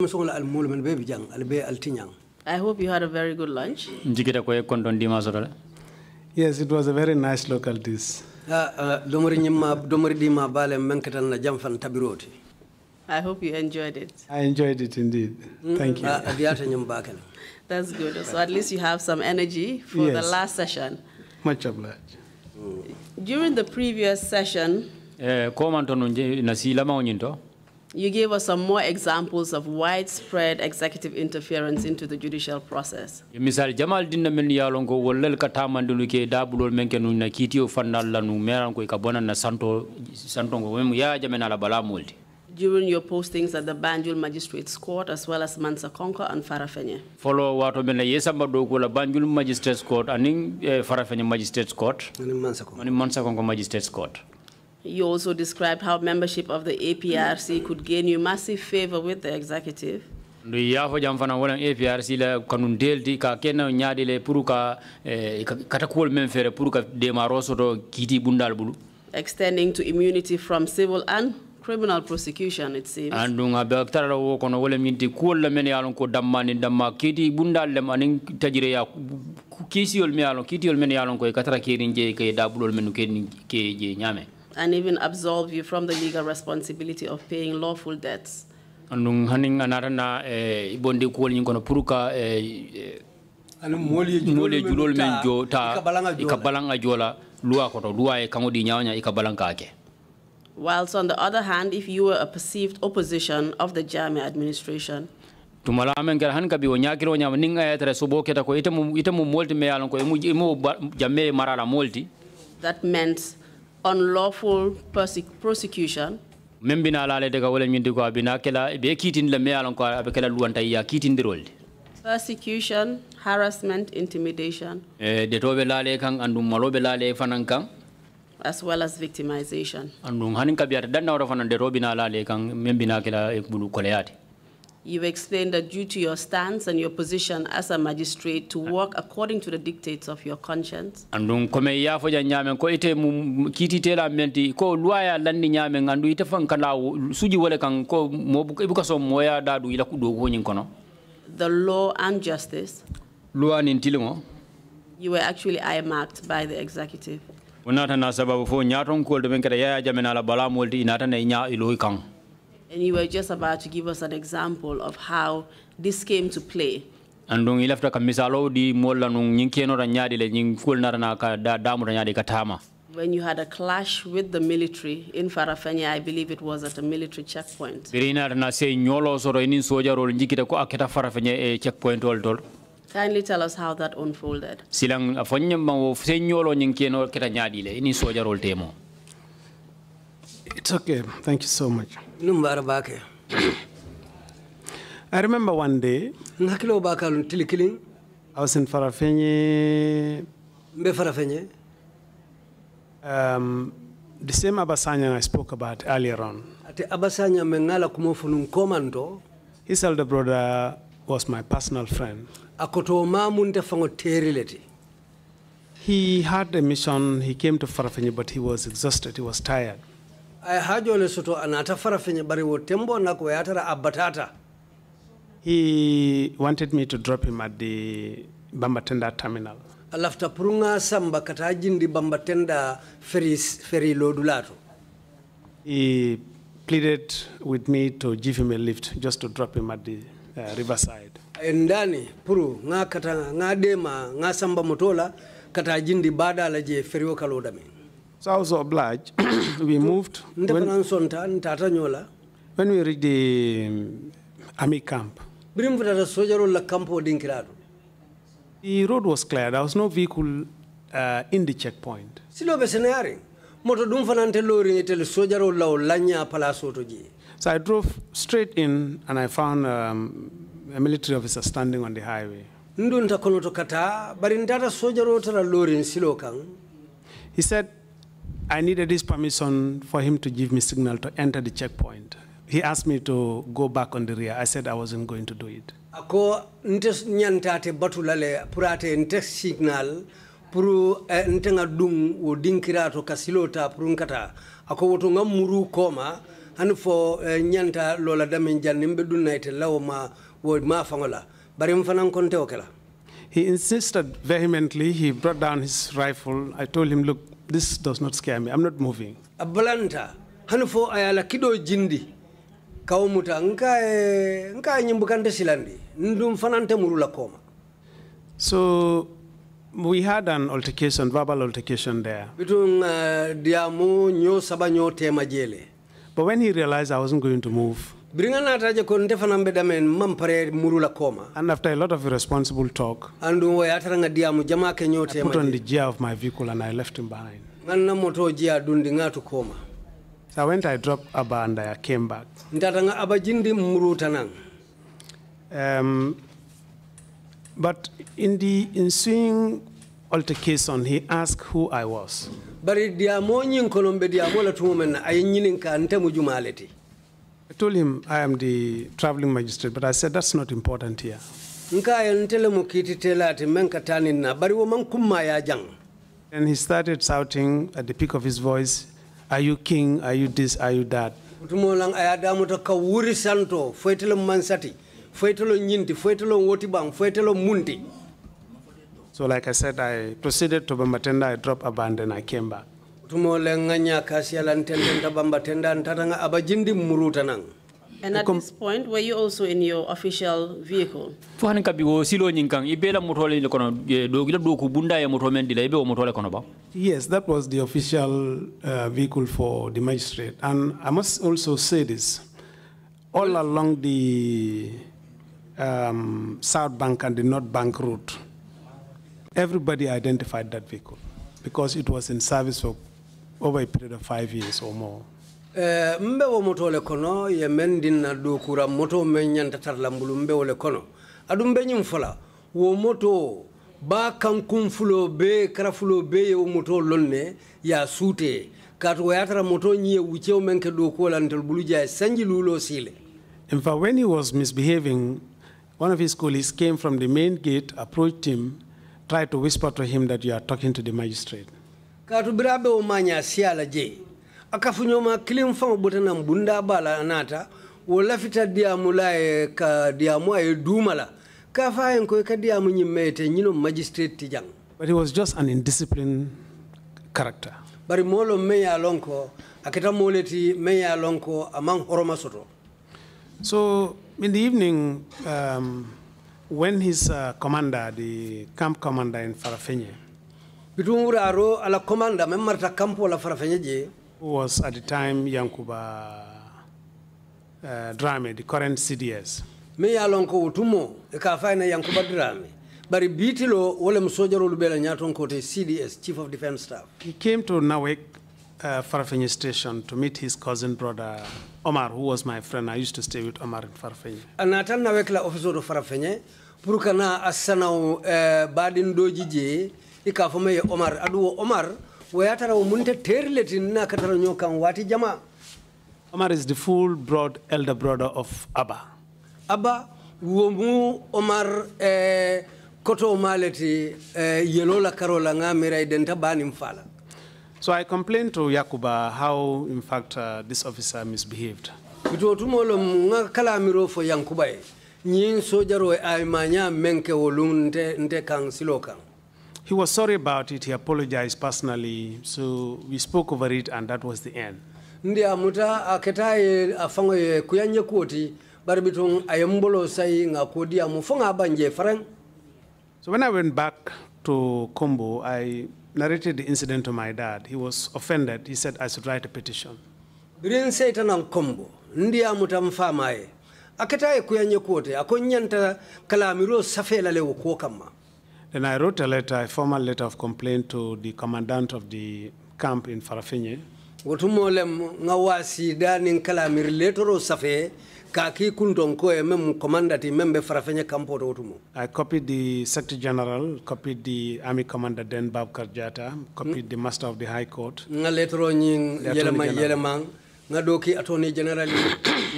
I hope you had a very good lunch. Yes, it was a very nice local dish. I hope you enjoyed it. I enjoyed it indeed. Hmm? Thank you. That's good. So at least you have some energy for yes. the last session. Much obliged. During the previous session, eh, You gave us some more examples of widespread executive interference into the judicial process. Misal jamal dinna men yalon ko wollal ka tamandilu ke dabulol men ke nun na kitiyo fannal lanu meran ko ka bonan na santo santo ko mem ya jamen ala bala multi. During your postings at the Banjul Magistrates Court as well as Mansa Konko and Farafenye. Follow wato men yesa mado ko la Banjul Magistrates Court and eh, Farafenye Magistrates Court. And Mansa Mansa Konko Magistrates Court. You also described how membership of the APRC could gain you massive favor with the executive. yafo wala APRC la kanun ka le eh, kiti bundal bulu extending to immunity from civil and criminal prosecution it seems wala minti kuol la ko damma kiti bundal tajire ya kisi kiti ko katara ke ke nyame and even absolve you from the legal responsibility of paying lawful debts. Anung haning eh, ibondi ngono puruka mole julol men jo ta ikabalanga jola koto e di ikabalanga ake. Whilst on the other hand, if you were a perceived opposition of the Jami administration, that meant unlawful prosecution kela be kitin le ko abe kela ya kitin dirolde persecution harassment intimidation eh, de tobe kan andum malobe as well as victimization andum hanin wara fanan de robina kan kela e bulu you explained that due to your stance and your position as a magistrate to work according to the dictates of your conscience. menti kala suji ko moya The law and justice. You were actually earmarked by the executive. na sababu fo yaya la inata and you were just about to give us an example of how this came to play. andung ilafta di le ka damu when you had a clash with the military in Farafanya, I believe it was at a military checkpoint. Eh, Kindly tell us how that unfolded. It's okay. Thank you so much. I remember one day. I was in Farafenye. Mbe Farafenye. Um, the same Abasanya I spoke about earlier on. Ati Abasanya mengala kumofunu komando. His elder brother was my personal friend. Akoto mamunde fango terileti. He had a mission. He came to Farafenye, but he was exhausted. He was tired. ay haajole soto anata fara bari wo tembo nako yatara abbatata he wanted me to drop him at the tenda terminal a lafta pour nga samba kata jindi bamba tenda feri ferry lodulato he pleaded with me to give him a lift just to drop him at the uh, riverside endani pour nga kata nga dema nga samba motola kata jindi la je wo kalodamin So I was obliged. we moved. when, when we reached the um, army camp, the road was clear. There was no vehicle uh, in the checkpoint. So I drove straight in and I found um, a military officer standing on the highway. He said, I needed his permission for him to give me signal to enter the checkpoint. He asked me to go back on the rear. I said I wasn't going to do it. Ako ntes batulale purate ntes signal puru eh, ntenga dung kasilota ako woto ngamuru koma fo eh, nyanta lola wo ma fangola bari mfanan konte okela He insisted vehemently. He brought down his rifle. I told him, look, this does not scare me. I'm not moving. Abalanta, hanufo ayala kido jindi. Kaumuta, nkae, eh, nkae nyumbukante silandi. Ndum fanante murula koma. So we had an altercation, verbal altercation there. Between eh, diamu nyo saba tema jele. But when he realized I wasn't going to move, and after a lot of irresponsible talk, I put on the gear of my vehicle and I left him behind. So I went, I dropped Aba and I came back. Um, but in the ensuing altercation, he asked who I was told him I am the traveling magistrate, but I said that's not important here. And he started shouting at the peak of his voice, Are you king? Are you this? Are you that? So like I said, I proceeded to Bambatenda, I dropped a band and I came back tumo le nganya kasi tenda ntaranga abajindi And at this point, were you also in your official vehicle? Fuhani kabigo silo kono dogila doku bunda ya mendila ibe kono ba. Yes, that was the official uh, vehicle for the magistrate, and I must also say this: all along the um, South Bank and the North Bank route, everybody identified that vehicle because it was in service for over a period of five years or more? Eh, mbe wo moto le kono ye do kura moto lambulu mbe wo le kono adum fola wo moto ba fulo be be ye wo moto lonne ya wo moto do bulu sanji lulo sile in fact when he was misbehaving one of his colleagues came from the main gate approached him tried to whisper to him that you are talking to the magistrate kaatu birabe o maña siyala jeyi akafuñoma kilim faŋo botanam bunda bala anata wo lafita diyamu la ye ka diyamu aye duuma la ka fa hen koy ka diyamu ñimme te ñino magistrate ti but he was just an indisciplined character bari molo men ya lon ko akita moleti men ya lon ko aman horoma soto so in the evening um, when his uh, commander the camp commander in farafenye was at the time Yankuba uh, Drame, the current CDS. Me yalon ko utumo e ka fayna Yankuba Drame. Bari bitilo wole msojaro lubela nyaton kote CDS, Chief of Defense Staff. He came to Nawek uh, Farfenye station to meet his cousin brother Omar, who was my friend. I used to stay with Omar in Farfenye. Anatan Nawek the officer of Farfenye, pour kana asana uh, badin dojije i ka ye omar aduwo omar waya tara wo munte terletin na katara nyoka wati kan jama omar is the full broad elder brother of abba abba wo mu omar eh, koto maleti eh, yelola karola nga mira identa banim fala So I complained to Yakuba how, in fact, uh, this officer misbehaved. nyin sojaro ay manya menke wolum nte kan silokan He was sorry about it. He apologized personally. So we spoke over it, and that was the end. Ndia muta aketa afango ye kuyanye kuti barbitung ayembolo sai ngakudi amufunga banje frank. So when I went back to Kombo, I narrated the incident to my dad. He was offended. He said I should write a petition. Rin seita nang Kombo ndi amuta mfamaye aketa ye kuyanye kuti akonyanta kalamiro safela lewo kuokama. Then I wrote a letter, a formal letter of complaint to the commandant of the camp in Farafenye. Wotumolem ngawasi dani safe kaki commandati membe wotumo. I copied the Secretary General, copied the Army Commander Den Babkar Jata, copied the Master of the High Court. Nga letoro nying yelema attorney general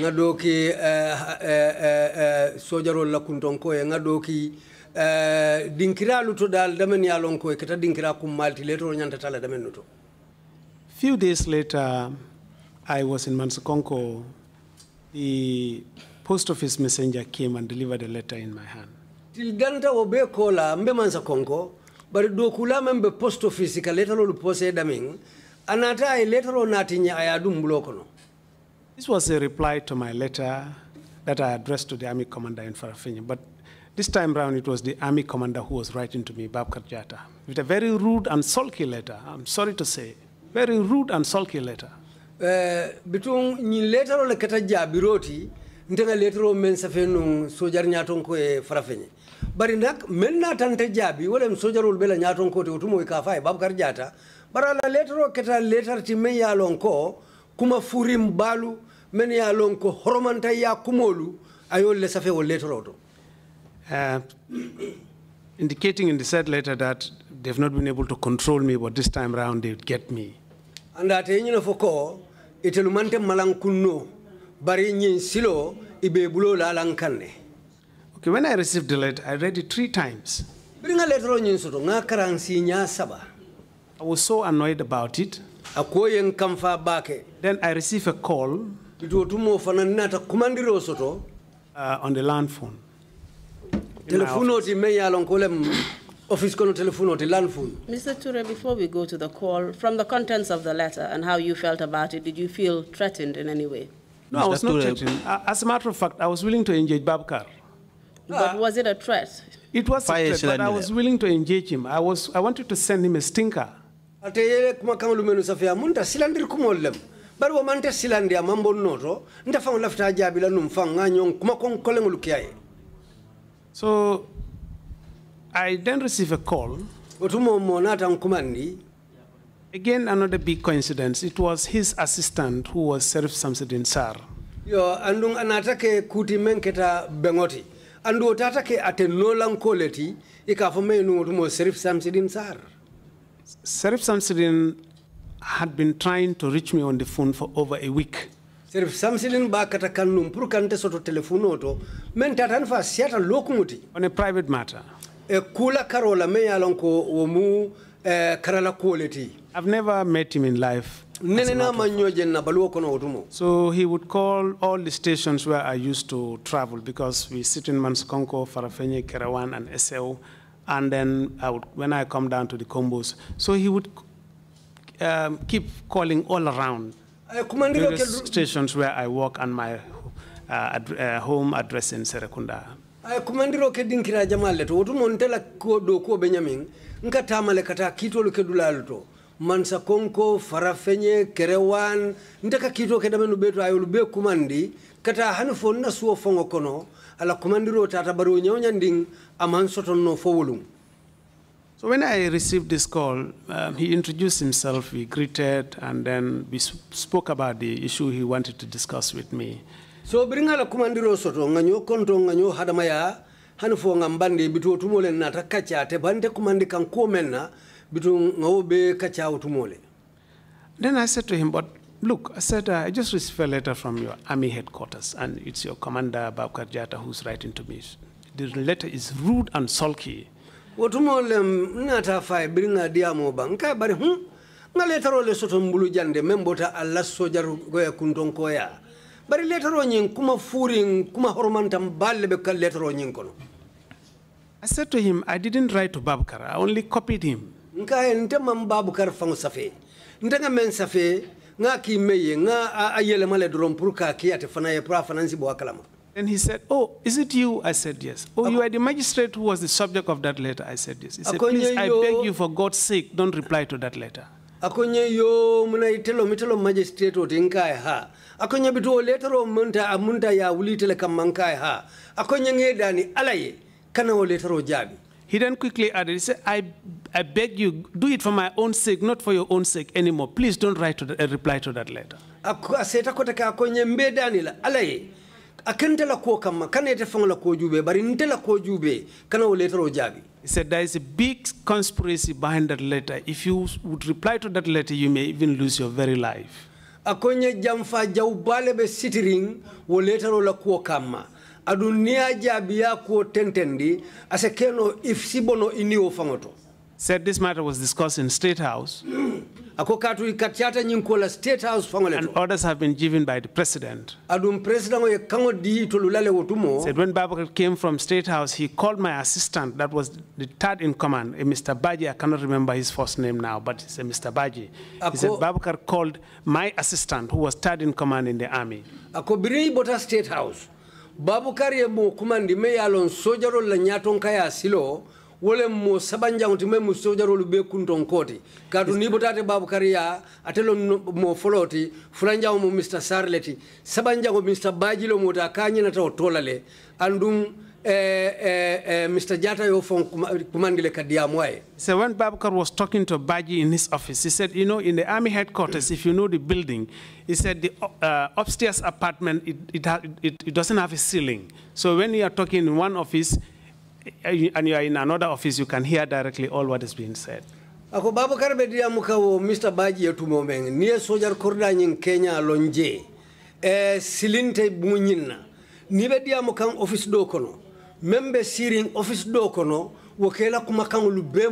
nga doki uh, eh, uh, eh, uh, eh, sojaro lakuntonko uh, dal damen kata dinkira kum malti leto nyanta tala damen few days later i was in mansukonko the post office messenger came and delivered a letter in my hand til ganta o kola mbe mansakonko bari do kula membe post office ka letter lolu pose damen anata e letter o natinya aya dum blokono this was a reply to my letter that i addressed to the army commander in Farafina, but this time round, it was the army commander who was writing to me, Babkar Jata, with a very rude and sulky letter, I'm sorry to say, very rude and sulky letter. Uh, between ni letter of the kata jabiroti, ntenga letter of men safenu sojar nyaton ko e farafenye. Bari nak men na tante jabi wala sojar ol bela nyaton ko te utumo ikafa e Babkar Jata, bara la letter o kata letter ti men ya lonko kuma furim balu men ya lonko horomanta ya kumolu ayo le safe o letter o uh, indicating in the said letter that they've not been able to control me, but this time around they would get me. And that you know for ko itelumante malankuno bari silo ibe bulo Okay, when I received the letter, I read it three times. a letter o nyin soto nga karansi saba. I was so annoyed about it. Akoyen kamfa bake. Then I received a call. Tutuotumo soto. Uh, on the land phone telefono ti kolem office kono telefono ti Mr Ture before we go to the call from the contents of the letter and how you felt about it did you feel threatened in any way No Mr. I was not threatened as a matter of fact I was willing to engage Babkar But ah. was it a threat It was Fire a threat but I was willing to engage him I was I wanted to send him a stinker ate yele kuma kamalu menu safia munta silandir kumollem bari wo manta silandi a mambon noto nta faŋo lafita jaabi la num kuma koŋ koleŋolu kiyaye so I then receive a call. Again, another big coincidence. It was his assistant who was Serif Samsudin Sar. Yo, andung anatake kuti menketa bengoti. Andu otatake ate nolan koleti, ikafome nutumo Serif Samsudin Sar. Serif Samsudin had been trying to reach me on the phone for over a week. serif samsilin ba kata kannum pour kante soto téléphone to men tatan fa siata lokumuti on a private matter e kula karola men yalon ko wo mu e karala quality i've never met him in life nenena manyojen na baluo kono wotumo so he would call all the stations where i used to travel because we sit in manskonko farafenye kerawan and sl and then I would, when I come down to the combos. So he would um, keep calling all around Eh, various stations where I work and my uh, ad uh, home address in Serekunda. ay eh, kumandiro ke dinkira jamal to wotu non tela ko do ko be nyamin nka tamale kata kitolu ke dulal to mansa konko farafenye kerewan ndeka kito ke damenu beto ayolu kumandi kata hani fo na suwo fongo kono ala kumandiro tata baro nyawnyanding aman sotonno fo wolum so when I received this call, um, he introduced himself, we greeted, and then we spoke about the issue he wanted to discuss with me. So bringa la kumandiro soto nganyo konto nganyo hadamaya hanfo ngambande bitu tumole na takacha te bande kumandi kan komena bitu ngawobe kacha utumole. Then I said to him, but look, I said, uh, I just received a letter from your army headquarters, and it's your commander, Babkar Jata, who's writing to me. The letter is rude and sulky. wotumolem nata fay birŋa diyamo ban ka bari hum nga letarole soto mbulu jande men bota alla sojar goya kuntonkoya bari letaro ñin kuma fuurin kuma hormantam balle be letaro ñin kono I said to him, I didn't write to Babkar, I only copied him. Nkae nte mam Babkar fang safe. Nte men safe, nga ki ye nga a yele male durom pour ka ki fana ye pra si bo kalama And he said, oh, is it you? I said, yes. Oh, you are the magistrate who was the subject of that letter. I said, yes. He said, please, I beg you for God's sake, don't reply to that letter. akonye yo muna itelo mitelo magistrate otinkae ha akonye bitu o letero munta amunta ya wulitele kamankae ha akonye dani alaye kana o o jabi He then quickly added, he said, I, I beg you, do it for my own sake, not for your own sake anymore. Please don't write to the, uh, reply to that letter. Aseta me dani la alaye akente la ko kamma kana ite faŋo la ko jube bari nte la kuo juubee kana wo leetaroo jabi He said there is a big conspiracy behind that letter. If you would reply to that letter, you may even lose your very life. akonye jamfa bale be sitiring wo letaro la ko kamma adunia jabi ya ko tentendi ase keno if sibono iniwo faŋo said this matter was discussed in State House. and orders have been given by the president. Said when Babakar came from State House, he called my assistant, that was the third in command, a eh, Mr. Baji. I cannot remember his first name now, but it's a eh, Mr. Baji. He said Babakar called my assistant, who was third in command in the army. State House. Babukar ye mo kumandi me yalon sojaro la nyaton silo wolem mo sabanjanti mem sojarolu be kunton koti kadu ni botate babu kariya atelo mo foloti fulanjawo mo mr sarleti sabanjango mr bajilo mo ta kanyina taw tolale andum Eh, eh, eh, Mr. Jatayo from Kumandile Kadiamwae. So when Babakar was talking to Baji in his office, he said, you know, in the army headquarters, if you know the building, he said the uh, upstairs apartment, it, it, it, it doesn't have a ceiling. So when you are talking in one office, and you are in another office, you can hear directly all what is being said. ako babakar be diyamu kawo mr baji yetumo niye sojar korda nyin kenya lonje e silinte munyinna ni be diyamu kan office do kono membe sirin office do kono wokela kuma kan lu be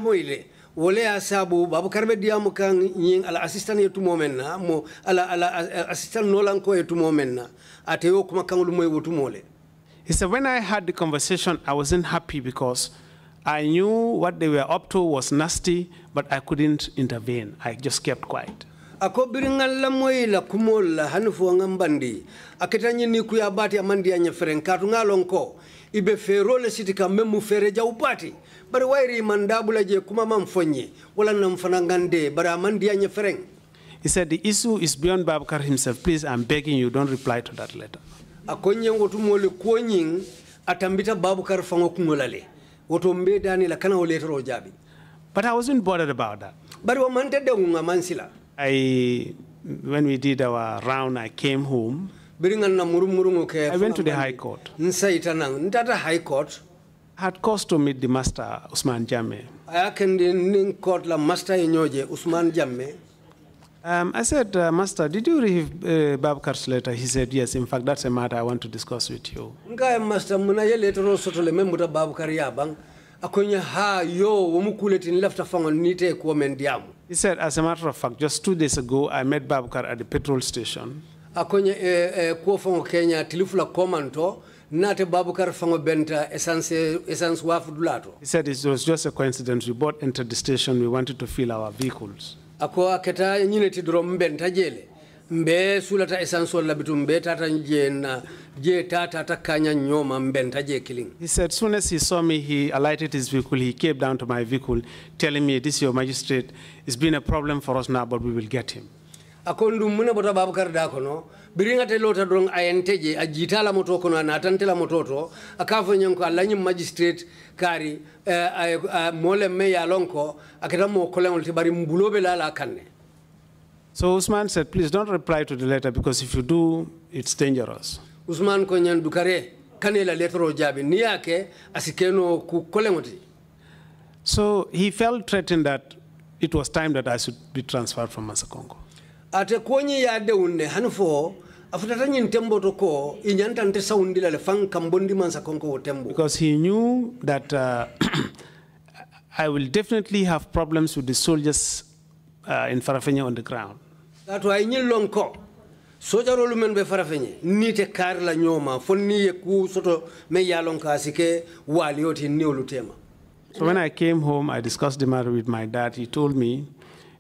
wole asabu sabu babakar be diyamu kan nyin ala assistant yetumo men na mo ala ala assistant nolan ko men na ate yo kuma kan lu moy wotumole He said, when I had the conversation, I wasn't happy because I knew what they were up to was nasty, but I couldn't intervene. I just kept quiet. ako biriŋal la moyi la kumol la hani fo ŋa ni kuya ya bati mandi a ñefereŋ kaatu ŋa loŋ ko i be feeroo le siti kaŋ meŋ la je kuma wala naŋ fana ŋandee bari a He said, the issue is beyond Babakar himself. Please, I'm begging you, don't reply to that letter. ngotu mole kuonyin atambita babu kar fango kungolale woto mbe ni la kana oletoro jabi but i wasn't bothered about that but wa mante de ngunga mansila i when we did our round i came home biringa na murum murungo ke i went to the high court nsa itana ntata high court had cost to meet the master Usman Jamme. I can in court la master inyoje Usman Jamme. Um, I said, uh, Master, did you read uh, Babkar's letter? He said, yes. In fact, that's a matter I want to discuss with you. Ngai Master, munaje letter on soto le memuta Babkar yabang. Akonya ha yo wamukuletin lafta fangon nite kuwa mendiamu. He said, as a matter of fact, just two days ago, I met Babkar at the petrol station. Akonya eh, eh, kuwa Kenya tilifula komanto. He said it was just a coincidence. We both entered the station. We wanted to fill our vehicles. ako a keta ti drom ben ta jeele mbe sulata essentiel labitum mbe tata jena je tata takanya nyoma mbenta je killing he said soon as he saw me he alighted his vehicle he came down to my vehicle telling me this your magistrate it's been a problem for us now but we will get him akondu dum muna bota babakar da kono biringa te lota don ayanteje a jitala moto kono ana atantela moto to akafo nyanko alanyim magistrate kari uh, uh, mole me ya lonko akata mo kolen tibari mbulobe lala kanne so usman said please don't reply to the letter because if you do it's dangerous usman ko nyan dukare kanela letro jabi niyake asikeno ku kolengoti so he felt threatened that it was time that I should be transferred from Masakongo. Ate kwenye ya deune hanufo afutata ñin tembo to ko i ñantante le konko because he knew that uh, I will definitely have problems with the soldiers uh, in Farafeni on the ground. That why ñin lon ko sojarolu men be Farafenye ni te kar la nyoma. fon ni ye ku soto me ya lon ka sike walioti ni tema. So when I came home I discussed the matter with my dad he told me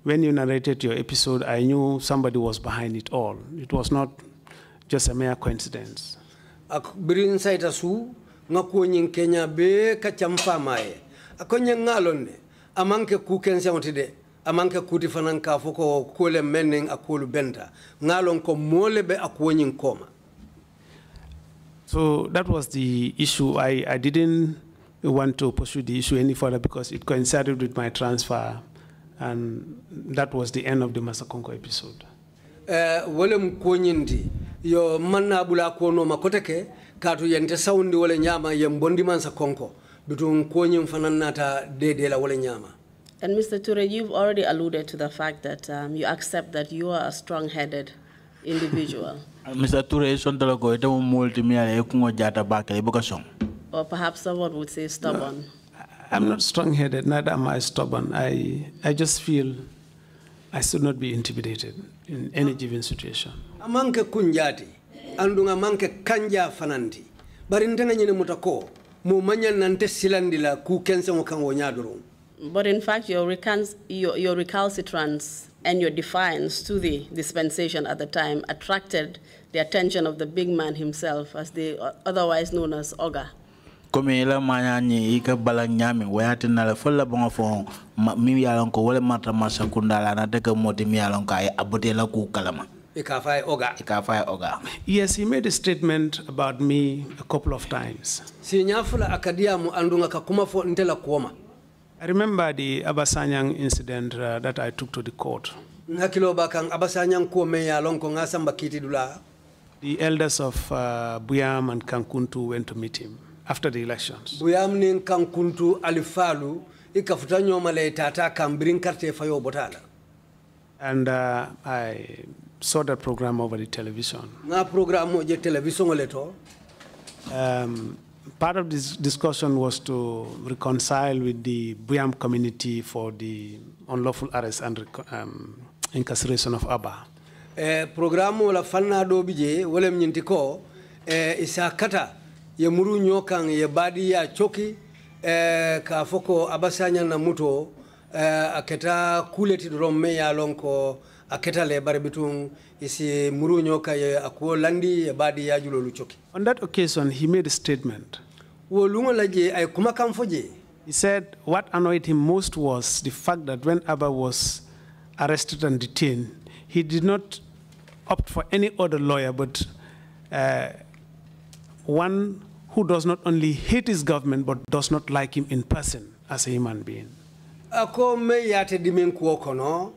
when you narrated your episode I knew somebody was behind it all. It was not just a mere coincidence. Birin saita su Kenya be kachamfa amanke amanke kuti foko kole akolu benta ngalon ko koma. So that was the issue. I, I didn't want to pursue the issue any further because it coincided with my transfer and that was the end of the Masakonko episode. Eh, yo manna bula yente konko dede la And Mr. Ture, you've already alluded to the fact that um, you accept that you are a strong-headed individual. Uh, Mr. Ture, multi Or perhaps someone would say stubborn. No, I'm not strong-headed, neither am I stubborn. I, I just feel I should not be intimidated in any given situation. Amanke kunjati, andunga manke kanja fananti. Barintenga nyine mutako, mumanya nante silandila kukense mukango nyadurung. But in fact, your, recalc your, your recalcitrance and your defiance to the dispensation at the time attracted the attention of the big man himself, as the otherwise known as Oga komi ila manya ni ika balang nyami wayati nala fola bonga fon mi yalon ko wala mata masa kundala na daga moti mi yalon ka ay abote la ku kalama ikafai oga ikafai oga yes he made a statement about me a couple of times si nyafula akadia mu andunga kakuma fo ntela kuoma I remember the Abasanyang incident uh, that I took to the court. abasanyang The elders of uh, Buyam and Kankuntu went to meet him after the elections. And uh, I saw that program over the television. Na program moje television leto. Um, part of this discussion was to reconcile with the Buyam community for the unlawful arrest and um, incarceration of Abba. Eh, la fanna do bije wolem nyintiko eh, kata muru eh, na muto eh, kuleti le isi muru julolu on that occasion he made a statement He said what annoyed him most was the fact that when Abba was arrested and detained, he did not opt for any other lawyer but uh, one who does not only hate his government but does not like him in person as a human being. Ako me yate dimen kuo kono,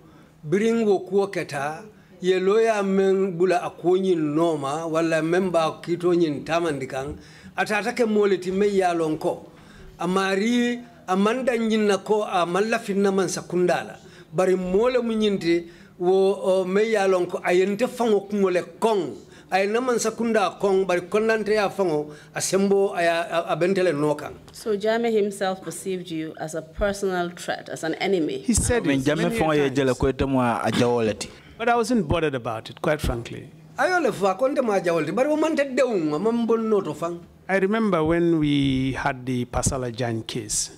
biringo kuo keta, ye loya men bula akonyi noma, wala memba kito nyin tamandikang, atatake moleti me yalonko. Amari amanda nyinna ko a malla finna man sakundala, bari mole munyinti wo me yalonko ayente fango kungole kong ay naman kong fango asembo abentele nokan so jame himself perceived you as a personal threat as an enemy he said when jame fango ye jela ko temwa ajawolati but i wasn't bothered about it quite frankly ayole fa konde ma ajawolati bari mante deunga um, mambonno to fang I remember when we had the Pasala Jan case.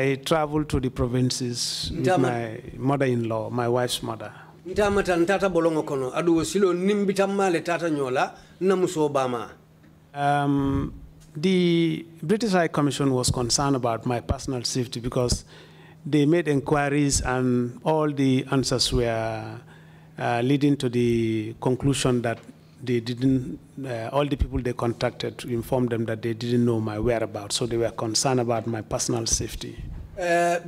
I traveled to the provinces with my mother-in-law, my wife's mother. ntama tan tata bolongo kono adu silo nimbitanmale tata ñoola namuso bama um, the British High Commission was concerned about my personal safety because they made inquiries and all the answers were uh, leading to the conclusion that they didn't, uh, all the people they contacted informed them that they didn't know my whereabouts, so they were concerned about my personal safety. Uh,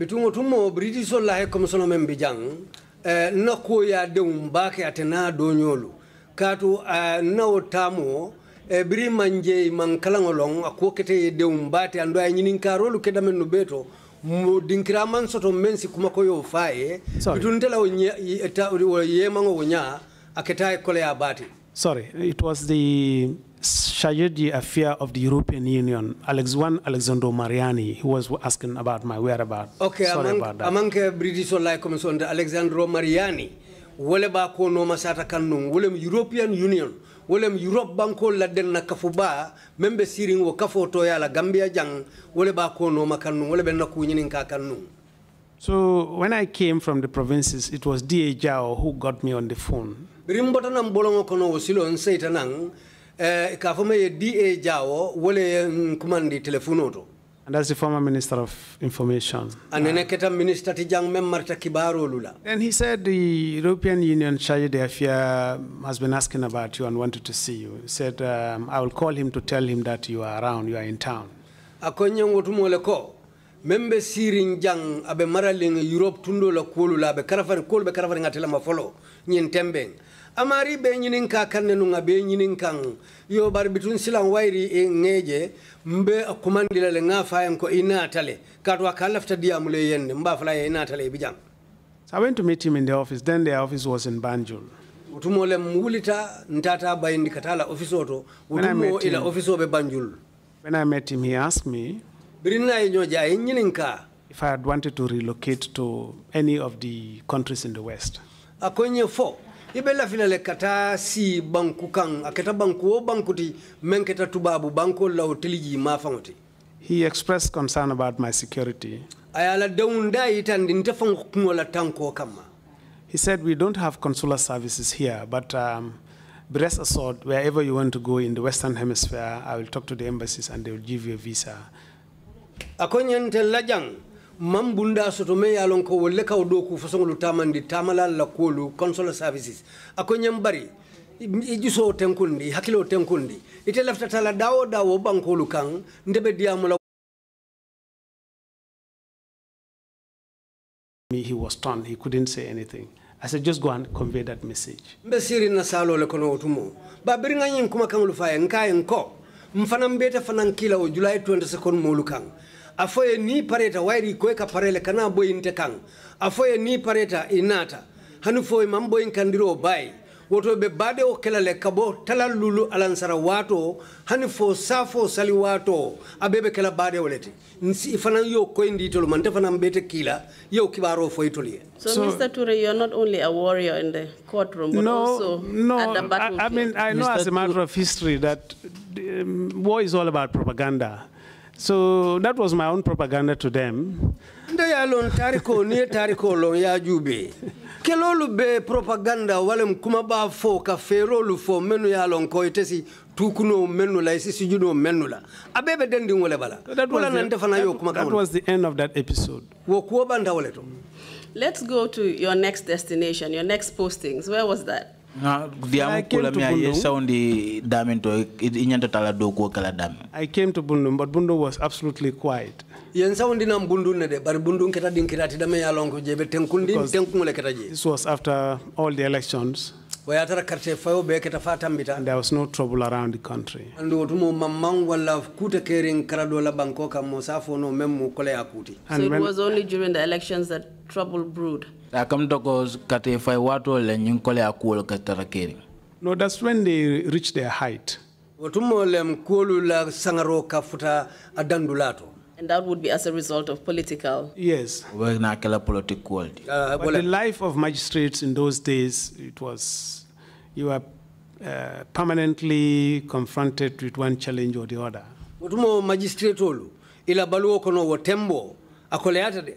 Eh, eh, na koya denw bake ate na doñolu kaatu na nawo tamo eh, biri manje man kalaŋo loŋ a kete ye denw baate ando a ye ñininkarolu keda nu bee to mo dinkira man soto men si kuma koyo fa ye bitunte ta wo yemaŋo wo ña a keta ye koleya baati sorry it was the Shayedi affair of the European Union, Alex one Alexandro Mariani, who was asking about my whereabouts. Okay, Sorry among, about that. among uh, British online comments um, Alexandro Mariani, wale ba ko no masata kanung, European Union, wale Europe banko laden na kafuba, membe siring wo toya la Gambia jang, wale ba ko no makanung, wale ben na So when I came from the provinces, it was D.A. Jao who got me on the phone. Rimbota nam bolongo kono wasilo uh, and as the former minister of information. And uh, and he said the European Union Charge d'Affaires has been asking about you and wanted to see you. He said, um, I will call him to tell him that you are around, you are in town. membe sirin jang abe maralin europe tundo la kolu la be karafan kol be karafan ngatela mafolo nyen tembeng amari be nyinin ka kanne nu nga be ñinin kan yo bar bitun silan wairi e ngeje mbe akumandila le nga fayen ko inatale kadu akalafta diamule yende mba fala ye inatale bijan so i went to meet him in the office then the office was in banjul utumole mulita ntata bayindi katala office oto utumo ila office obe banjul when i met him he asked me birina e nyoja e nyinin ka if i had wanted to relocate to any of the countries in the west akonye fo ibe kata si banku aketa banku o tubabu he expressed concern about my security ayala daunda itandi ntafan kungola tanko kama he said we don't have consular services here but um, rest assured wherever you want to go in the western hemisphere i will talk to the embassies and they will give you a visa mam bunda soto me ya lon ko wolle kaw do ku lu tamandi tamalal la kuolu console services ako nyam bari i jusoo tenkundi hakilo tenkundi ite lafta tala dawo dawo bankolu kan nte be diyamu la He was stunned. He couldn't say anything. I said, just go and convey that message. siri na salo le kono ba bir nga nyin kuma kangulu faye, nkaye nko. Mfana mbeta fanan nkila o julai 22 mulu kan afoye ni pareta wairi kweka parele kana boyinte kan afoye ni pareta inata hanu foye mamboyin kandiro bayi woto be bade o kelale kabo talal lulu alansara wato hani safo sali wato abebe kala bade olete nsi fana yo koyndi tol man fana mbete kila yo kibaro fo itoli so, so mr ture you're not only a warrior in the courtroom but no, also no, at the battlefield I, I mean i know as a matter of history that um, war is all about propaganda so that was my own propaganda to them. ndeyalon tariko ni tariko lon ya jube kelolu be propaganda walem kuma ba fo ka ferolu fo menu yalon ko itesi tukuno menu la isi sujudo menu la abebe dendi wole bala wala nan defana yo that was the end of that episode wo ko banda wole let's go to your next destination your next postings where was that I came to Bundung. but Bundu was absolutely quiet. Because this was after all the elections. And there was no trouble around the country. And so it was only during the elections that trouble brewed. I come watu le nyinkole akuol katarakeri. No, that's when they reach their height. Watumolem kuolu la sangaro kafuta adandulato. And that would be as a result of political. Yes. political. Ah, but the life of magistrates in those days, it was you are uh, permanently confronted with one challenge or the other. Watumo magistrate olu ila baluo kono watembo akole de.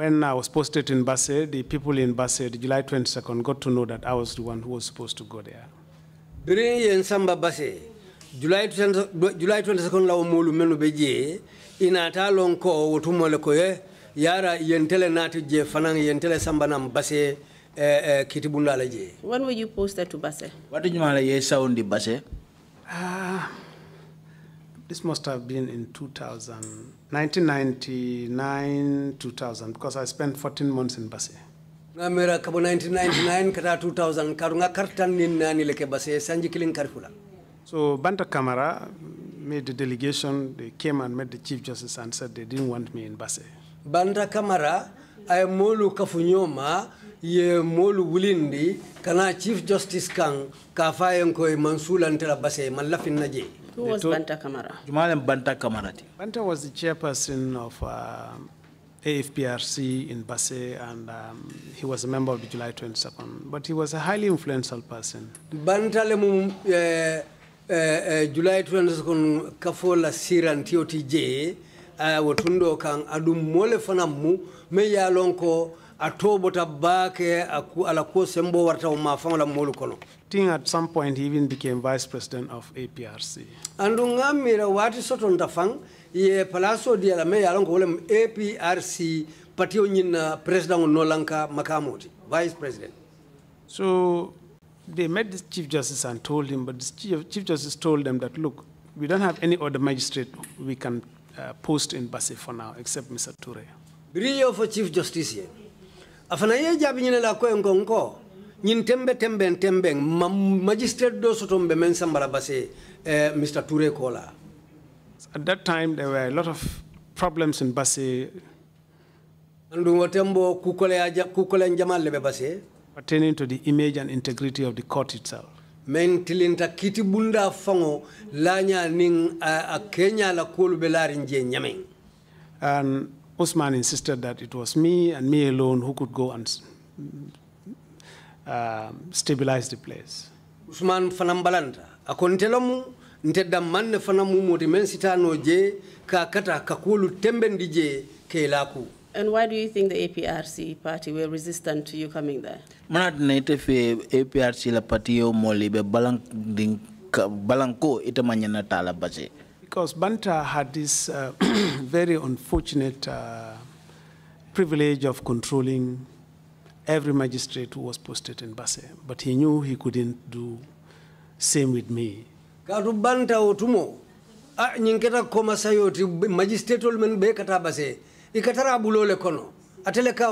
when I was posted in Basse, the people in Basse, July 22nd, got to know that I was the one who was supposed to go there. During in Samba Basse, July 22nd, la umulu menu beje, inata lonko utumo yara yentele nati je fanang yentele Samba nam Basse, eh, eh, kitibunda leje. When were you posted to Basse? What did you say on the Basse? Ah, this must have been in 2000. 1999 2000 because I spent 14 months in Base. ngamira kabo 1999 kata 2000 karunga kartan nin nani leke sanji so Banta Kamara made the delegation they came and met the chief justice and said they didn't want me in Base Banta Kamara ay molu kafunyoma ye molu wulindi kana chief justice kan kafayen koy mansulantela Base man lafin naje who was Banta Kamara? Jumale Banta Kamara. Banta was the chairperson of uh, um, AFPRC in Basse, and um, he was a member of the July 22nd. But he was a highly influential person. Banta le mum eh, eh, eh, July 22nd kafola siran TOTJ watundo kan adum mole fanamu me yalonko atobota bake alakuo sembo warta ma kono at some point he even became vice president of APRC. Andunga mira wati soto ndafang ye palaso di alame yalongo wole APRC patio nyina president nolanka makamoti vice president. So they met the chief justice and told him, but the chief justice told them that look, we don't have any other magistrate we can uh, post in Basi for now except Mr. Ture. Brio for chief justice ye. Afana jabi nyina la ko ñin tembe magistrate do men sambara base eh, Mr. Toure Kola. At that time there were a lot of problems in Basse. Andu kukole aja kukole njamal lebe Pertaining to the image and integrity of the court itself. Men tilinta kiti bunda fango lanya ning a, Kenya la And Usman insisted that it was me and me alone who could go and um, stabilize the place. Usman akontelamu manne ka kata kelaku And why do you think the APRC party were resistant to you coming there? Manat fe APRC la balang balanko tala baje. Because Banta had this uh, very unfortunate uh, privilege of controlling every magistrate who was posted in Basse, but he knew he couldn't do same with me. Katu banta otumo, nyinketa koma sayoti magistrate olmen be kata Basse, ikatara abulole kono. Atele ka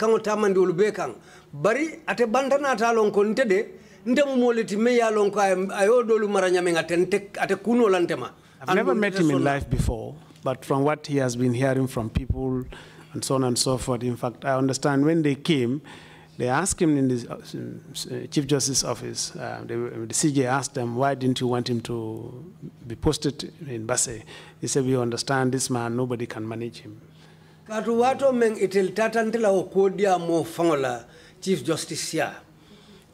kango tamandi ulube kang. Bari ate banta na atalon nte mumoliti me ya lonko ayodolu maranyame ngate, ate kuno lantema. I've never met him in life before, but from what he has been hearing from people, and so on and so forth. In fact, I understand when they came, they asked him in the uh, uh, Chief Justice's office, uh, they, the CJ asked them, why didn't you want him to be posted in Basse? He said, we understand this man, nobody can manage him. Katu wato meng itil tatantila okodia mo fangola Chief Justice ya.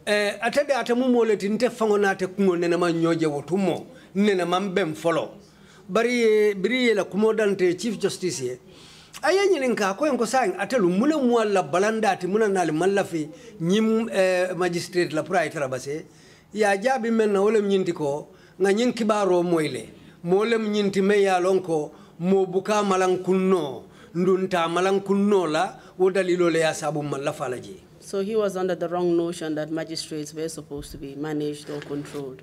Eh, atade atamumo leti nite fangona ate kungo nene manyoje wotumo, nena mambem follow. Bari biri la kumodante Chief Justice ye, aye ñinin ka ko en ko sang atelu mune mu balanda ti muna nali mallafi ñim eh, magistrate la pour ay trabasé ya jabi men na wolem ñinti ko nga ñin kibaro moy le molem ñinti me ya lon ko mo buka malankunno ndunta malankunno la wo dalilo le ya sabu mallafa laji so he was under the wrong notion that magistrates were supposed to be managed or controlled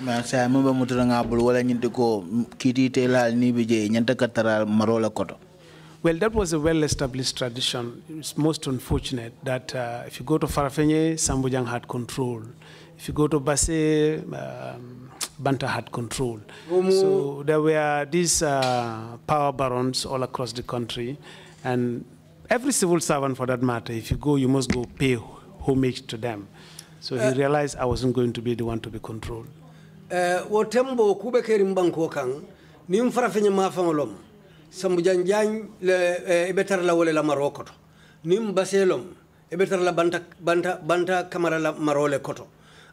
ma sa mo ba mutanga bul wala ñinti ko kiti telal ni bije nyanta katara marola koto Well, that was a well-established tradition. It's most unfortunate that uh, if you go to Farafenye, Sambujang had control. If you go to Basse, um, Banta had control. So there were these uh, power barons all across the country, and every civil servant, for that matter, if you go, you must go pay homage to them. So uh, he realized I wasn't going to be the one to be controlled. Uh, Sambou Diagne Diagne eɓe eh, tara lawole la maro koto nin baselom eɓe la banta, banta, banta kamara la koto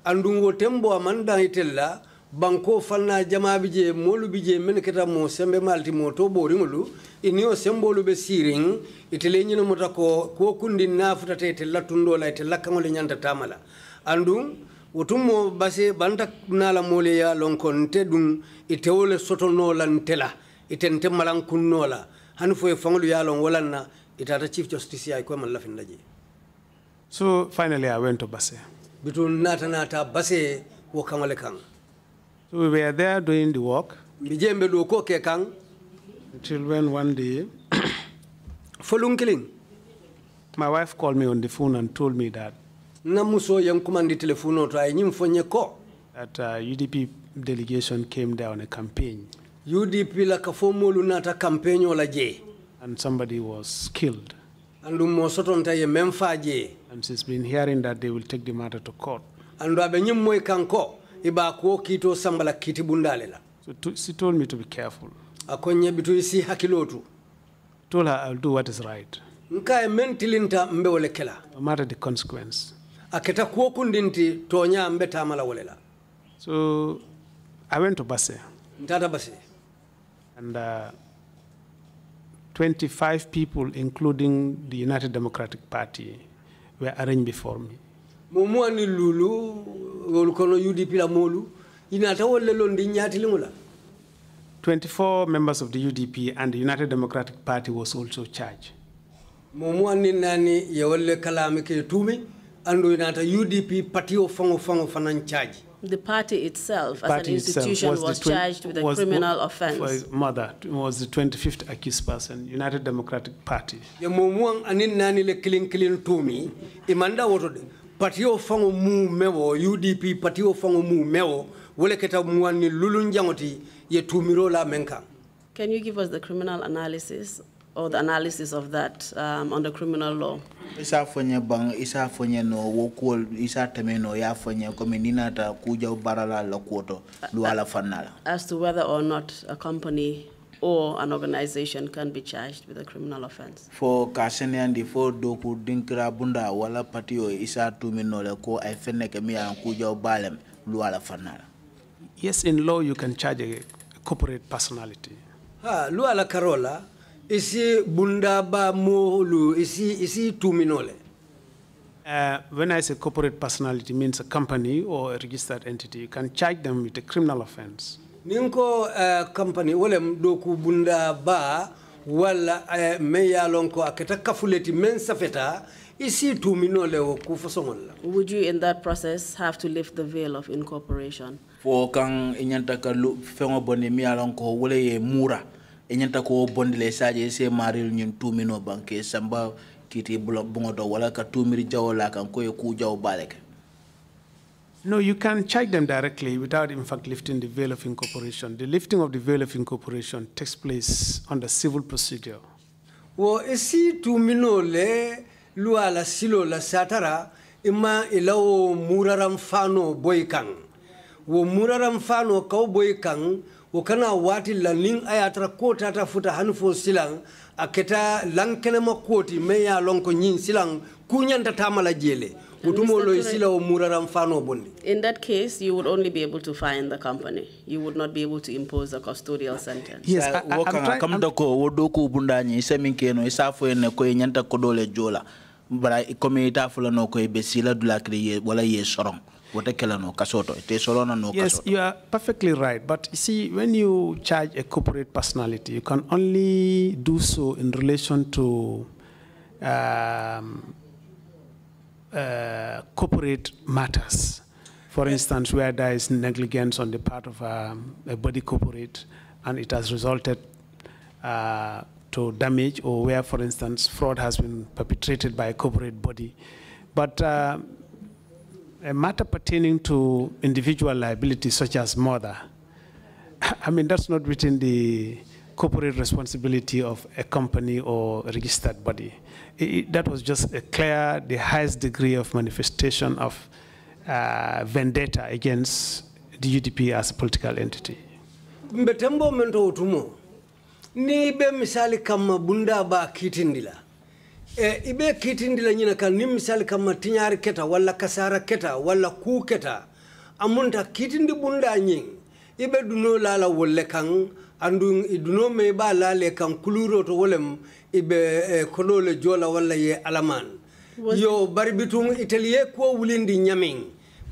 andungo tembo amanda itella banko fanna jamaɓe je moluɓe je men keta mo sembe malti mo to ɓoriŋolu inio sembolu ɓe itele ñinomota ko ko kundi nafutate itella tundola itella kaŋole ñantatamala andun wotummo base banta nala mole ya lonkon te itewole iten te malan kunno la hani fanglu yalon walan itata chief justice ay ko man lafin daje so finally i went to base bitun nata nata base wo kamale kan so we were there doing the work bijembe do ko ke kan until when one day folun killing my wife called me on the phone and told me that na muso kumandi telefono to ay nyim fonye ko that uh, UDP delegation came there on a campaign UDP la kafomo lunata kampenyo la je. And somebody was killed. Andu lumo nta ye memfa je. And she's been hearing that they will take the matter to court. Andu abenyi moy kanko iba ko kito sambala kiti bundale la. So to, she told me to be careful. Akonye bitu isi hakilotu. Told her I'll do what is right. Nka Nkae mentilinta mbe olekela. No matter the consequence. Aketa kuo kundinti tonya mbe tamala olela. So I went to Basse. Ntata Basse. and uh, 25 people, including the United Democratic Party, were arraigned before me. Mumu ani lulu, wolukono UDP la molu, inata wole londi nyati lingula. 24 members of the UDP and the United Democratic Party was also charged. Mumu ani nani yewole kalamike tumi, and inata UDP party ofango fango fanan charge. The party itself, the as an institution, was, was charged with was a criminal was, offense. Was mother was the 25th accused person, United Democratic Party. The mumuang anin le kilin kilin tumi imanda woto parti o fango mu mewo UDP Party of fango mu mewo wole keta muani lulun jangoti ye la menka. Can you give us the criminal analysis or the analysis of that um, under criminal law. isa fanya bang isa fanya no isa ya fanya ta kuja fanala. As to whether or not a company or an organization can be charged with a criminal offense. For for doku dinkra bunda wala patio isa kemi kuja fanala. Yes, in law you can charge a corporate personality. Ha, luala isi bundaba molu isi isi tuminole uh, when I say corporate personality means a company or a registered entity, you can charge them with a criminal offense. Ninko uh, company wale doku bunda ba wala uh, meya lonko aketa kafuleti mensafeta isi tuminole wo Would you in that process have to lift the veil of incorporation? For kang inyanta ka fengo boni meya lonko wale mura. e ñanta ko bondile saje se maril ñun tumino banke samba kiti bulo bungo do wala ka tumiri jawo la kan ko ku jaw balek No, you can charge them directly without, in fact, lifting the veil of incorporation. The lifting of the veil of incorporation takes place under civil procedure. Wo esi tumino le lua la silo la satara ima ilao muraram fano boy kang. Wo muraram fano kau boy kang wo kana waati la niŋ a ye a tara kuo taata futa hani fo silaŋ a keta lankelema kuo ti meŋ ye a loŋ ko ñiŋ silaŋ kuuñanta taama la jee le lo sila wo muraran faano bondi in that case you would only be able to find the company you would not be able to impose a custodial sentence yes I, kam ko wo dooku bundañi i se miŋ i fo ne ko ñanta kodoo le bara comme i taa la ko be sila dulakiri ye wala soroŋ Yes, you are perfectly right. But you see, when you charge a corporate personality, you can only do so in relation to um, uh, corporate matters. For instance, where there is negligence on the part of um, a body corporate and it has resulted uh, to damage or where, for instance, fraud has been perpetrated by a corporate body. But uh, a matter pertaining to individual liability such as murder, I mean, that's not within the corporate responsibility of a company or a registered body. It, that was just a clear, the highest degree of manifestation of uh, vendetta against the UDP as a political entity. Mbetembo mento utumo, ni be misali kama bunda ba kitindila. e ibe kitindila ñina kan ni misali kamma tiñaari keta walla kasara keta walla kuu keta amunta kiitindi bunda ñing ibe duno lala wolle kan andu duno me ba lale kan kuluro to wolem ibe e, kodole jola walla ye alaman yo bari bitum ye kuwo wulindi ñamiŋ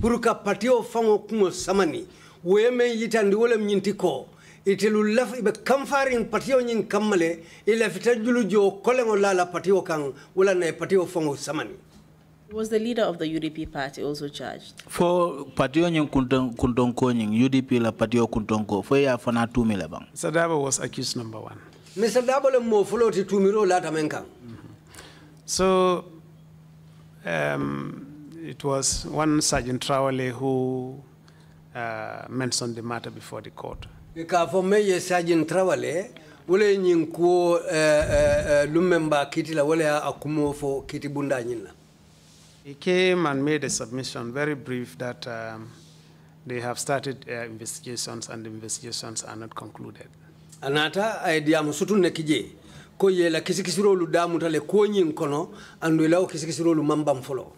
pour ka patio faŋo kuŋo samani wo ye men yitandi wolem ti ko itelu laf ibe kamfarin patiyo nyin kamale ila fitajulu jo kolengo lala patiyo kan wala na patiyo fongo samani Was the leader of the UDP party also charged? For patiyo nyin kuntonko nyin UDP la patiyo kuntonko fo ya fana tumi labang. Sadaba was accused number 1. Mr. Dabo le mo floti tumiro lata menkan. Mm-hmm. So um, it was one Sergeant trawale who uh, mentioned the matter before the court. ka fo me ye sajin trawale wole ñin kuwo eh, eh, eh, lummen ba kiti la wole a fo kiti bunda ñin la He came and made a submission, very brief, that um, they have started uh, investigations and the investigations are not concluded. Anata ay diamu sutun ne kije ko yela kisikisirolu damu tale ko nyin kono andu law kisikisirolu mambam folo.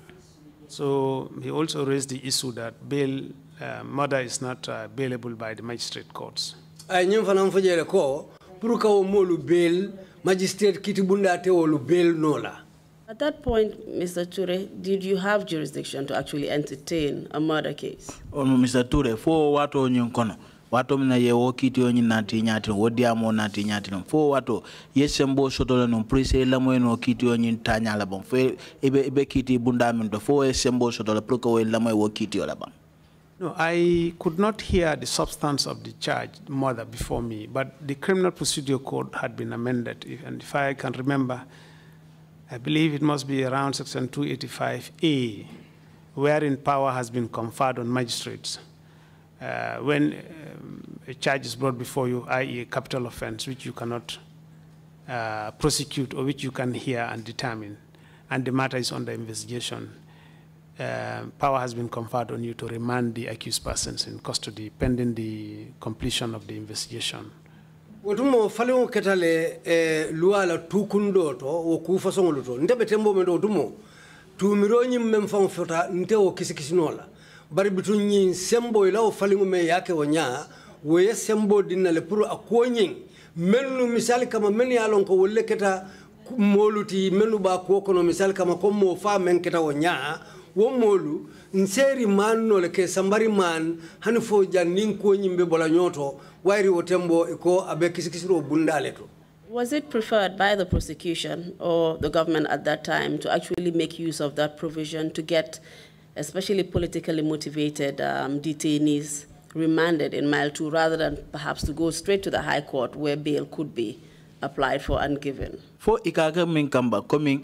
So he also raised the issue that bail Uh, murder is not uh, bailable by the magistrate courts. Ay ñum fanam fajele ko pour kawo molu bail magistrate kiti bunda te wolu bail nola. At that point, Mr. Ture, did you have jurisdiction to actually entertain a murder case? Oh, Mr. Ture, for what on watu nyonkono. Watu mna ye wo kiti yonyi nati nyati wo amo nati nyati no. fo watu yese mbo soto le non prise la mo no kiti yonyi tanya la bon fo e, ebe ebe kiti bunda min do fo yese soto la proko we la mo wo kiti yo la bon No, I could not hear the substance of the charge mother before me, but the criminal procedure code had been amended, and if I can remember, I believe it must be around section 285A, wherein power has been conferred on magistrates. Uh, when um, a charge is brought before you, i.e. a capital offense, which you cannot uh, prosecute or which you can hear and determine, and the matter is under investigation, Uh, power has been conferred on you to remand the accused persons in custody pending the completion of the investigation. wotumo faleŋo ketale le eh, e luwa la tukundo to wo kuu to nte betembo mendo meŋ to wotumo tuumiro ñiŋ meŋ faŋo nte wo kisikisinoo la bari bitu ñiŋ sembo ila la wo faliŋo meŋ ke wo ñaa sembo dina le pour a Menu misali kama meni alonko a keta moluti menu mennu be a kono misali kama kumofa moo faa meŋ keta wo womolu nseri ke sambari man fo ko nyimbe bola nyoto wairi wotembo abe kisikisiro Was it preferred by the prosecution or the government at that time to actually make use of that provision to get especially politically motivated um, detainees remanded in mile two rather than perhaps to go straight to the high court where bail could be applied for and given? For Ikaga Minkamba coming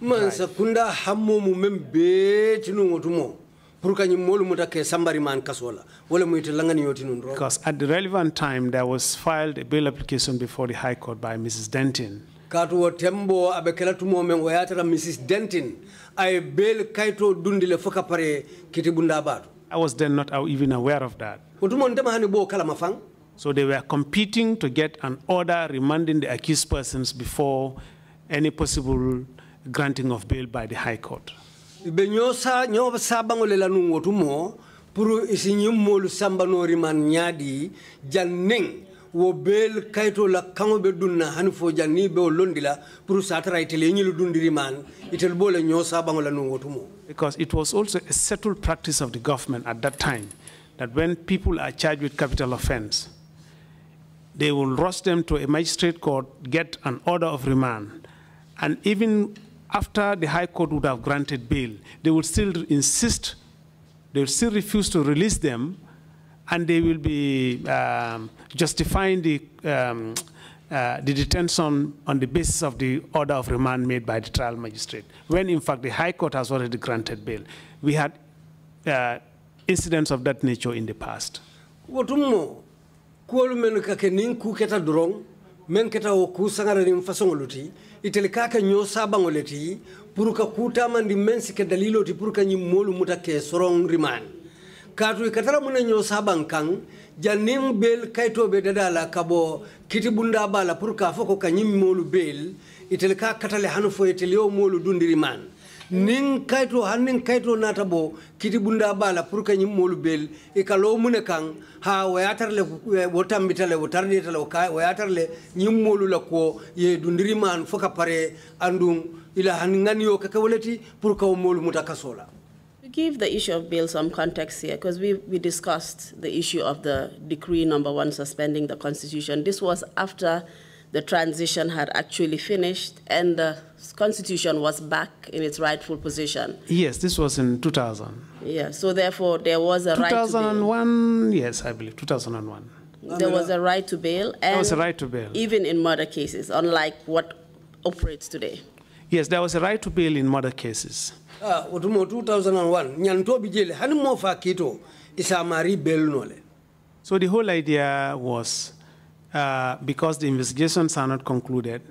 man sakunda hammo mu mem be tinugo tumo mutake sambari man kasola wala mu langani yoti because at the relevant time there was filed a bail application before the high court by Mrs Denton katuwo tembo aɓe kelatumo men mrs dentin dundile foka pare i was then not even aware of that ndema hani kala so they were competing to get an order remanding the accused persons before any possible granting of bail by the High Court? nyoba sabango lela nungotu mo puru nyadi wo la be dunna fo be o itele itel la because it was also a settled practice of the government at that time that when people are charged with capital offense they will rush them to a magistrate court get an order of remand and even after the High Court would have granted bail, they would still insist, they would still refuse to release them, and they will be um, justifying the, um, uh, the detention on the basis of the order of remand made by the trial magistrate, when in fact the High Court has already granted bail. We had uh, incidents of that nature in the past. more, kuolu menu kake nin kuketa durong men keta wo kusangara nin itele kaka nyo sabaŋo le ti pour ka kutamandi meŋ si ke dalilo ti pour ka ñiŋ moolu muta ke soroŋ riman kaatu i ka tara mu ne ñoo sabaŋ kaŋ janniŋ beel kayitoo be dada la ka bo kiti bunda bala pour ka fo ko ka ñiŋ moolu beel itele ka katale hanu fo itele yo moolu dundi riman nin kiti bunda bala pour molu bel e mune kan ha wayatar le wayatar le molu la ko ye dundiri man foka pare andum ila han ngani yo ka kawleti pour molu muta kasola To give the issue of bail some context here, because we, we discussed the issue of the decree number one suspending the constitution. This was after the transition had actually finished and the constitution was back in its rightful position. Yes, this was in 2000. Yeah, so therefore there was a 2001, right yes, I believe, 2001. There was a right to bail. And there was a right to bail. Even in murder cases, unlike what operates today. Yes, there was a right to bail in murder cases. Ah, uh, 2001, nyantobi jele, hanimo kito isamari bail nole. So the whole idea was uh, because the investigations are not concluded,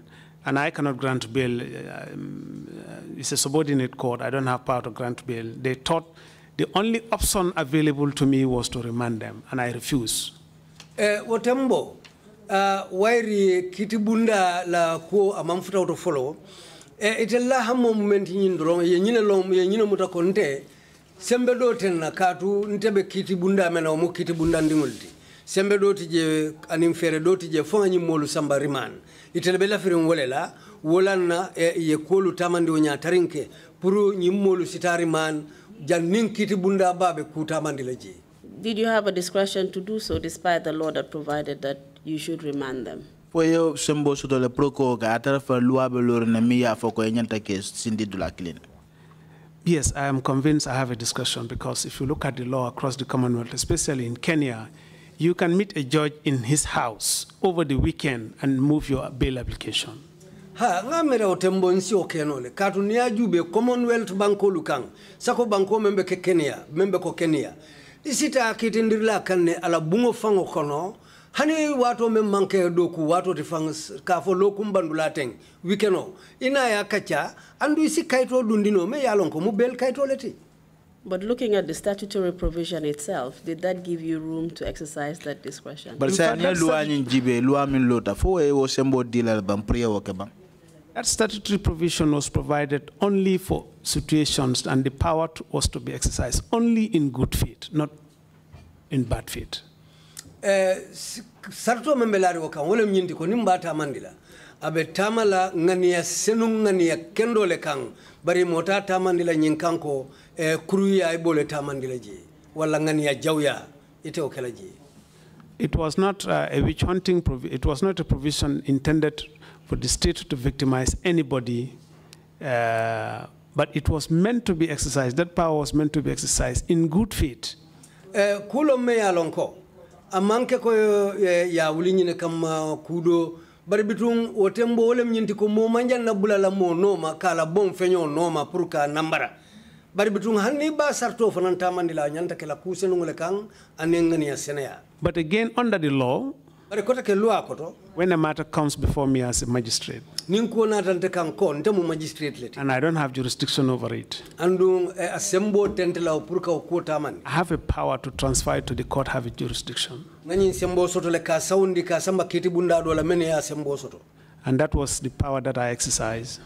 and I cannot grant bail, uh, um, uh, it's a subordinate court, I don't have power to grant bail, they thought the only option available to me was to remand them, and I refuse. Eh, uh, Watembo, uh, wairi kitibunda la ko amamfuta auto follow, e eh, itella hammo momenti nyin doron ye nyine lom ye nyine muta konte sembe do tenna katu ntebe kitibunda mena mo kitibunda ndinguldi sembe doti je anim fere doti je fof hañum molu samba riman itele bela lafirin wole la wolanna e ye kolu tamande o nya tarinke pour ñimmolu sitari man jan ninkiti bunda babe ku tamandi la jeeyi did you have a discretion to do so despite the law that provided that you should remand them po yo sembo soto le proko ga atara fa loi be lor na mi ya foko e nyanta ke sindi dula clean yes i am convinced i have a discretion because if you look at the law across the commonwealth especially in kenya you can meet a judge in his house over the weekend and move your bail application. ha ngamere otembo nsi okenole katu ni commonwealth bankolu kan sako banko membe ke kenya membe ko kenya isita kitindirla kanne ala bungo fango kono hani wato men doku wato ti fang ka fo wikeno ina ya kacha andu isi kaito dundino me yalon mu bel kaito leti but looking at the statutory provision itself, did that give you room to exercise that discretion? But say min lota fo e wo sembo ban priya wo That statutory provision was provided only for situations and the power to, was to be exercised only in good faith, not in bad faith. Eh, sarto membelari nyindi ko nimbata mandila. abe tamala ŋaniya senu ŋaniya kendole kan bari mota tamani la nyinkanko e eh, kuruya i bole tamani la je walla ŋaniya jawya ite okela kela je It was not uh, a witch hunting. It was not a provision intended for the state to victimize anybody, uh, but it was meant to be exercised. That power was meant to be exercised in good faith. e kulo me ya amanke ko e, ya wuli nyine kam kudo bari bitun woten bo wolem ñinti ko momanjan na bulala mo nooma kala bon feño nooma pour ka nambara bari bitun hanni ba sarto fanan tamandila ñanta kela kusenugole kan anen ganiya seneya but again under the law When a matter comes before me as a magistrate, and I don't have jurisdiction over it, eh, I have a power to transfer it to the court having jurisdiction. And that was the power that I exercised.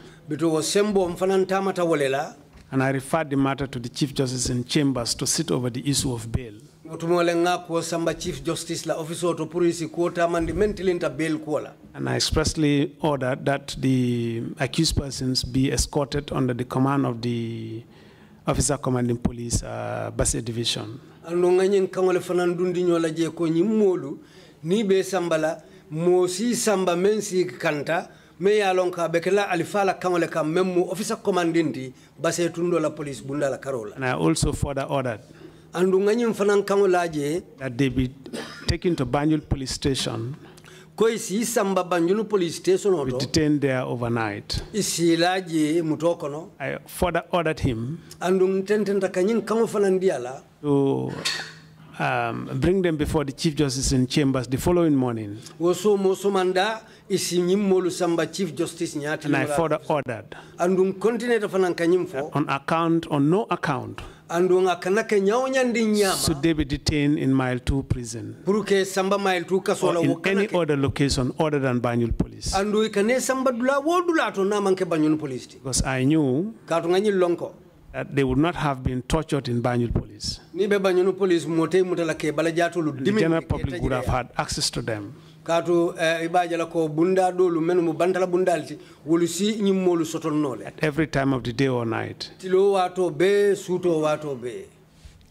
And I referred the matter to the Chief Justice in Chambers to sit over the issue of bail. tumole nga ko samba chief justice la office to police ko tamandi mentally ta bail ko la and i expressly ordered that the accused persons be escorted under the command of the officer commanding police uh, base division ando nga nyen fanan dundi nyola je ko nyi molu ni be sambala mo si samba men si kanta me ya lon ka bekela alifala kangole kam memmu officer commanding di base tundo la police bunda la karola and i also further ordered that they be taken to Banjul police station koi samba Banjul police station oto detained there overnight I further ordered him andu to um, bring them before the Chief Justice in chambers the following morning. Chief Justice And I further ordered. On account, on no account. andunga kana kenyaonya ndi nyama should they be detained in mile 2 prison buruke samba mile 2 kasola wo kana any other location other than banyul police andu ikane samba dula wo dula to na manke banyul police because i knew katu nganyi lonko that they would not have been tortured in banyul police ni be banyul police motey mutala ke bala jatu lu dimi the general public would have ya. had access to them Eh, bunda menu mu bantala si molu at every time of the day or night tilo wato be suto wato be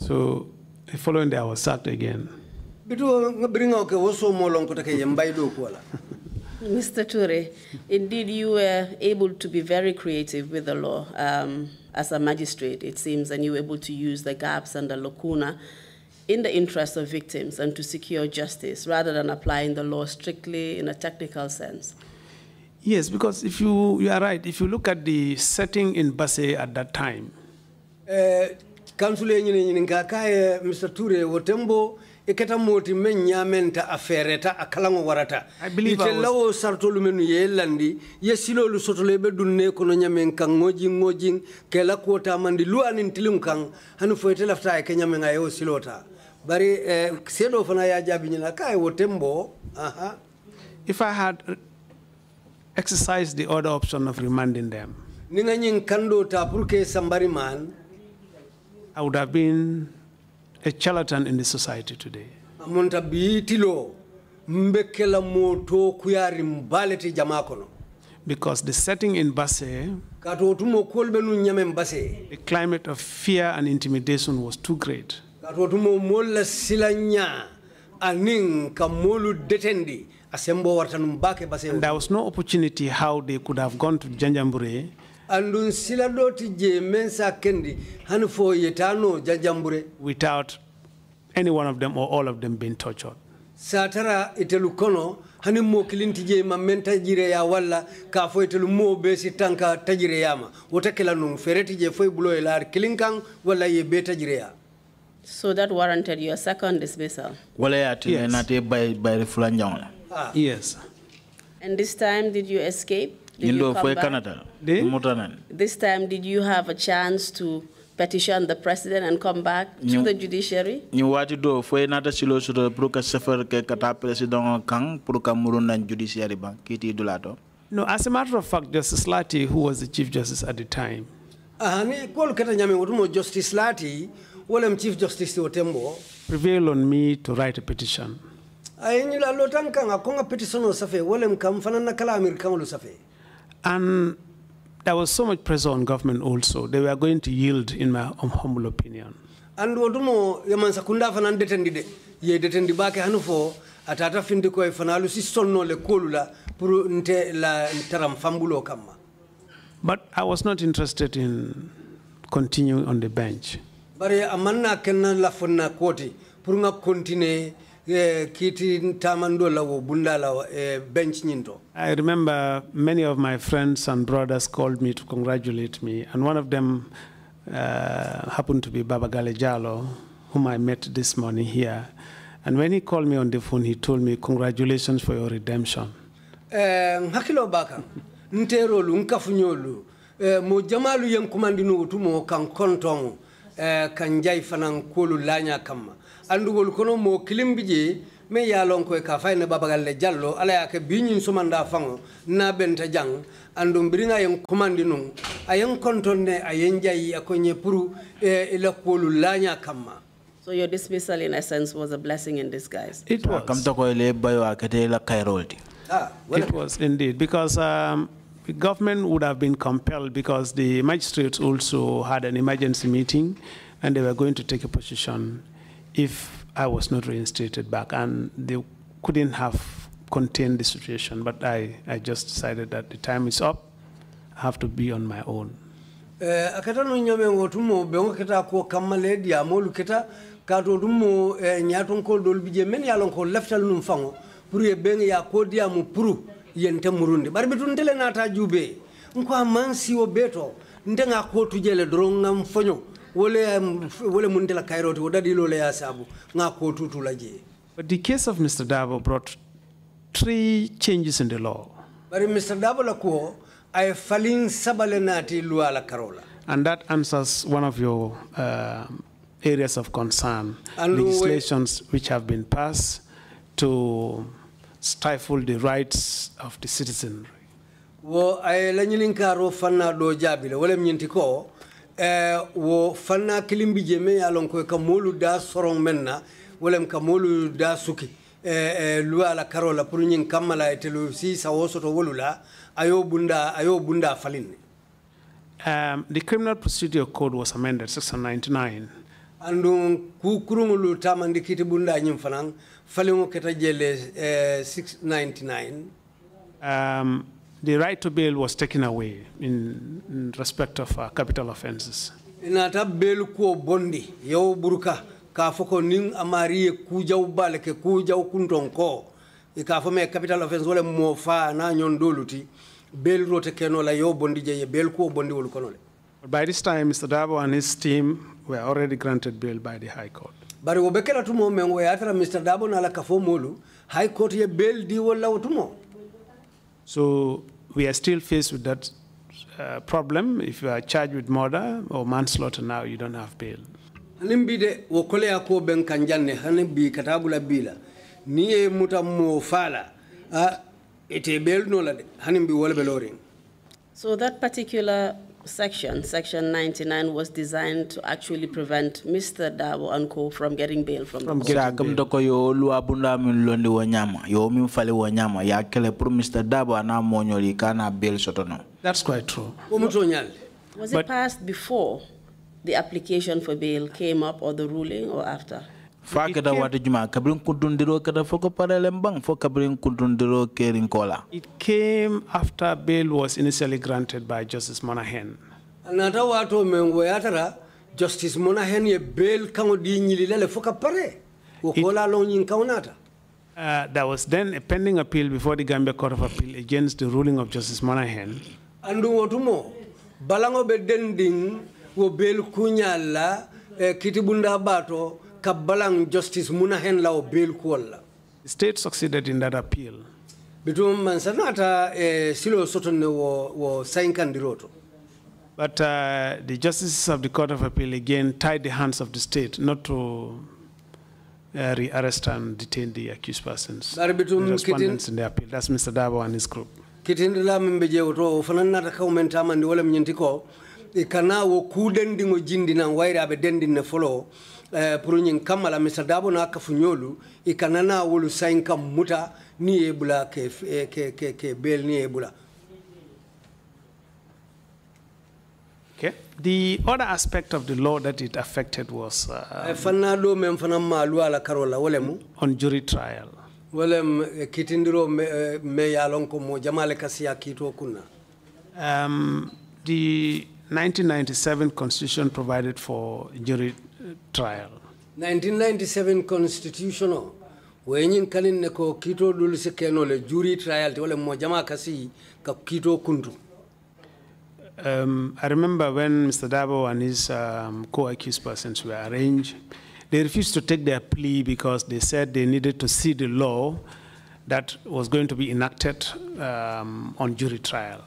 so the following day i was sacked again ngabringa ke woso molon ko take ko la Mr. Ture, indeed you were able to be very creative with the law um, as a magistrate, it seems, and you were able to use the gaps and the lacuna in the interests of victims and to secure justice rather than applying the law strictly in a technical sense? Yes, because if you, you are right, if you look at the setting in Basse at that time. Councilor uh, Mr. Ture Wotembo, ikata moti men ñamenta a feereta a kalaŋo warata I believe sartolu menu ye landi ye silolu sotole be Mojing, Mojing, ñamen kaŋ ŋojiŋ ŋojiŋ ke la kuwo tamandi silota Bari eh, sedo fana ya kai wotembo. Aha. If I had exercised the other option of remanding them. Ninga nyin kando ta purke sambari man. I would have been a charlatan in the society today. Amunta mbekela moto kuyari mbaleti jamakono. Because the setting in Basse, the climate of fear and intimidation was too great. katotumo moolu la silaña anin ka moolu detendi a sembo warta num bake base there was no opportunity how they could have gone to janjambure andun sila ɗo ti je men sa kendi hani fo yetano janjambure without any one of them or all of them being tortured satara itelu kono hani mo kilinti je ma men tajire ya walla ka fo itelu mo be si tanka tajire yama wota kila nun fereti je fo bulo e lar kilinkan walla ye be tajire ya So that warranted your second dismissal? Yes. Yes. And this time, did you escape? Did you come back? Did? This time, did you have a chance to petition the president and come back to the judiciary? Ñu silo president judiciary No, as a matter of fact, Justice Lati, who was the chief justice at the time, ahani kol kata Justice Lati wolem chief justice otembo prevail on me to write a petition petition wolem and there was so much pressure on government also they were going to yield in my humble opinion and wodumo ye detendi atata findi sonno le pour nte la taram fambulo but i was not interested in continuing on the bench bari amanna kenna lafonna koti pour nga continuer e, kiti tamando la wo bunda la e, bench nyinto i remember many of my friends and brothers called me to congratulate me and one of them uh, happened to be baba galejalo whom i met this morning here and when he called me on the phone he told me congratulations for your redemption hakilo e, baka nterolu nkafunyolu mo jamalu yankumandinu tumo kan kontongo Eh, kan fanan kolu laña kamma andugol kono mo kilimbi me ya lon ka fayne babagalle jallo ala ya ke sumanda fango na benta jang andum nun ayen kontonne ayen jayi akonye puru e eh, kolu So your dismissal, in essence, was a blessing in disguise. It was. Ah, it was indeed because um, the government would have been compelled because the magistrates also had an emergency meeting and they were going to take a position if I was not reinstated back. And they couldn't have contained the situation, but I, I just decided that the time is up. I have to be on my own. Eh, ko men yalon ko leftal num fango pour ye ben ya ko pour nata jube nko amansi ndenga ko tujele wole wole mundela kairoti wodadi lole ya sabu nga ko but the case of mr dabo brought three changes in the law mr dabo la ko ay falin sabale nati luala karola and that answers one of your uh, areas of concern and legislations we, which have been passed to stifle the rights of the citizen wo ay lañu linkaro fanna do jabile wala nyinti ko eh wo fanna kilimbi jeme ya lon ko ka molu da soron menna wala ka molu da suki eh eh luwa la karola pour ñing kamala et lu si sa sawosoto wolula ayo bunda ayo bunda falin um, the criminal procedure code was amended 699 andu ku kurungulu tamandi kiti bunda ñim fanan mo keta jele eh, 699 um, the right to bail was taken away in, in respect of uh, capital offenses inata bail ko bondi yow buruka ka foko nin amari ku jaw balake ku jaw kunton ko e ka fo capital offense wala mo fa na nyon doluti bail rote la yow bondi je bail ko bondi wol konole by this time mr dabo and his team were already granted bail by the high court bari wo kela tumo men wo yatara mr dabo nala kafo molu high court ye bail di wala tumo so we are still faced with that uh, problem if you are charged with murder or manslaughter now you don't have bail hanin bi de wo kole ya ko ben kan janne hanin bi katabula bila ni e mutam mo fala a ah, ete bail no la de hanim bi wala lorin so that particular section, Section 99, was designed to actually prevent Mr. Dabo and Co. from getting bail from, from the court. From doko yo lua bunda min londi wanyama, yo min fale wanyama, ya kele pro Mr. Dabo ana li kana bail sotono. That's quite true. Was it passed before the application for bail came up or the ruling or after? fa kada wada juma kabrin kudundiro kada foko paralem bang fo kabrin kudundiro kerinkola it came after bail was initially granted by justice monahan anata wato men goyatara justice monahan ye bail kango di nyililele foka pare wo kola lo nyin kawnata Uh, there was then a pending appeal before the Gambia Court of Appeal against the ruling of Justice Monahan. And what more? Balango bedending wo bail kunyala eh, kitibunda bato kabbalang justice hen law bail kuwalla state succeeded in that appeal bitum man sanata e eh, silo sotonne wo wo sankandiro to But uh, the justices of the Court of Appeal again tied the hands of the state not to uh, re-arrest and detain the accused persons. The respondents in the appeal. That's Mr. Dabo and his group. kitindila min be jewto fanan nata kaw men tamandi wala min ko e kana wo kudendi ngo jindi nan wayraɓe dendin ne Uh, eh, pour ñin kammala misal dabo na kafunyolu ikanana wolu sain kam muta ni ebula ke ke ke ke bel ni ebula Okay. The other aspect of the law that it affected was um, on jury trial. Eh, um, the 1997 constitution provided for jury trial. 1997 constitutional wenyin kanin ne ko kito dul se keno le jury trial te wala mo jama kasi ka kito kuntu um, I remember when Mr. Dabo and his um, co-accused persons were arraigned, they refused to take their plea because they said they needed to see the law that was going to be enacted um, on jury trial.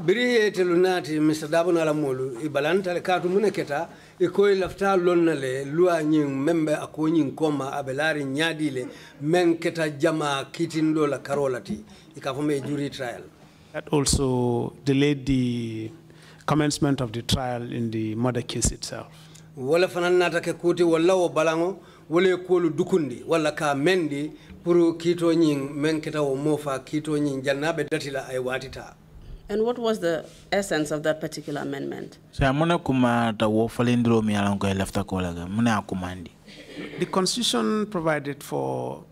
Biri lunati, Mr. Dabo nalamolu ibalanta le katu muneketa e lafta lonna le luwa membe a ko ñin koma aɓe laari ñaadi le men keta jama kitinɗo la karola ti e ka fo ma e jury trial that also delayed the commencement of the trial in the murder case itself wala fanan nata ke kuti walla wo balango wala kolu dukundi walla ka mendi pour kiito ñin men keta wo mofa kiito ñin jannaɓe datila ay watita And what was the essence of that particular amendment? The constitution provided for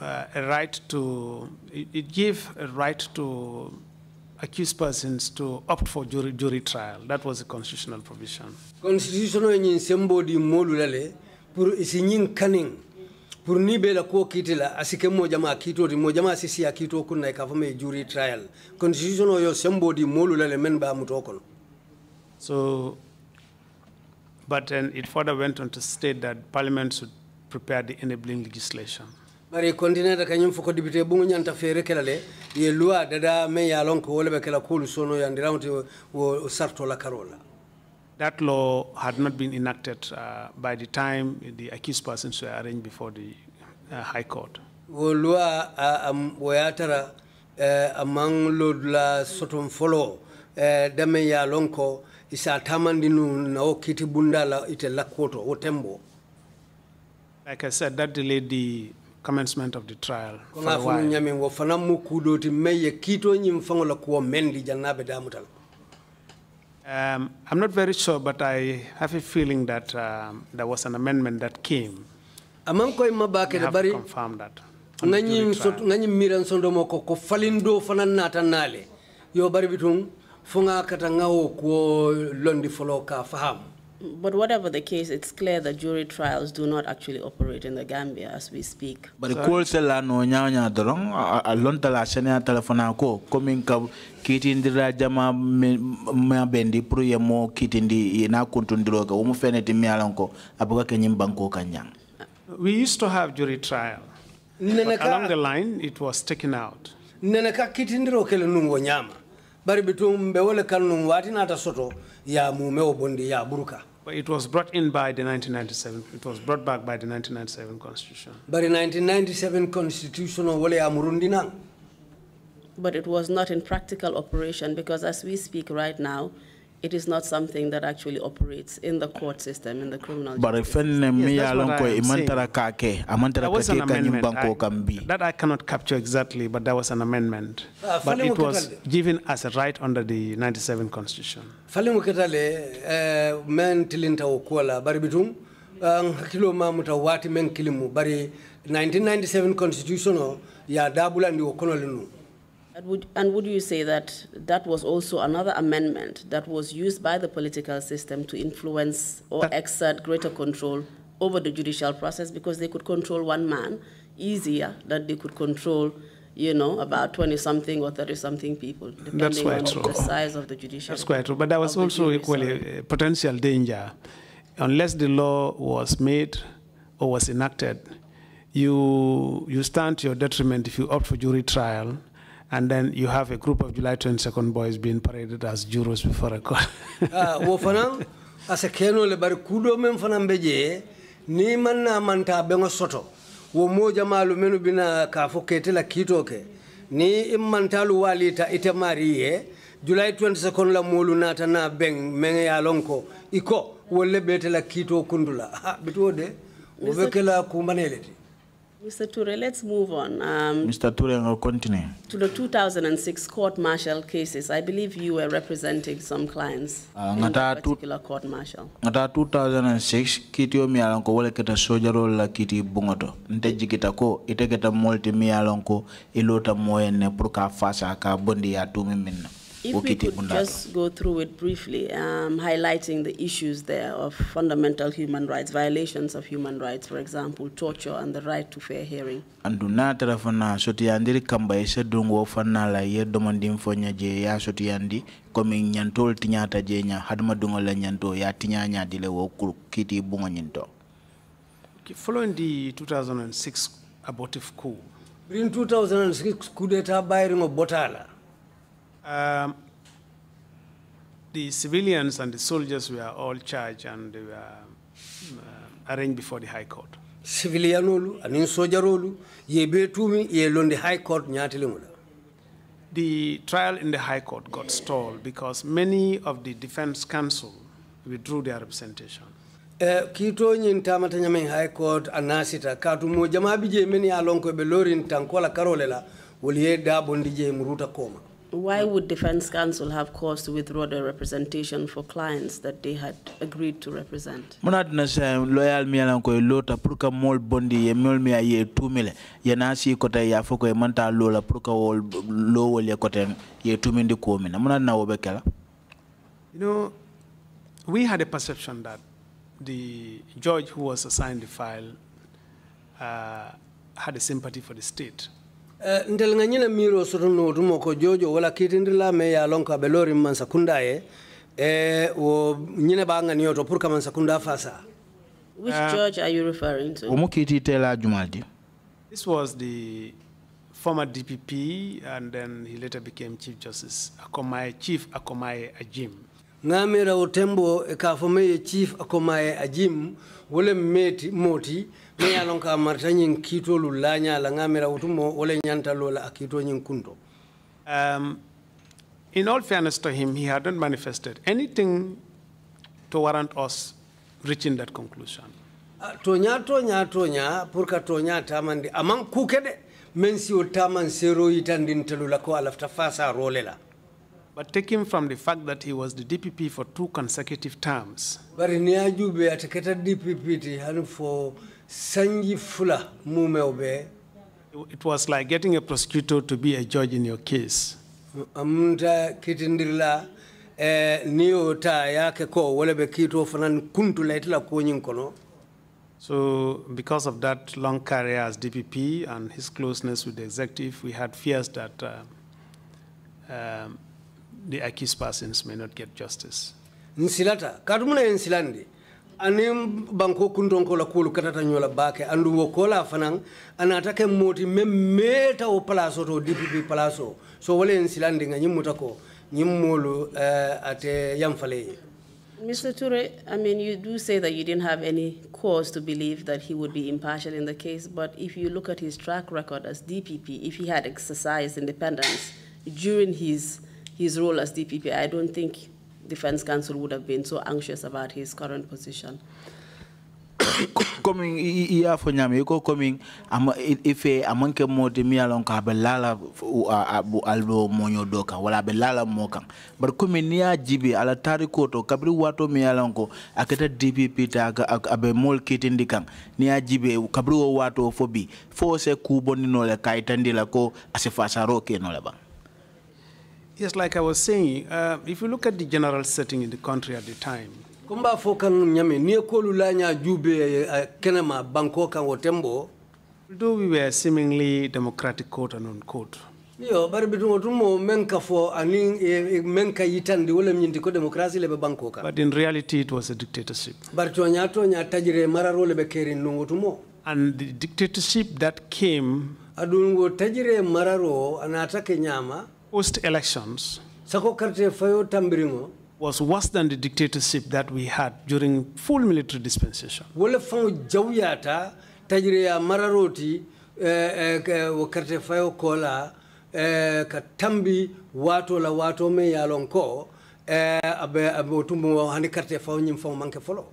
uh, a right to, it, gave a right to accused persons to opt for jury, jury trial. That was a constitutional provision. Constitutional pour ni be la kuo kiti la asike mo jama kito di mo jama sisi ya kito kun na ka e jury trial constitution o yo sembo di molu la le men ba mu tokono so but then it further went on to state that parliament should prepare the enabling legislation bari continue ka nyum fuko dibite bu mu nyanta fere kala le ye loi dada me ya lonko ko wala be kala kulu sono ya ndirawti wo sarto la carola that law had not been enacted uh, by the time the accused persons were arraigned before the uh, High Court. Wolua uh, um, woyatara among lodla sotum follow dame ya lonko isa tamandinu na okiti bundala ite lakwoto otembo. Like I said, that delayed the commencement of the trial. for a Konga funu nyamin wofanamu kudoti meye kito nyimfango la kuwa mendi janabe damutal. Um, I'm not very sure, but I have a feeling that um, there was an amendment that came. Amam koy mabake da bari confirm that. Ngani sot ngani miran sondo moko ko falindo nata nali. yo bari bitung funga katanga o ko londi folo ka faham. But whatever the case, it's clear that jury trials do not actually operate in the Gambia as we speak. But cool sela no nya nya dorong alon tala sene telefona ko komin kitindi bendi pro kitindi umu abuga kanyang. We used to have jury trial. along the line it was taken out. kele nungo nyama. Bari bitu soto ya mumeo bondi ya buruka it was brought in by the 1997, it was brought back by the 1997 constitution. But the 1997 constitution wale amurundinang. But it was not in practical operation because as we speak right now, it is not something that actually operates in the court system in the criminal but if yes, that i cannot capture exactly but that was an amendment uh, but it was given as a right under the 97 constitution falimu ketale eh, men tilinta bari bitum hakilo eh, mamuta wati men kilimu bari 1997 constitution ya dabula ndi linu and would, and would you say that that was also another amendment that was used by the political system to influence or that, exert greater control over the judicial process because they could control one man easier than they could control you know, about 20 something or 30 something people, depending on true. the size of the judiciary. That's quite true. But there was also equally a potential danger. Unless the law was made or was enacted, you, you stand to your detriment if you opt for jury trial and then you have a group of July 22nd boys being paraded as jurors before a court. Ah, wo fanan asa keno le bari kudo men fanan beje ni man na manta bengo soto wo moja malu menu bina ka fo ketela kitoke ni immantalu walita ite mariye July 22nd la molu nata na beng menge ya lonko iko wolle la kito kundula ha ah, bitode obekela kumbaneleti Mr. Ture, let's move on. Um, Mr. Ture, I'll continue. To the 2006 court martial cases, I believe you were representing some clients uh, in that particular court martial. Ngata 2006, kiti yo mialanko wale keta sojaro la kiti bungoto. Nte kita ko, ite keta molti mialanko ilota moyene pruka fasa ka bondi ya tumi minna. If we could just go through it briefly, um, highlighting the issues there of fundamental human rights, violations of human rights, for example, torture and the right to fair hearing. Anduna tarafana sotiyandiri kamba isa dungo fana la ye domandin fonya je ya sotiyandi komi nyantol tinyata je nya hadma dungo la nyanto ya tinyanya dile wo kiti bunga nyinto. Following the 2006 abortive coup. In 2006 coup d'etat bayringo botala. Um, the civilians and the soldiers were all charged and were um, uh, arraigned before the High Court. Civilianolu and in ye be soldierolu ye lon the High Court nyatilemula. The trial in the High Court got stalled because many of the defense counsel withdrew their representation. Eh, kito ñin tamata ñamen High Court anasita katu mo jama bije men ya lonko karolela lorin tankola karole da bondi muruta koma. Why would Defense Counsel have cause to withdraw their representation for clients that they had agreed to represent? Munat na loyal mi alang ko lota purka mol bondi ye mol mi aye tumile ye na si kota ya foko ye manta lola purka wol lo wol ye kota ye tumindi ko mina munat na obekela. You know, we had a perception that the judge who was assigned the file uh, had a sympathy for the state. Eh, ndel nga ñina miro soto nootumo ko jojo wala la me ya lon ko aɓe loorin mansa kunda ye e wo ñine ɓa ŋaniyo to pour que mansa kunda fasa Which uh, church are you referring to? Omo tela jumaldi. This was the former DPP and then he later became Chief Justice Akomai, Chief Akomai Ajim ngamira o tembo e ka fo me chief akoma e ajim wole meti moti me yalon ka marta nyin kito lu lanya la ngamira utumo wole nyanta lola akito nyin kundo um in all fairness to him he hadn't manifested anything to warrant us reaching that conclusion uh, tonya tonya tonya pour ka tonya tamandi amang kukede men si o taman sero itandin telula ko alafta fasa rolela but taken from the fact that he was the DPP for two consecutive terms. Barini ajube ataketa DPP ti hanu for Sanji Fula mumeobe. It was like getting a prosecutor to be a judge in your case. Amunda kitindirila eh, niyo ta yake ko walebe kito fanan kuntula itila kunyinkono. So because of that long career as DPP and his closeness with the executive, we had fears that uh, um, the accused persons may not get justice. Nsilata, kadumuna nsilandi. anin banko kundon la kulu katata nyola bake andu wokola kola fanan anatake moti memmeta o palaso to dpp palaso so wale en silande nga nyimutako ko nyimmolu uh, eh, ate yamfale Mr. Ture, I mean, you do say that you didn't have any cause to believe that he would be impartial in the case, but if you look at his track record as DPP, if he had exercised independence during his his role as DPP, I don't think Defense Council would have been so anxious about his current position. coming here for fo you go coming am ife eh, amanke modi mi alon ka be lala abu albo monyo doka wala be lala mokang. But coming niya jibi ala tariko to wato mi alon ko akata dpp ta ka abe mol kitin dikan niya jibe kabri wo wato fo bi Force se ku bonni no le kaytandi la ko no le Yes, like I was saying, uh, if you look at the general setting in the country at the time, kumba fokan nyame ni ekolu jube eh, eh, kenema banko kan wotembo though we were seemingly democratic court and unquote yo bari bitungo tumo menka fo anin eh, menka yitande wala nyindi ko democracy lebe banko but in reality it was a dictatorship bar to nya to nya tajire mararo lebe kerin nungo and the dictatorship that came adungo tajire mararo anatake nyama post elections was worse than the dictatorship that we had during full military dispensation. Eh, eh, wakarte fayo kola eh, ka tambi wato la wato me yalon ko abe abe otumbo hani karte fayo nyim fayo manke folo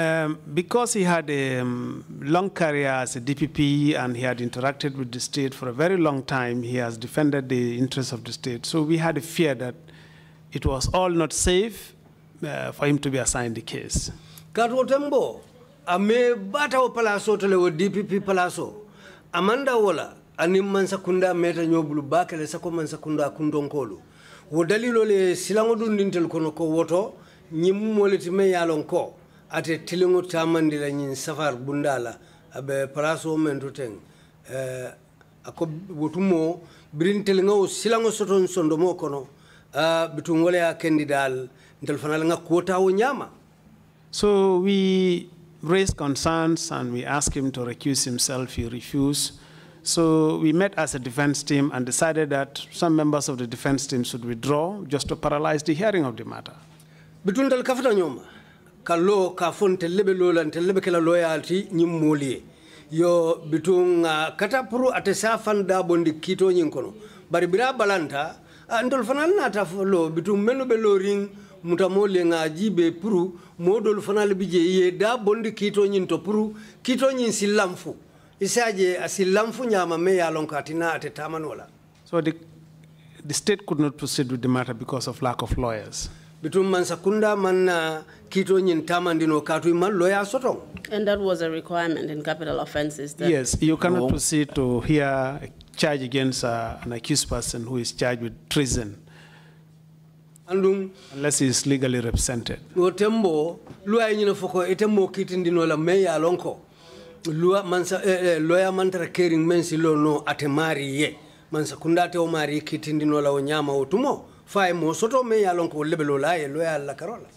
um, because he had a um, long career as a DPP and he had interacted with the state for a very long time, he has defended the interests of the state. So we had a fear that it was all not safe uh, for him to be assigned the case. tembo, ame bata o palaso tole o DPP palaso, amanda wola, ani mansa kunda meta nyobulu bakele sako mansa kunda kundonkolu. Wo dalilo silango dundintel kono ko woto, nyimu moleti me yalon ate tiliŋo tamandi la ñiŋ safar bundala la a be palaso mentu teŋ eh, a ko wotumoo biriŋ soton sondomoo kono eh, bituŋ wo le ye kendi daal ntelu fana la ŋa kuwo tawo so we raised concerns and we asked him to recuse himself he refused So we met as a defense team and decided that some members of the defense team should withdraw just to paralyze the hearing of the matter ka loyalty yo uh, kata ate safan da bondi kito kono bari bira balanta ah, lo menu be muta nga jibe modol fanal bije ye da bondi kito to kito silamfu isaje asilamfu ah, me ate tamanola so the the state could not proceed with the matter because of lack of lawyers between man sakunda man uh, kito nyin tamandino katu man lawyer sotong. And that was a requirement in capital offenses. yes, you cannot no. proceed to hear a charge against uh, an accused person who is charged with treason. Andung, unless he is legally represented. No tembo, lawyer nyina foko etembo kitindino la meya lonko. Lua mansa eh, eh lawyer mantra caring mensi lo no atemari ye. Mansa kundate o mari kitindino la onyama otumo. fay e soto me ya lebelo la ye lo la karola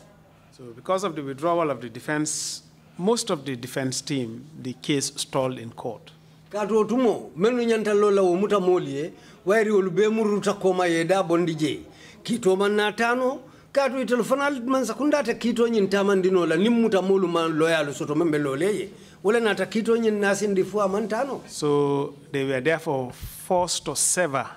so because of the withdrawal of the defense most of the defense team the case stalled in court tumo menu nyanta wo muta molie wairi olu be muruta koma ye da bondi je kito man na tano kato itelo fanal man sakunda ta kito nyin tamandino la muta molu man loyalo soto membe loleye wala nata kito nyin nasindi fu man tano so they were therefore forced to sever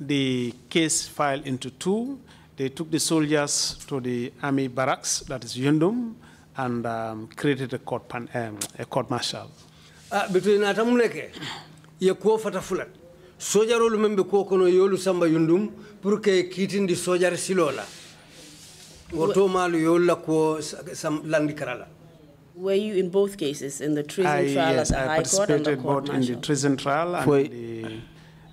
the case file into two. They took the soldiers to the army barracks, that is Yundum, and um, created a court, pan, um, a court martial. Ah, between Atamuleke, Yakuo Fatafulat, soldier old member Kokono Yolu Samba Yundum, Purke Kitin the soldier Silola, Otomalu Yola Kuo Sam Landikarala. Were you in both cases, in the treason I, trial yes, at I High Court and the court both in the treason trial and For the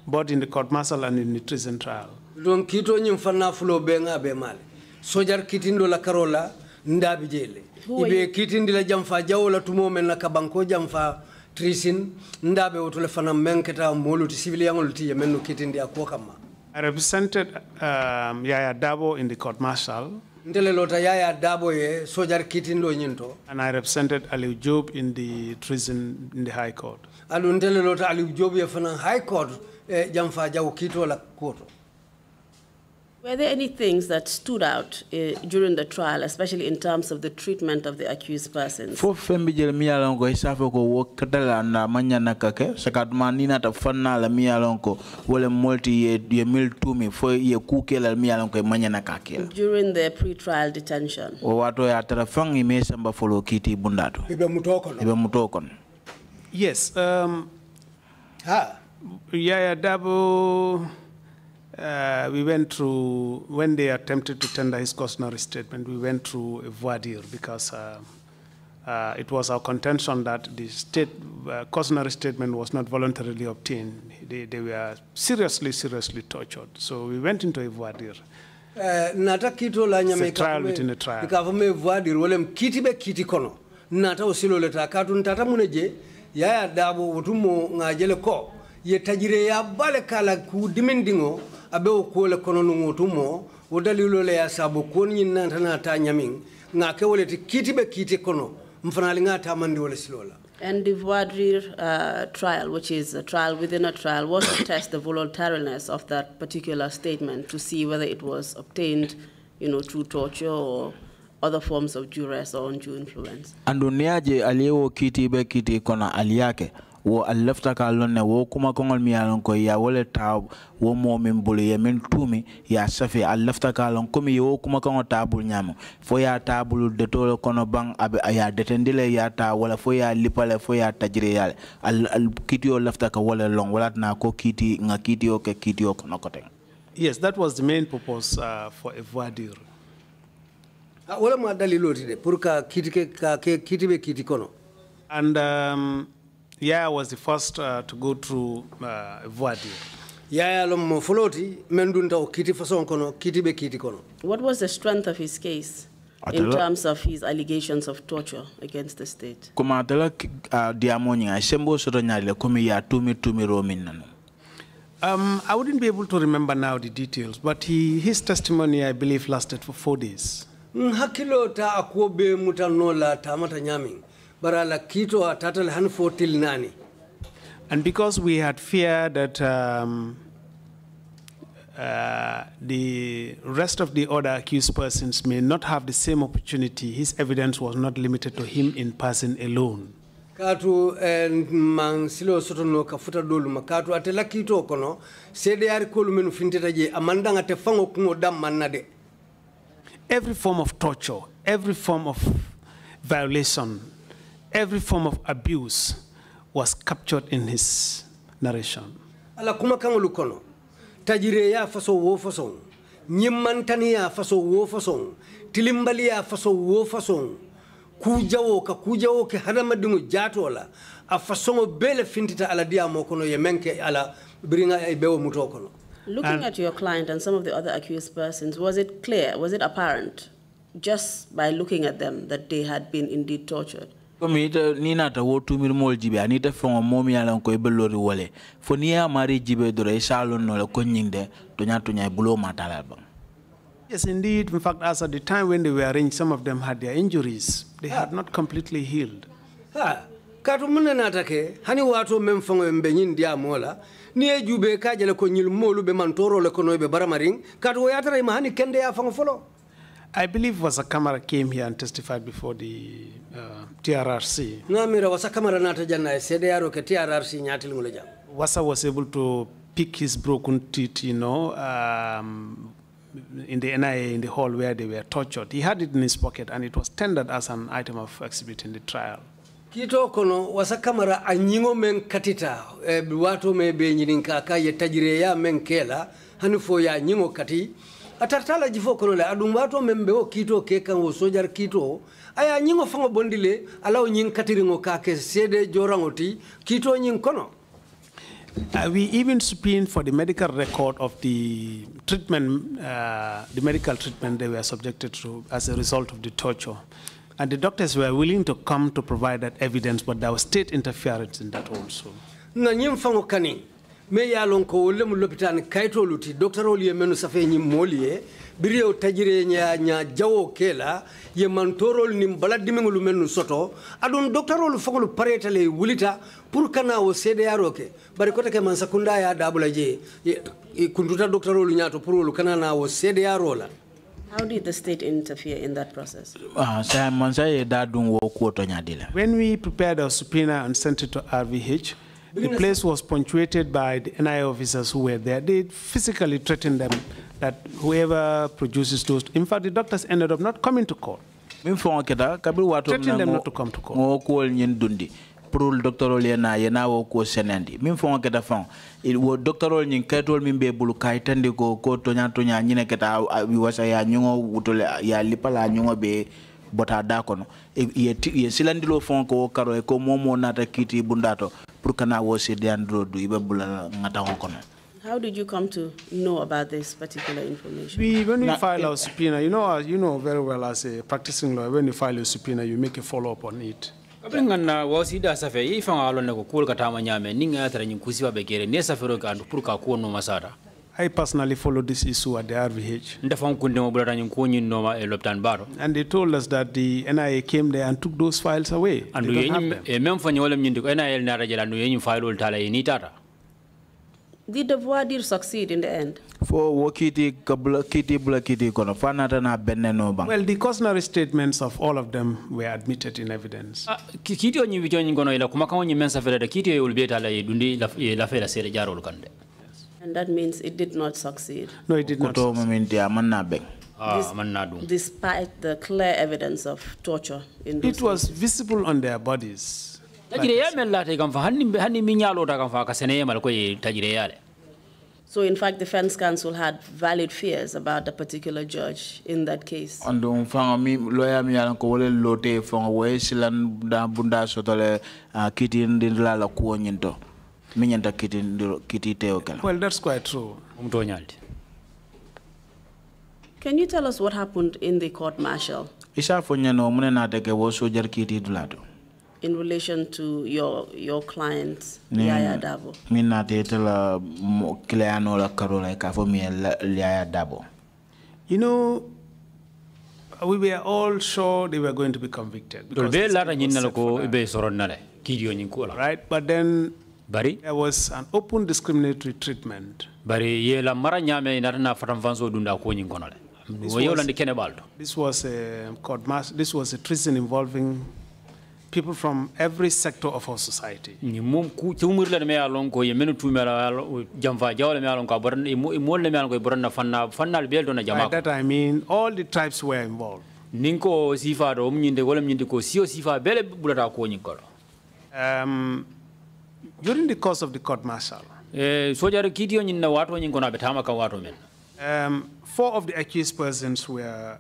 both in the court martial and in the treason trial. Don kito nyim fanna fulo benga be male. Sojar kitindo la karola ndabi jele. Ibe kitindi la jamfa jawla tumome na kabanko jamfa treason ndabe wotule fana menketa molu ti civilian ulti yemenu kitindi akwa kama. I represented um, Yaya Dabo in the court martial. yaya and i represented aliou job in the treason in the aliou high court Eh, Were there any things that stood out uh, during the trial, especially in terms of the treatment of the accused persons? fembe ko na la wole multi ye mil tumi ye kuke la During the pre-trial detention. ya me samba folo kiti Ibe mutokon. Ibe mutokon. Yes, um, ha yeah, Dabo, uh, we went through, when they attempted to tender his cautionary statement, we went through a voir dire because uh, uh, it was our contention that the state uh, cautionary statement was not voluntarily obtained. They, they were seriously, seriously tortured. So we went into a voir dire. Uh, nata a trial. nyame ikafume voir dire wole mkiti be kiti kono nata leta katu nata muneje yaya dabo utumo ngajele ko ye tajire ya bale kala ku dimindingo abe o ko le kono tu mo o dalilo le ya sabo ko ni nanta na ta ñamiŋ ŋa ke wole le ti kiiti be kiti kono mfana li ngata mandi wole silola And the voir dire uh, trial, which is a trial within a trial, was to test the voluntariness of that particular statement to see whether it was obtained, you know, through torture or other forms of duress or undue influence. Anduniaje aliyewo kiti be kiti kona aliyake wo a lafta ka lɔn ne wo kuma kɔngɔl mi ye lon ko ya wo le taa wo mɔɔ min bolo ye min tuumi ya safe a lafta ka lon komi ye wo kuma kɔngɔ taa bolo fo y'a taa bolo deto kono kɔnɔ ban a y'a detendile le y'a taa wala fo y'a lipale fo y'a tajiri ya le al kitio lafta ka wala lɔn wala na ko kiti nga kitio ke kitio kiti yo yes that was the main purpose uh, for a voir ah, wala ma dalilo de pour ka kiti ka kɛ kiti bɛ and. Um, Yaya was the first uh, to go through uh, Voadi. Yaya lomo foloti mendunta kiti fason kono kiti be kiti kono. What was the strength of his case? in terms of his allegations of torture against the state. Kuma adala uh, diamoni asembo soro nyale kumi ya tumi tumi romin nanu. Um, I wouldn't be able to remember now the details, but he, his testimony, I believe, lasted for four days. Hakilo ta akuobe mutanola tamata nyaming barala kito atatal han fotil nani. And because we had fear that um, uh, the rest of the other accused persons may not have the same opportunity, his evidence was not limited to him in person alone. Eh, every form of torture every form of violation every form of abuse was captured in his narration. ala kuma faso wo faso wo faso wo kujawo ka kujawo ke fintita ala ala Looking and at your client and some of the other accused persons, was it clear, was it apparent, just by looking at them, that they had been indeed tortured? comme ita euh, ni nata wo tumir mol jibe ani ta fengo momi ala ko e belori wole fo ni ya mari jibe doro e salon no e la ko nyingde to nya to nya bulo matala ba yes indeed in fact as at the time when they were arranged some of them had their injuries they had not completely healed ha katu mun nata hani wato mem fengo be nyindi mola ni jube ka jele nyil molu be man toro katu wo yatara hani kende ya fango folo I believe was a camera came here and testified before the Uh, TRRC. mira, wasa kamara nata sede aro ke TRRC nyati ngule Wasa was able to pick his broken teeth, you know, um, in the NIA in the hall where they were tortured. He had it in his pocket and it was tendered as an item of exhibit in the trial. kito kono wasa kamara a ñiŋo meŋ katita e, waato meŋ be ñininka ye tajireya meŋ ke hani fo kati a jifo kono le adumbato waato kito keka wo kiito ke wo sojar aya ñiŋo faŋo bondile ala wo ñiŋ kake ka ke seede joraŋo kono Uh, we even subpoenaed for the medical record of the treatment, uh, the medical treatment they were subjected to as a result of the torture. And the doctors were willing to come to provide that evidence, but there was state interference in that also. mais ya lon ko wolle mu lopitan kaytolu ti docteur ol ye mennu safe ñi moolu ye biriyo tajire ña ña jawo kela ye man torol bala dimiŋolu mennu soto adon docteur ol fogolu paretale wulita pour kana wo cdr ke bari kota ke man sakunda ya dabula je kunduta docteur ol ñato pour ol kana na wo cdr la How did the state interfere in that process? Ah, When we prepared our subpoena and sent it to RVH, the place was punctuated by the NI officers who were there. They physically threatened them that whoever produces those. In fact, the doctors ended up not coming to court. Threatening them not to come to court. pour doctorol yena yena wo ko senandi min fon keta fon il wo doctorol nyin ketol min be bulu kay tande ko ko tonya tonya nyine keta wi wasa ya nyungo wutole ya lipala nyungo be bota da e ye e, silandilo fon ko karo e ko momo nata kiti bundato pour kana wo se sirdiandiro du ibe bula ngata kono How did you come to know about this particular information? We, when we file e our subpoena, you know, uh, you know very well as a practicing lawyer, when you file a subpoena, you make a follow-up on it. kabringan na wasi da safe ifan alon ko kul ka tama nyame ninga tara nyin kusiba bekere ne safero ka ndu pur ka ko masara I personally follow this issue at the RVH. And they told us that the NIA came there and took those files away. And did the voir dire succeed in the end? Well, the cautionary statements of all of them were admitted in evidence. Ah, Kiti and that means it did not succeed. No, it did not. Ah, this, despite the clear evidence of torture in It was cases. visible on their bodies. Like so in fact, defense counsel had valid fears about a particular judge in that case. And mi lawyer miñanta kiti kiti teo well that's quite true umto nyaldi can you tell us what happened in the court martial isa fonyano mune na dege wo sojar kiti dulado in relation to your your client Yaya Dabo min tetela client la karola ka fo mi Yaya Dabo you know we were all sure they were going to be convicted because right but then bari there was an open discriminatory treatment bari dunda ko ndi this was a court mass this was a treason involving people from every sector of our society ni mum ku tumur la me alon ko yemenu tumela jamfa jawle me alon ko boran mo le me alon ko boran na fanna na jama that i mean all the tribes were involved ninko sifa do mnyinde ko sio sifa bele bulata ko um during the course of the court martial, sojaru kitiyo nyin na watu nyin betama ka watu Um, four of the accused persons were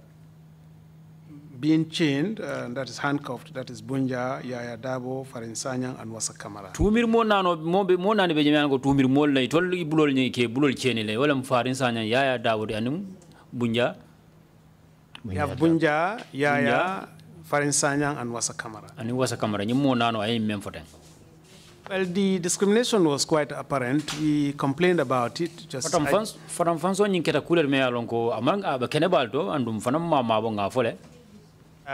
being chained, uh, that is handcuffed, that is Bunja, Yaya Dabo, Farinsanyang, and Wasa Kamara. Tumir mo mo be mo nani bejeman ko tumir mo lay tol Farinsanyang Yaya Dabo anum Bunja. We have Bunja, Yaya, Farinsanyang, and Wasa Kamara. And Wasa Kamara nyi mo nano ay men foten. Well, the discrimination was quite apparent. We complained about it. Just For Fadam fans on yinketa kuler me alonko amang abakene ah, balto andum fanam ma mabonga fole.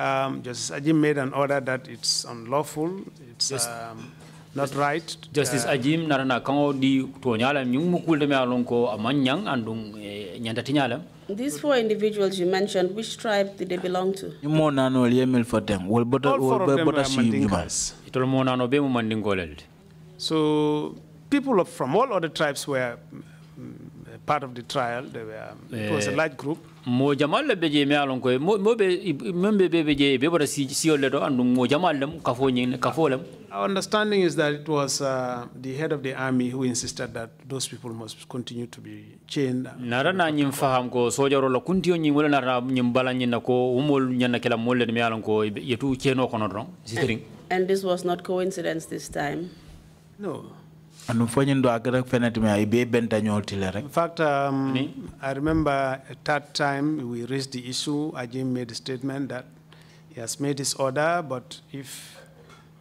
Um, Justice Ajim made an order that it's unlawful, it's yes. um, not right. Justice uh, Ajim narana kango di tuonyala nyung mukulde me alonko amanyang andum eh, nyantatinyala. These four individuals you mentioned, which tribe did they belong to? All four of them were Mandingas. Itolo mo nano be mo mandingolelde. So people from all other tribes were mm, part of the trial. They were, it was a eh, large group. mo jamal le beje me alon ko mo mo be be beje be bora si si le do andu mo jamal nyin our understanding is that it was uh, the head of the army who insisted that those people must continue to be chained na nyim faham ko la nyim wala nyim bala nyin ko umol kala me alon ko yetu cheno and this was not coincidence this time no. In fact, um, I remember at that time we raised the issue. Ajim made a statement that he has made his order, but if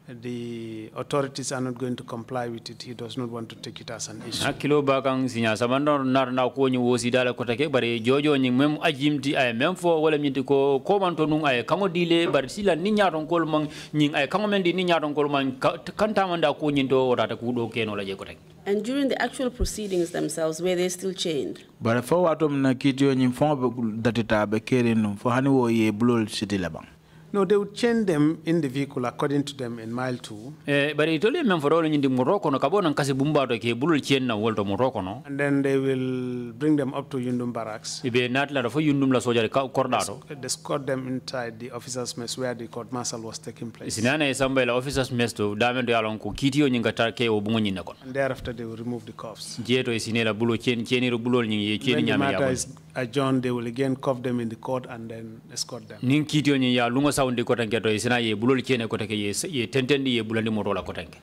the authorities are not going to comply with it. He does not want to take it as an issue. Hakilo bakang sinya sabando nar na ko nyi wosi dala ko take bare jojo nyi mem ajimti ay mem fo wala nyi ko ko man to nun ay kango dile bare sila ni nya ton kol man nyi ay kango men di ni nya ton kol man kanta man ko nyi do rata ku do keno la je ko And during the actual proceedings themselves, were they still chained? Bare fo watom na kitio nyi fo be datita be kere no fo hani wo ye blol siti labang. No, they would change them in the vehicle according to them in mile two. Eh, but it only meant for all in the Morocco, no carbon kasi bumba the ke bulul chain na world Morocco no. And then they will bring them up to Yundum barracks. Ibe nat la fo Yundum la soja cordado. They escort them inside the officers' mess where the court martial was taking place. Sinana isamba la officers' mess to Diamond de Alonco, Kitty, and nyinga or ke And thereafter they will remove the cuffs. Jeto isinela bulo chain chain ro bulol nyi chain and ya. When the matter is adjourned, they will again cuff them in the court and then escort them. Nin kitiyo nyi sawndi kotanke to sina ye bulol kene kotanke ye tentendi ye bulandi motola kotanke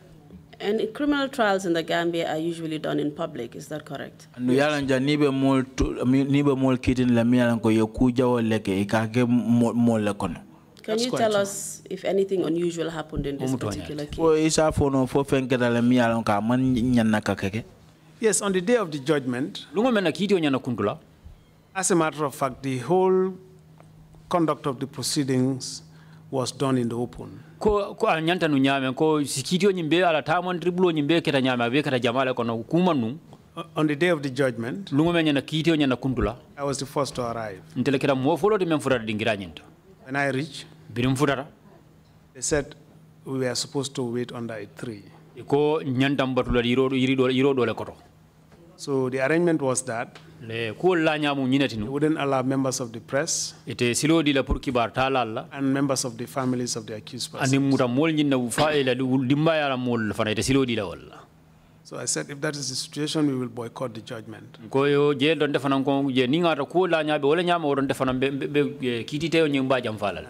And criminal trials in the Gambia are usually done in public, is that correct? No nibe mol nibe mol kitin la miyalanko yokuja woleke ikake e mol lekono. Can you tell us if anything unusual happened in this particular case? Well, isa fono fo la man nyanna kakeke. Yes, on the day of the judgment. Lungo mena kiti onyana kundula. As a matter of fact, the whole conduct of the proceedings was done in the open ko ko anyanta ñanta nu ñaame ko sikitio nyimbe ala tamon tribulo nyimbe be keta ñaame be keta jamala kono kuma nu uh, on the day of the judgment lungo menya na kitio nyana kundula i was the first to arrive ntele kera mo folo de men furata dingira nyinto when i reach birim futata they said we were supposed to wait under a tree ko ñantam batula yiro yiro yiro dole koto So the arrangement was that le ñinatinu wouldn't allow members of the press la and members of the families of the accused persons ila la so I said, if that is the situation, we will boycott the judgment. Koyo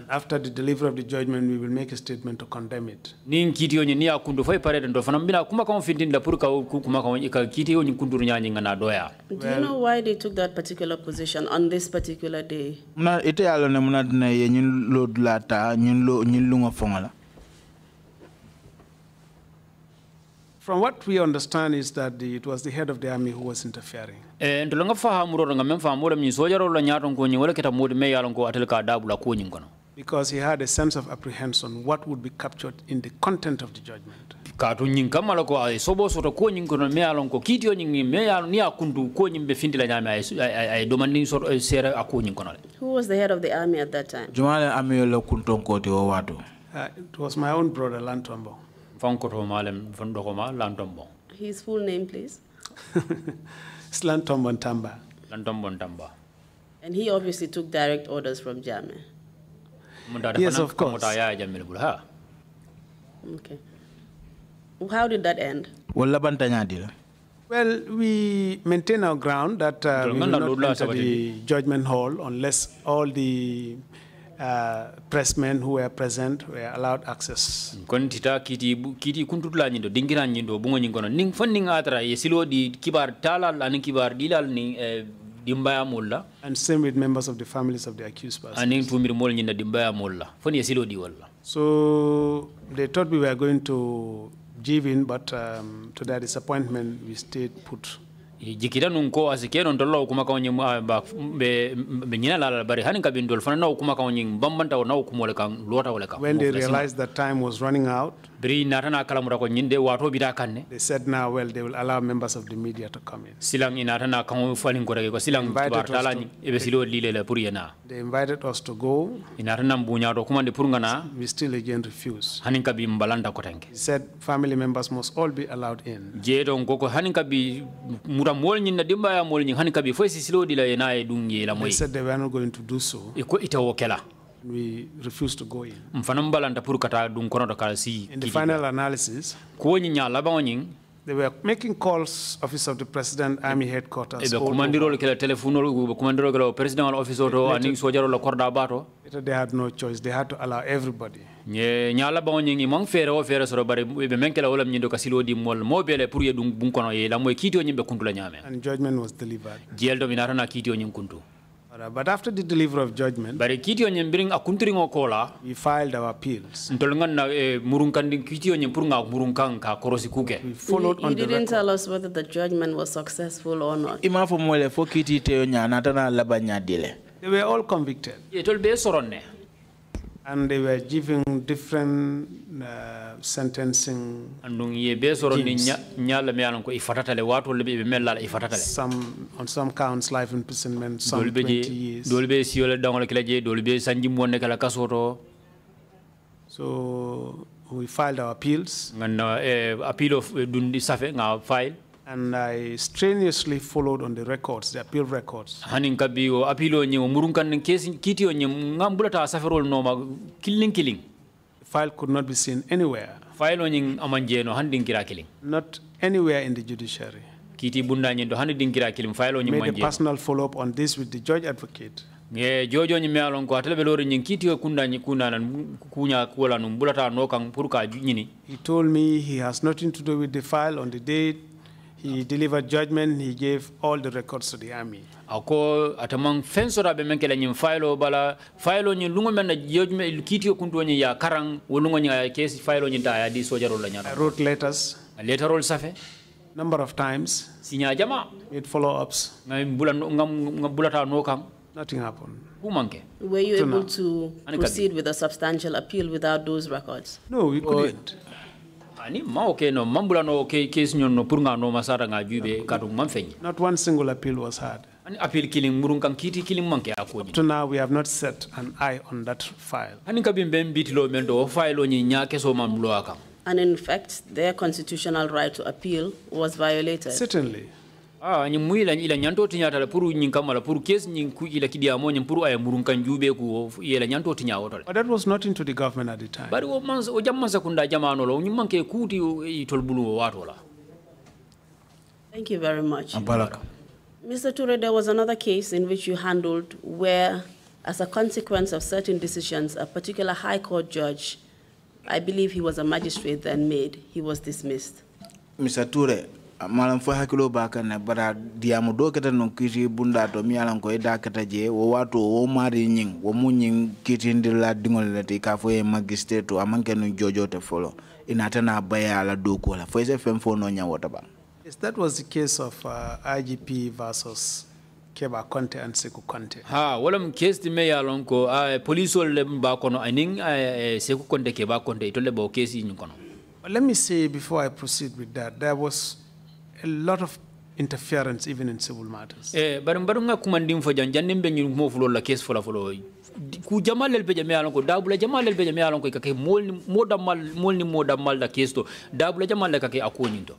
After the delivery of the judgment, we will make a statement to condemn it. Nin Do you know why they took that particular position on this particular day? ite From what we understand is that the, it was the head of the army who was interfering. Eh, fahamu ro la kita mudi me la Because he had a sense of apprehension what would be captured in the content of the judgment. Katu eh, sobo soto me nyingi me ni akundu soto eh, Who was the head of the army at that time? Uh, it was my own brother Lantombo. His full name, please. Slantombon Tamba. Lantombon Tamba. And he obviously took direct orders from Jame. Yes, of course. Okay. How did that end? Well, we maintain our ground that uh, we will not enter the judgment hall unless all the uh, pressmen who were present were allowed access. Kon tita kiti kiti dingira bungo nyingono ning funding atra yesilo di kibar talal ani kibar dilal ni eh, dimbaya And same with members of the families of the accused persons. Aning tumir mol dimbaya yesilo di So they thought we were going to give in, but um, to their disappointment, we stayed put jikira nunko asikeno ndolo kuma kawanye ah, be nyina la bari hanin kabindol fana na kuma kawanye bambanta na kuma lota wala when they realized that time was running out bri natana kalamura ko nyinde wato bita kanne they said now well they will allow members of the media to come in silang ina inatana kan falin ko ko silang bar tala e be silo lile la pour yena they invited us to go ina inatana bunya do kuma de pour ngana we still again refuse hanin kabi mbalanda ko tanke said family members must all be allowed in je don goko hanin kabi mura mol nyinde na dimba ya mol ñin hanin kabi fo si silo dila yena e dungi e la moy said they were not going to do so e ko ita wokela we refused to go in. Mfano mbalanta puru kata dun kono kalasi. In the final analysis, kuonyi nya labawo nying they were making calls, Office of the President, Army Headquarters. Ebe kumandiro kila telefono, kumandiro kila President Office oto, aning sojaro la korda bato. They had no choice. They had to allow everybody. Nye nyala ba onyengi mang fere o fere soro bare ebe menkela olam nyindo kasilo di mol mo bele ye dung ye la kiti onyimbe kuntula nyame. And judgment was delivered. Jeldo minara na kiti onyim kuntu. But after the delivery of judgment, kiti we filed our appeals. Eh, kiti kuke. We followed on you didn't record. tell us whether the judgment was successful or not. They were all convicted. be and they were giving different uh, sentencing some on some counts life imprisonment some 20 years so we filed our appeals eh, appeal of eh, file and I strenuously followed on the records, the appeal records. Hanin kabi o appeal o nyo murunkan kesi kiti o ta ngambulata saferol noma killing killing. file could not be seen anywhere. File o amanje no handing kira killing. Not anywhere in the judiciary. Kiti bunda nyo handing kira killing file o nyo manjeno. Made a personal follow up on this with the judge advocate. Nge jojo nyo me alon ko atele belori nyo kiti o kunda nyo kuna nan kunya kuola numbulata no kang puruka nyini. He told me he has nothing to do with the file on the date He delivered judgment, he gave all the records to the army. Ako atamang fenso fensorabe men la nyim filo bala filo nyi lungo men na judgment o kundo nyi ya karang wulungo nyi ya case filo nyi ta ya di sojaro la nyara. I wrote letters. A Letter roll safe. Number of times. Sinya jama. It follow ups. Ngam bula ngam ngam bulata no kam. Nothing happened. Who manke? Were you able to proceed with a substantial appeal without those records? No, we couldn't. no mambula no nyon no no masara nga jube kadu not one single appeal was heard ani appeal killing kiti killing manke to now we have not set an eye on that file ani kabim bem mendo file nya keso mamlo and in fact their constitutional right to appeal was violated certainly ah ni ila nyanto puru puru ku ila puru ku ila nyanto tinya but that was not into the government at the time but man o jamma kuti thank you very much ah, mr ture there was another case in which you handled where as a consequence of certain decisions a particular high court judge i believe he was a magistrate then made he was dismissed mr ture malam fo hakilo ba kanne bara diamo do keta non kiiti bunda to mi alan koye da keta je wo wato wo mari nyin wo mu nyin kiti ñing la dingol le te ka fo e magistre to amanke jojo te folo ina tana baya la do ko la fo se fem fo no nya wota ba Yes, that was the case of uh, IGP versus Keba Conte and seku Conte. Ha, walam case di meya lon ko uh, police wol le ba kono aning uh, Sekou Conte Keba Conte to le ba case yin kono. Let me say before I proceed with that, there was a lot of interference even in civil matters. Eh, bari bari nga kumandim fo jan jannim be nyum mo fulo la case fo la fo ku jamal lel be jame alon ko dabula jamal lel be jame alon ko kake mol mo damal mol ni mo damal da case to dabula jamal la ke akoni to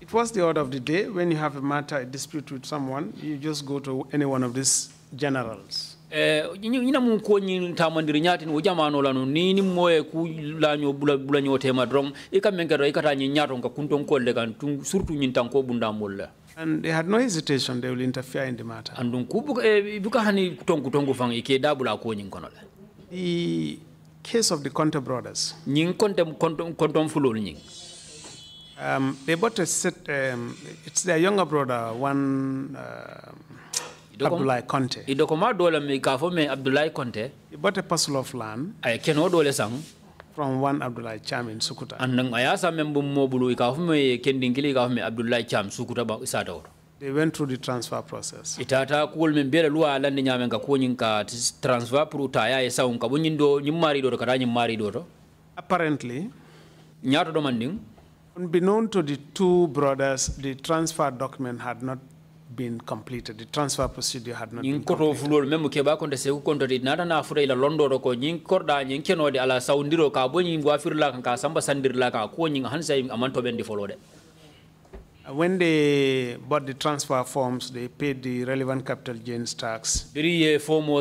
it was the order of the day when you have a matter a dispute with someone you just go to any one of these generals ñina eh, mum koñi tamandiri ñatin wo jamanoola nu ni ni moye ku laño bula bulañoo tema dron i ka men keto i kata ñin ñaton ka kuntonkool le kan tun surtout ñin tan ko bundamol la And they had no hesitation they will interfere in the matter. Andun kubu eh, buka hani tongu tongu fang ike dabula ko nyin kono la. The case of the Conte brothers. Nyin Conte Conte fulol nyin. Um, they bought a set. Um, it's their younger brother, one. Uh, Abdoulaye Conte. me Conte. He bought a parcel of land. From one Abdoulaye Cham in Sukuta. Anang me me They went through the transfer process. Itata kuol min bere luwa nyame transfer ya nyimari nyimari Apparently. Nyato demanding. Unbeknown to the two brothers, the transfer document had not been completed. The transfer procedure had not been completed. when they bought the transfer forms, they paid the relevant capital gains tax. Biri ye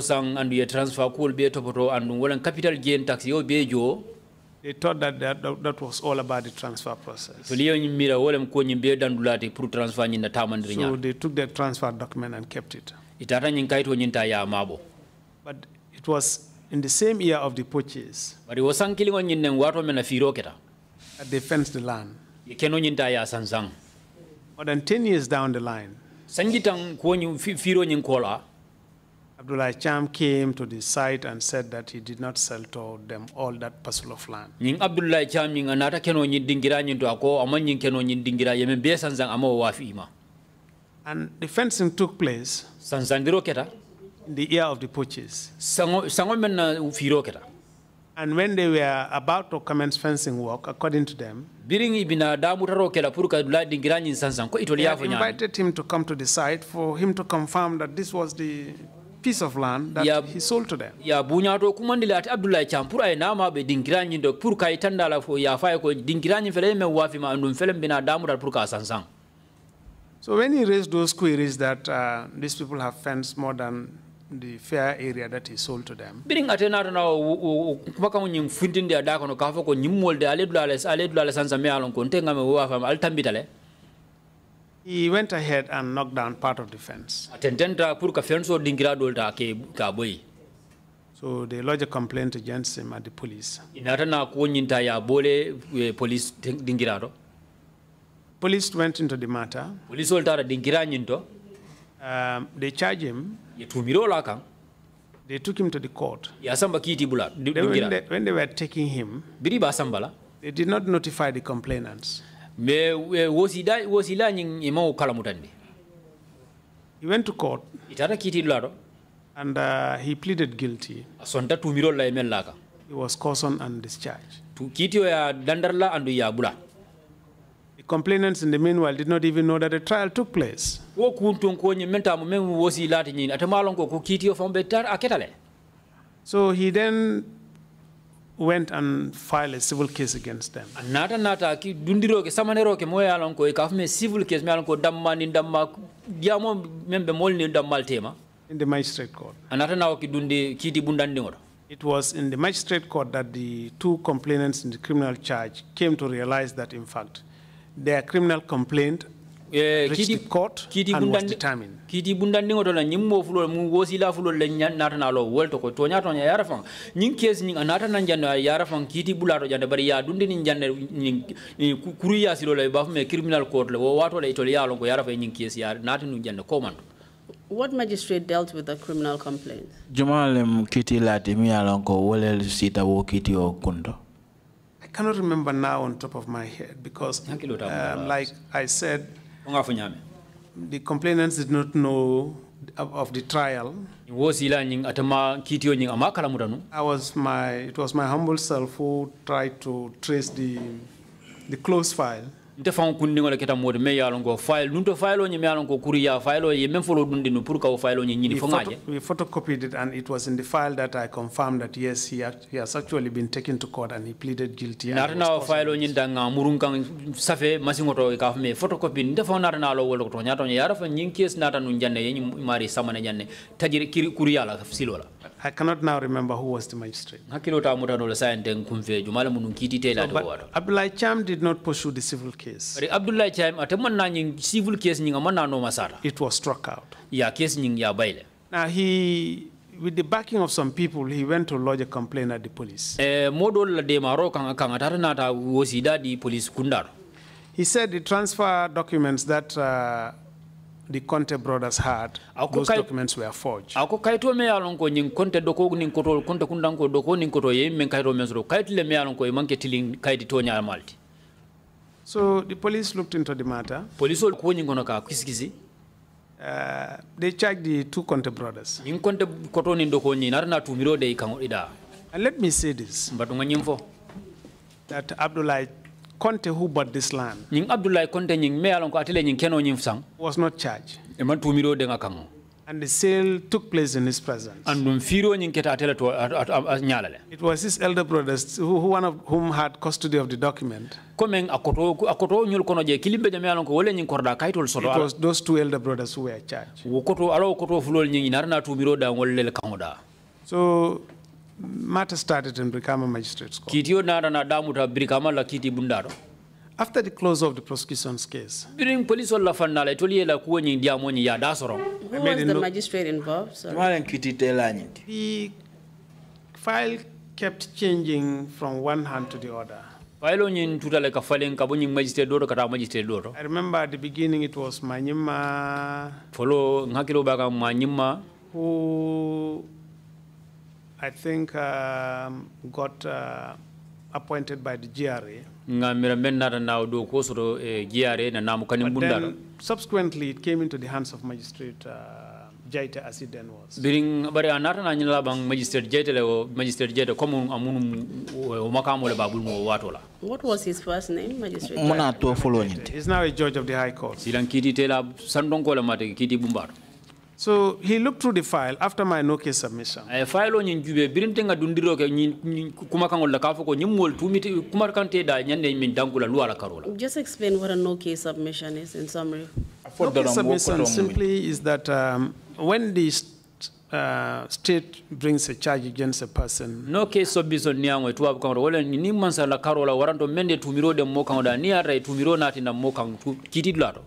sang andu transfer kul be topoto andu wolan capital gain tax yo be they thought that that, that was all about the transfer process. So they took the transfer document and kept it. But it was in the same year of the purchase that they fenced the land. More than 10 years down the line, Abdullah Cham came to the site and said that he did not sell to them all that parcel of land. Ning Abdullah Cham ning anata keno dingira ako keno dingira yeme be sanzang ima. And the fencing took place. keta. In the year of the purchase. Sango sango ufiro keta. And when they were about to commence fencing work, according to them, they invited him to come to the site for him to confirm that this was the piece of land that he sold to them. bunyato be dingiranyi ndo fo ya fa ko dingiranyi fele me wafi ma ndum fele damu ka sansan. So when he raised those queries that uh, these people have fenced more than the fair area that he sold to them. Biring atena na ko me alon ko me wafa altambitale. He went ahead and knocked down part of the fence. So they lodged a complaint against him at the police. Inatana bole police dingirado. Police went into the matter. Police Um, they charged him. They took him to the court. When they, when they were taking him, They did not notify the complainants he went to court Itara kiitiɗola ɗo and uh, he pleaded guilty sonta tumirolla e men laka he was cautioned and discharged tu ya dandarla andu ya bula. the complainants in the meanwhile did not even know that a trial took place wo men ko o tar so he then went and filed a civil case against them. Nata nata ki dundiro ke samanero ke moya alon ko ikaf me civil case me alon ko damma ni damma yamo membe mol ni dammal tema. In the magistrate court. Nata na ki dundi kiti bundandi ngoro. It was in the magistrate court that the two complainants in the criminal charge came to realize that in fact their criminal complaint mu le lo to bari kuriya silo me criminal court le wo le What magistrate dealt with the criminal complaint? Jumalem kiti lati mi alonko wolel sita wo kiti o kundo. I cannot remember now on top of my head because, uh, like I said, the complainants did not know of the trial. I was my, it was my humble self who tried to trace the, the close file. nte faŋo kundiŋo le keta moo ti meŋ ye a loŋ ko fayil nuŋ to fayiloo ñe meŋ ye a loŋ ko kuriya fayiloo ye meŋ foloo dundi nu pour ka wo fayiloo ñe ñini fo ŋa je we photocopied it and it was in the file that I confirmed that yes he, act, he has actually been taken to court and he pleaded guilty naata na wo fayiloo ñiŋ daŋa muruŋ kaŋ safe masiŋo to ka fo me photocopy nte faŋo naata naa lo wo le ko to ñaato ñe ye a ata fo ñiŋ keesi naata nuŋ janne ye ñiŋ maari samane janne tajiri kiri kuriya la siloo la I cannot now remember who was the magistrate. Abdullahi but Abdullah Cham did not pursue the civil case. It was struck out. Now he, with the backing of some people, he went to lodge a complaint at the police. Eh, he said the transfer documents that uh, the Conte brothers had, those documents were forged. Ako kaito me alonko ning Conte doko ning koto Conte kundanko doko ning koto ye men kaito mensro kaito le me alonko manke tiling kaito So the police looked into the matter. Police ol kuonyi ngono ka kisikizi. Uh, they charged the two Conte brothers. Ning Conte koto ning doko narna tumiro de ikango ida. And let me say this. But That Abdullah Conte who bought this land ñing Abdulai Conte ñing me alon ko atele ñing keno ñing fsang was not charged Eman man tumiro de and the sale took place in his presence and dum firo ñing keta atele to ñalale it was his elder brothers who, who one of whom had custody of the document komen akoto akoto ñul kono je kilimbe de me alon ko wole ñing korda kaytol solo it was those two elder brothers who were charged wo koto alo koto fulol ñing narna tumiro da wolle le da. so matter started in Brikama Magistrates Court. Kiti onara na damu ta Brikama la kiti bundaro. After the close of the prosecution's case. During police wala fanala itoli la kuwe nyingi diamo nyi ya dasoro. Who was the magistrate involved? Sorry. Mwala kiti tela nyingi. The file kept changing from one hand to the other. Pailo nyin tutale ka falen ka bonyin magistrate doro kata magistrate doro. I remember at the beginning it was Manyima. Follow ngakilo baka Manyima. Who I think um, got uh, appointed by the GRA. Eh, but then subsequently it came into the hands of magistrate uh, Jaita as it then was. Biring bare anata na nyala bang magistrate Jaita le magistrate Jaita komu amunu eh, umakamu le babul mo watola. What was his first name magistrate? Mona to follow He's now a judge of the high court. Silan kiti tela sandongo le mate kiti bumbar. So he looked through the file after my Nokia submission. File on jube birintenga dundiro ke kuma kangol la kafo ko nyimwol da nyande min dangula luara karola. Just explain what a Nokia submission is in summary. Nokia submission simply is that um, when the uh, state brings a charge against a person. No case submission ni angwe tuwa bukango wala ni la karola waranto mende tumiro mokangda ni niara tumiro natinda mokangu kitidlato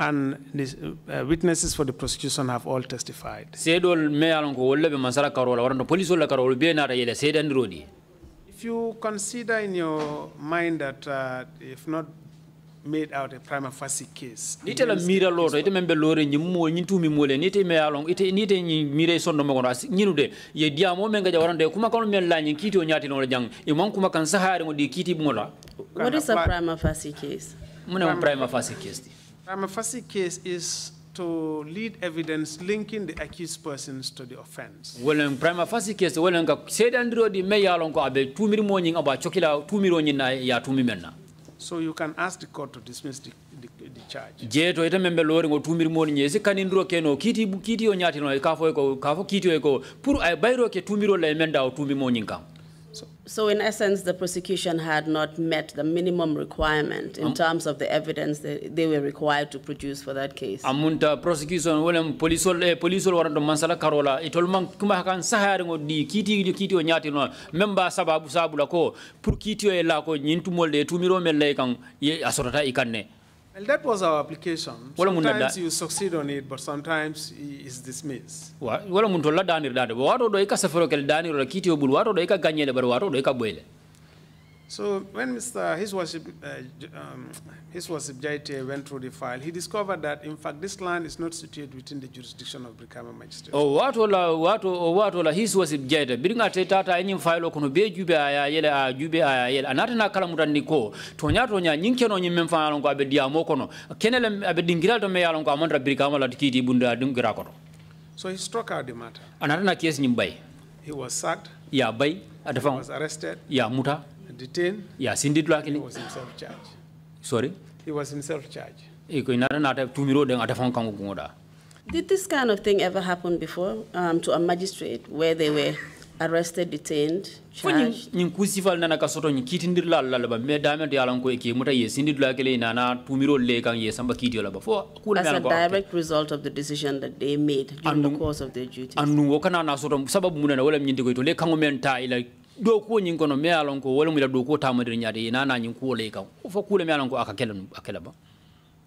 and the uh, uh, witnesses for the prosecution have all testified. If you consider in your mind that uh, if not made out a prima facie case. Ite la mira loro, ite membe loro me along, ite nite mira isondo mo Ye dia mo menga jawaran de kuma kono kiti jang. kuma kiti What is a prima facie case? Muna prima facie case. Ramaphosa case is to lead evidence linking the accused persons to the offense. Welen prima facie case welen ka sedandro di meyalon ko abe tumir moñi aba chokila tumiro ñi na ya tumi menna. So you can ask the court to dismiss the, the, the charge. Jeto ita member lori ngo tumir moñi nyesi kanindro keno kiti kiti onyati no kafo ko kafo kiti ko pour ay bayro ke tumiro la menda o tumi moñi kan. So in essence, the prosecution had not met the minimum requirement in um, terms of the evidence that they were required to produce for that case. Amunta prosecution wolem polisol eh, polisol warando mansala karola itolman man kuma kan sahari ngodi kiti kiti o nyati no memba sababu sabu la ko pour kiti o la ko nyintumol de tumiro mel kang ye asorata ikanne And that was our application. Sometimes you succeed on it, but sometimes it's dismissed. Wala muntu la danir dande. Wato do ika safaro kel danir la kiti obul wato do ika ganyele bar wato do ika boile. So when Mr. His Worship, uh, um, His went through the file, he discovered that, in fact, this land is not situated within the jurisdiction of Brikama Magistrate. Oh, what ola, uh, what ola, uh, what ola, uh, His Worship Jaite, biringa te tata any file kono be jube aya yele a jube aya yele, anata na kala mutandi ko, tonya tonya, nyinke no nyimem fa alonko abe diamo kono, kenele abe dingira to me alonko amondra Brikama la tikiti bunda dingira So he struck out the matter. Anata na kesi nyimbai. He was sacked. Ya yeah, bai, atafang. He was arrested. Ya yeah, muta detained. ya sinditlo he was himself charged sorry he was himself charged iko tumiro den did this kind of thing ever happen before um, to a magistrate where they were arrested detained charged nyin kusifal nana kasoto nyin kitindir lal lal ba me tumiro le ye ba as a direct result of the decision that they made during the course of their duties anu wokana na soto sababu munana wala le ila dokuo ñiŋ kono me ye a loŋ ko wo le mu ila dokuo taamandiri ñaati na naanaa ñiŋ kuwo le ka fo kuu le me alon ko aka ka akela ba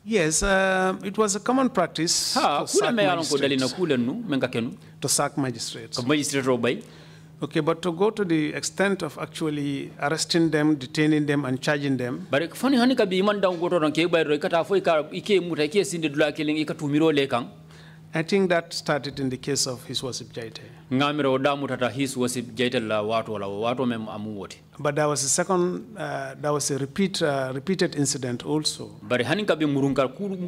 Yes, uh, it was a common practice ha, me alon to sack magistrates. Nu, ka kenu to sack bay Okay, but to go to the extent of actually arresting them, detaining them, and charging them. But funny, honey, Bari kufani hani kabi iman dangu kutoto nke bayro ikata afo ike muta ike sindi dula kilingi ikatumiro lekang. I think that started in the case of his worship Jaite. Ngamira odamu tata his worship Jaite la watu wala watu wameamu wote. But there was a second, uh, there was a repeat, uh, repeated incident also. Bari haninka bi murunka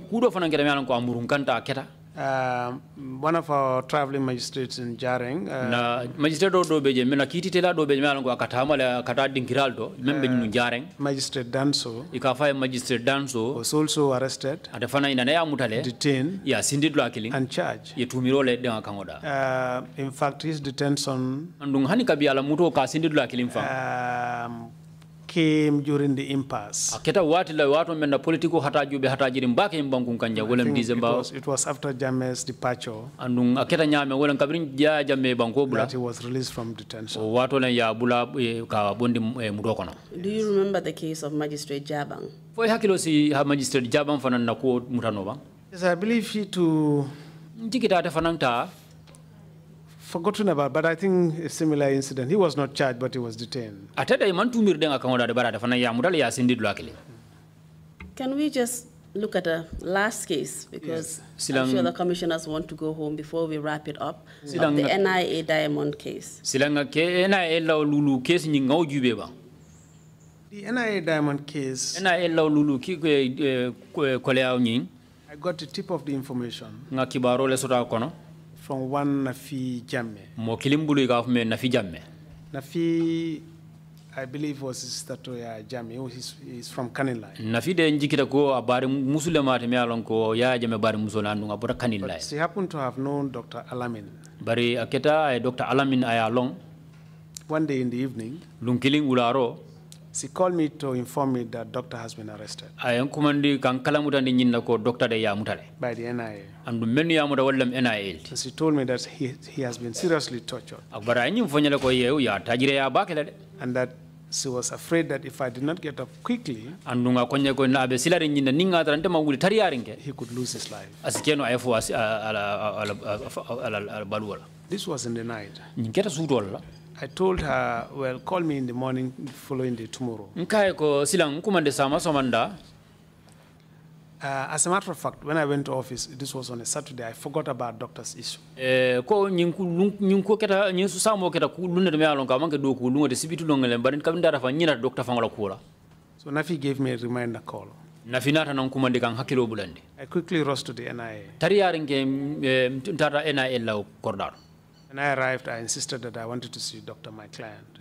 kudo fana ngira miyana kwa murunkanta aketa. Um, one of our traveling magistrates in Jaring. Uh, na magistrate do be je mena kiti tela do be mena ngo akatama la kata dingiral do membe uh, Jaring. Magistrate Danso. Ikafa magistrate Danso was also arrested. Atafana ina ya mutale. Detained. Ya sindidlo akili. And charged. Yetumiro le denga kangoda. Uh, in fact his detention. Ndung kabi ala muto ka sindidlo akili mfa. Um, came during the impasse. It was, it was after Jame's departure. That he was released from detention. Eh, eh, Do you remember the case of Magistrate Jabang? Magistrate Jabang Yes, I believe he to forgotten about, but I think a similar incident. He was not charged, but he was detained. Can we just look at the last case because yes. I'm sure the commissioners want to go home before we wrap it up. the NIA diamond case. The NIA diamond case. Eh, NIA I got the tip of the information from one Nafi Jamme. Mokilimbu got me Nafi Jamme. Nafi, I believe, was ya Jamme. He's, from Kanilai. Nafi de njikita ko abari musulema teme alonko ya Jamme abari musola nunga bora Kanilai. But she happened to have known Dr. Alamin. Bari aketa eh, Dr. Alamin ayalong. One day in the evening. Lunkiling ularo. She called me to inform me that doctor has been arrested. I kankala kankalamutandi nyinda ko doctor de ya mutale. By the NIA. and ɗum men yamuda wallam ena e elti she told me that he, he has been seriously tortured foñale ko yew ya tajire ya bakele de and that she was afraid that if I did not get up quickly, andunga konye ko na be silari nyinda ninga tarante mawuli tari yarinke, he could lose his life. ala ala This was in the night. I told her, well, call me in the morning following day tomorrow. ko sila sama somanda. Uh, as a matter of fact, when I went to office, this was on a Saturday, I forgot about doctor's issue. Eh, so Nafi gave me a reminder call. Nafi nata nan kuma kanga kan hakilo I quickly rushed to the NIA. Tari yarin ke eh, tata NIA law kordar. When I arrived, I insisted that I wanted to see doctor my client.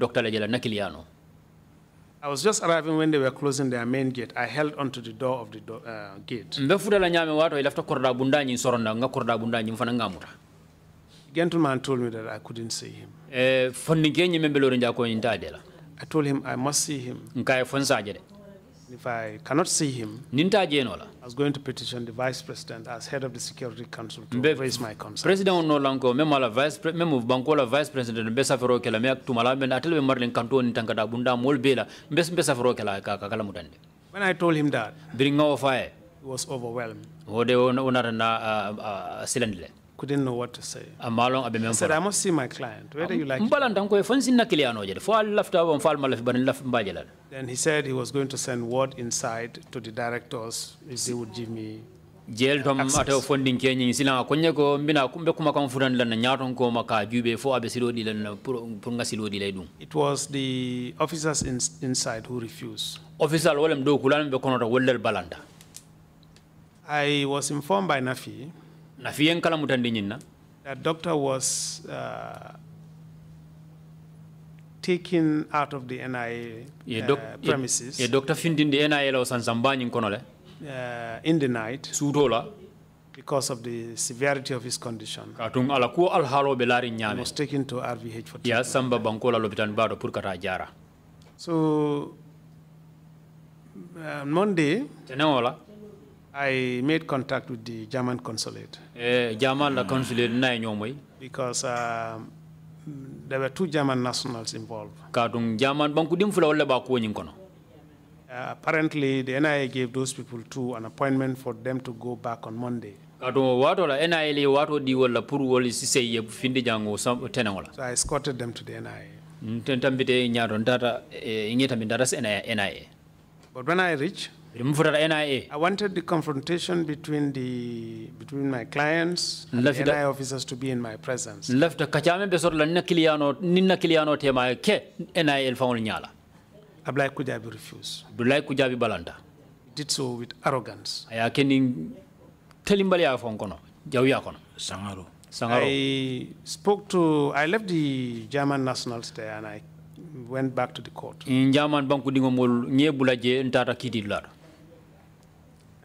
doctor la jela I was just arriving when they were closing their main gate. I held onto the door of the do, uh, gate. Mbefuda nyame wato ilafta korda bundanyi soronda nga korda bundanyi mfana ngamura. Gentleman told me that I couldn't see him. Eh fonningenyi membelore njako intadela. I told him I must see him. Nkae fonsaje de. If I cannot see him, I was going to petition the vice president as head of the Security Council to Be, raise my concern. President no lanko memo la vice memo banko la vice president mbe safero kela me tumala me atele marlen kanto ni tankada bunda molbela mbe mbe safero kela ka kala When I told him that, during fire, he was overwhelmed. Ode na silendile couldn't know what to say. I said I must see my client whether you like. it. Then he said he was going to send word inside to the directors if they would give me tom fondin mbina kumbe kuma lan ko maka fo lan pour lay dum it was the officers in, inside who refused wolem do kulan be balanda i was informed by nafi na nafiyen kala mutandi ñinna that doctor was uh, taken out of the NIA ye uh, doc, premises. Ye, ye doctor findindi NIA law sansambani kono le. Uh, in the night. Suutola. Because of the severity of his condition. Katung ala ku al halo belari nyame. Was taken to RVH for treatment. Ya samba bankola lobitan bado pur kata jara. So uh, Monday. Teneola. I made contact with the German consulate. Eh, German mm consulate na Because um, there were two German nationals involved. Kadung German bankudim uh, Apparently, the NIA gave those people two an appointment for them to go back on Monday. Kadung wato NIA le wato di wala puru wali sise ye finde jango tenangola. So I escorted them to the NIA. NIA. Eh, but when I reached I wanted the confrontation between the between my clients and the NIA officers to be in my presence. Left kachame besor lanna kiliano ninna kiliano tema ke NIA elfaul nyala. Abdulai Kujabi refused. Abdulai Kujabi balanda. Did so with arrogance. Ayakeni telimbali afonkono jawia kono. Sangaro. Sangaro. I spoke to I left the German nationals there and I went back to the court. In German banku dingomol nyebulaje ntata kidilaro.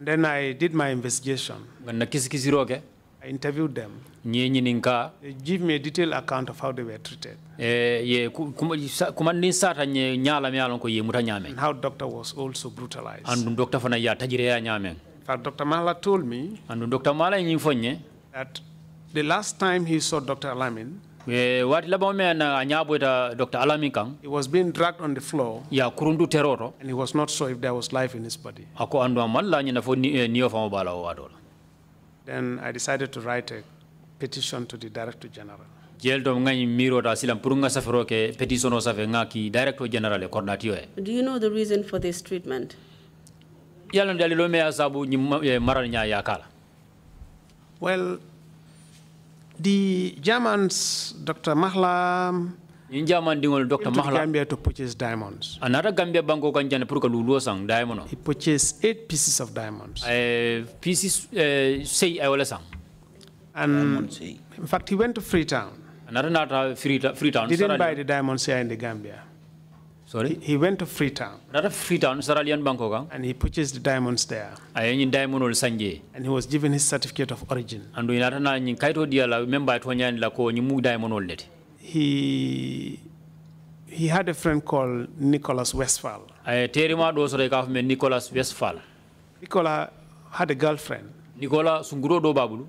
Then I did my investigation. I interviewed them. They give me a detailed account of how they were treated. Eh, and how doctor was also brutalized. And doctor Malala Dr. Mala told me that the last time he saw Dr. Alamin, waati he was being dragged on the floor kurundu and he was not sure if there was life in his body ako eh, then i decided to write a petition to the director general do you know the reason for this treatment eh, well the Germans, Dr. Mahlam, in German dingol Dr. Mahla. Gambia to purchase diamonds. Another Gambia banko kanjana puruka luluo diamond. He purchased eight pieces of diamonds. Uh, pieces uh, eh, say I wala And in fact, he went to Freetown. Another not uh, Freetown. Free Didn't buy the diamonds here in the Gambia. Sorry? He, he went to Freetown. Rara Freetown, Sierra Leone Bangkok. Ah? And he purchased the diamonds there. Ayenyi diamond ol sanje. And he was given his certificate of origin. Andu inata na nyi kaito dia la member atwanyani la ko nyi mu diamond ol leti. He he had a friend called Nicholas Westphal. Aye teri ma do sore ka me Nicholas Westphal. Nicola had a girlfriend. Nicola sunguro do babulu.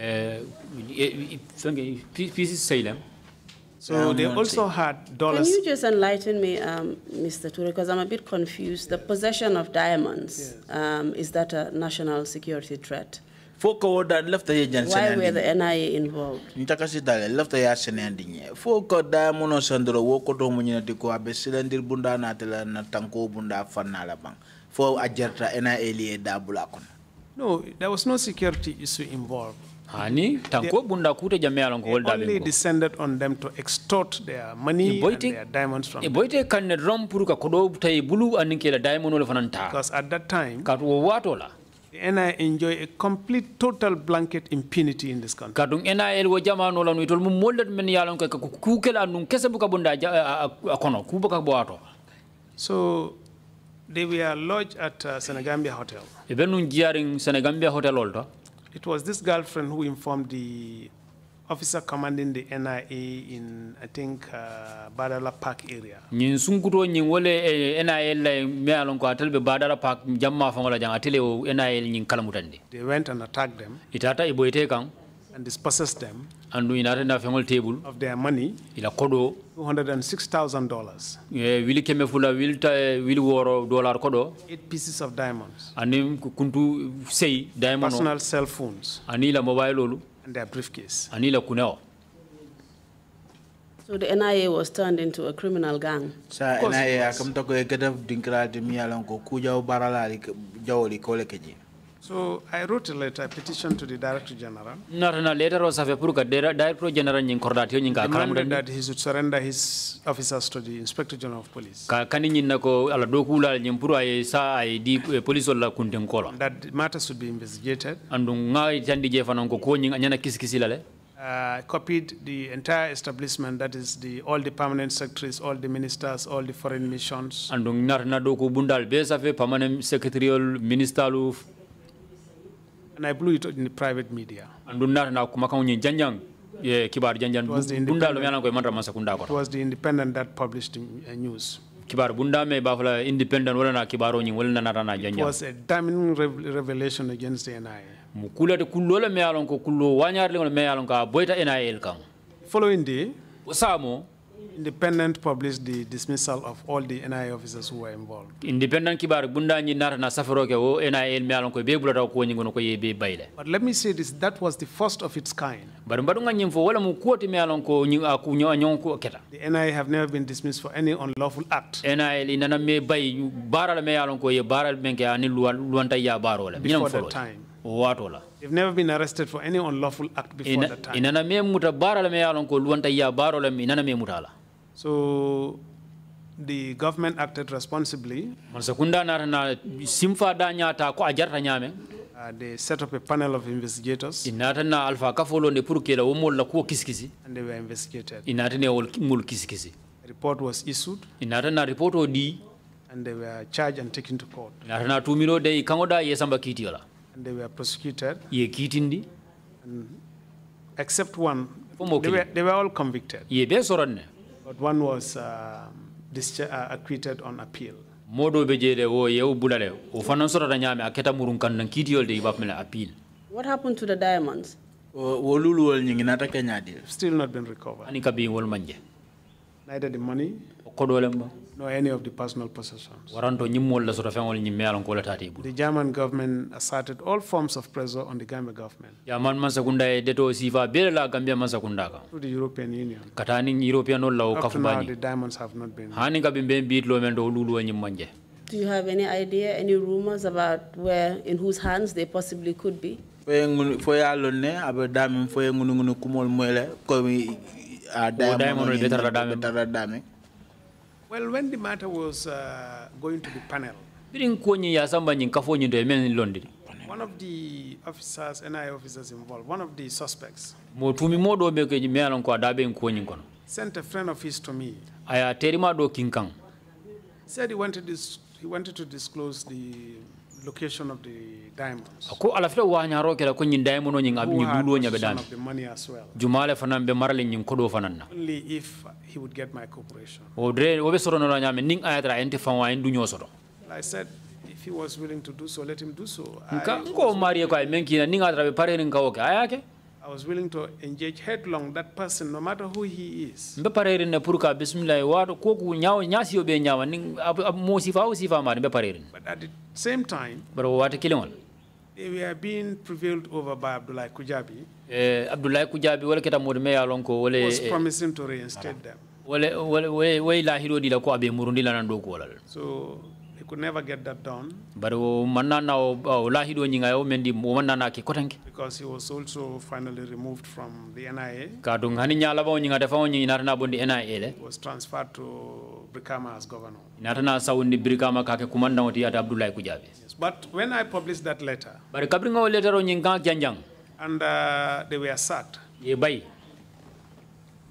Uh, salem. So they also had dollars. Can you just enlighten me, um, Mr. Ture, because I'm a bit confused. The possession of diamonds, yes. um, is that a national security threat? why were the nia involved bunda tanko bunda nia no there was no security issue involved Hani tanko bunda kute jame along hold abingo. Only descended on them to extort their money and their diamonds from. Iboite kanne rompuru ka kodo butai bulu aninkela diamond ole fananta. Because at that time. Katwo watola. The NIA enjoy a complete, total blanket impunity in this country. Kadung NIA elwa jamano la nuitol mu mollet men yalon ka kukela nun kese buka bunda akono kubaka bwato. So they were lodged at uh, Senegambia Hotel. Ibenun jiaring Senegambia Hotel olto. It was this girlfriend who informed the officer commanding the NIA in, I think, uh, Badala Park area. Nyin sunkuto nyin wale eh, NIA la mealon ko atel be Badala Park jamma fangola jang atele NIA nyin kalamutande. They went and attacked them. Itata iboite kang and disperses them And we are andu a feŋol table of their money Ilakodo. kodo $206,000 e wili keme fula wilta wili woro dollar kodo eight pieces of diamonds And then, kuntu sey diamond personal cell phones ani la mobile and their briefcase ani la kuneo So the NIA was turned into a criminal gang. Sa NIA akamtako e gadaf dinkrati miyalongo kuja ubarala jawoli kole keji. So I wrote a letter, a petition to the Director General. Narana letter was have puruka Director General nyin kordatio nyin ka demanded that he should surrender his officers to the Inspector General of Police. Ka kani nyin nako ala dokula nyin puru ay sa ay di eh, police wala kunten nkola. That the matter should be investigated. Andu nga e tandi je fanan ko ko nyin anyana kisikisi lale. Uh, copied the entire establishment, that is the, all the permanent secretaries, all the ministers, all the foreign missions. And Andu narna doku bundal besafe permanent secretarial minister And I blew it in the private media. And do not now come on in janjang yeah, kibar janjan bunda lo yana ko mandra masa It was the independent that published the uh, news. Kibar bunda may ba independent wala na kibaro nyi wala na janjan. It was a damning revelation against the NIA. Mukula de kullo Mealonko Kulu, ko kullo wanyar le me NIA kan. Following day, samo independent published the dismissal of all the NIA officers who were involved. Independent kibar bunda ni nara na safaro kwa NIA mialo kwa ko be bulata ko nyingo yebe But let me say this that was the first of its kind. Bar mbaru nga nyimfo wala mu kuoti mi alon ko nyi keta. The NIA have never been dismissed for any unlawful act. NIA li nana me bay baral me alon ko ye baral men ya barola. Before that time. watola they've never been arrested for any unlawful act before that time inana me muta barala mialo kwa ko luwanta ya barola mi nana me mutala So the government acted responsibly. Uh, they set up a panel of investigators. And they were investigated. Inatana A report was issued. And they were charged and taken to court. And they were prosecuted. And except one. They were, they were all convicted. But one was um, uh, acquitted on appeal. Modo bejede wo yew bulale o fanan sotata nyame aketa murun kan nan kitiyolde ibap mele appeal. What happened to the diamonds? Wolulu wol nyingi nata kenya Still not been recovered. Ani kabi wol manje. Neither the money koɗolem ba nor any of the personal possessions. The German government asserted all forms of pressure on the Gambia government. To the European Union. Up to the diamonds have not been. Do you have any idea, any rumors about where, in whose hands they possibly could be? diamond well, when the matter was uh, going to the panel, one of the officers, NI officers involved, one of the suspects, sent a friend of his to me. Said he wanted, he wanted to disclose the location of the diamonds. Ako alafila wanyaro kela ko nyi diamond no nyin abi nyin dulo nyabe dami. Jumale fanan be marale nyin kodo fanan na. Only if he would get my cooperation. O dre o be soro no me ning ayatra enti fan wa en du nyoso do. I said if he was willing to do so let him do so. Nka ko mari ko ay menki na ninga tra be pare ning kawoke ayake. I was willing to engage headlong that person, no matter who he is. na puruka bismillah wa ko ku obe ni mo sifa o sifa ma But at the same time, bro are They were being prevailed over by Abdullah Kujabi. Eh Abdullah Kujabi wala keta modme ya lonko wala was eh, promising to reinstate them. Wala wala wala lahiro dila ko abe murundi lanan do ko So could never get that done. Bari wo uh, mannana o uh, uh, lahiɗo ñinga o men ndi o mannanaki kotanke. Because he was also finally removed from the NIA. Ka ɗum hani ñalaba o ñinga defa o bondi NIA le. Was transferred to Brikama as governor. Natana sawundi Brikama kake kumandan o tiyata Abdoulaye Kujabe. Yes, but when I published that letter. Bari kabri nga o letter o ñinga janjang. And uh, they were sacked. Ye bay.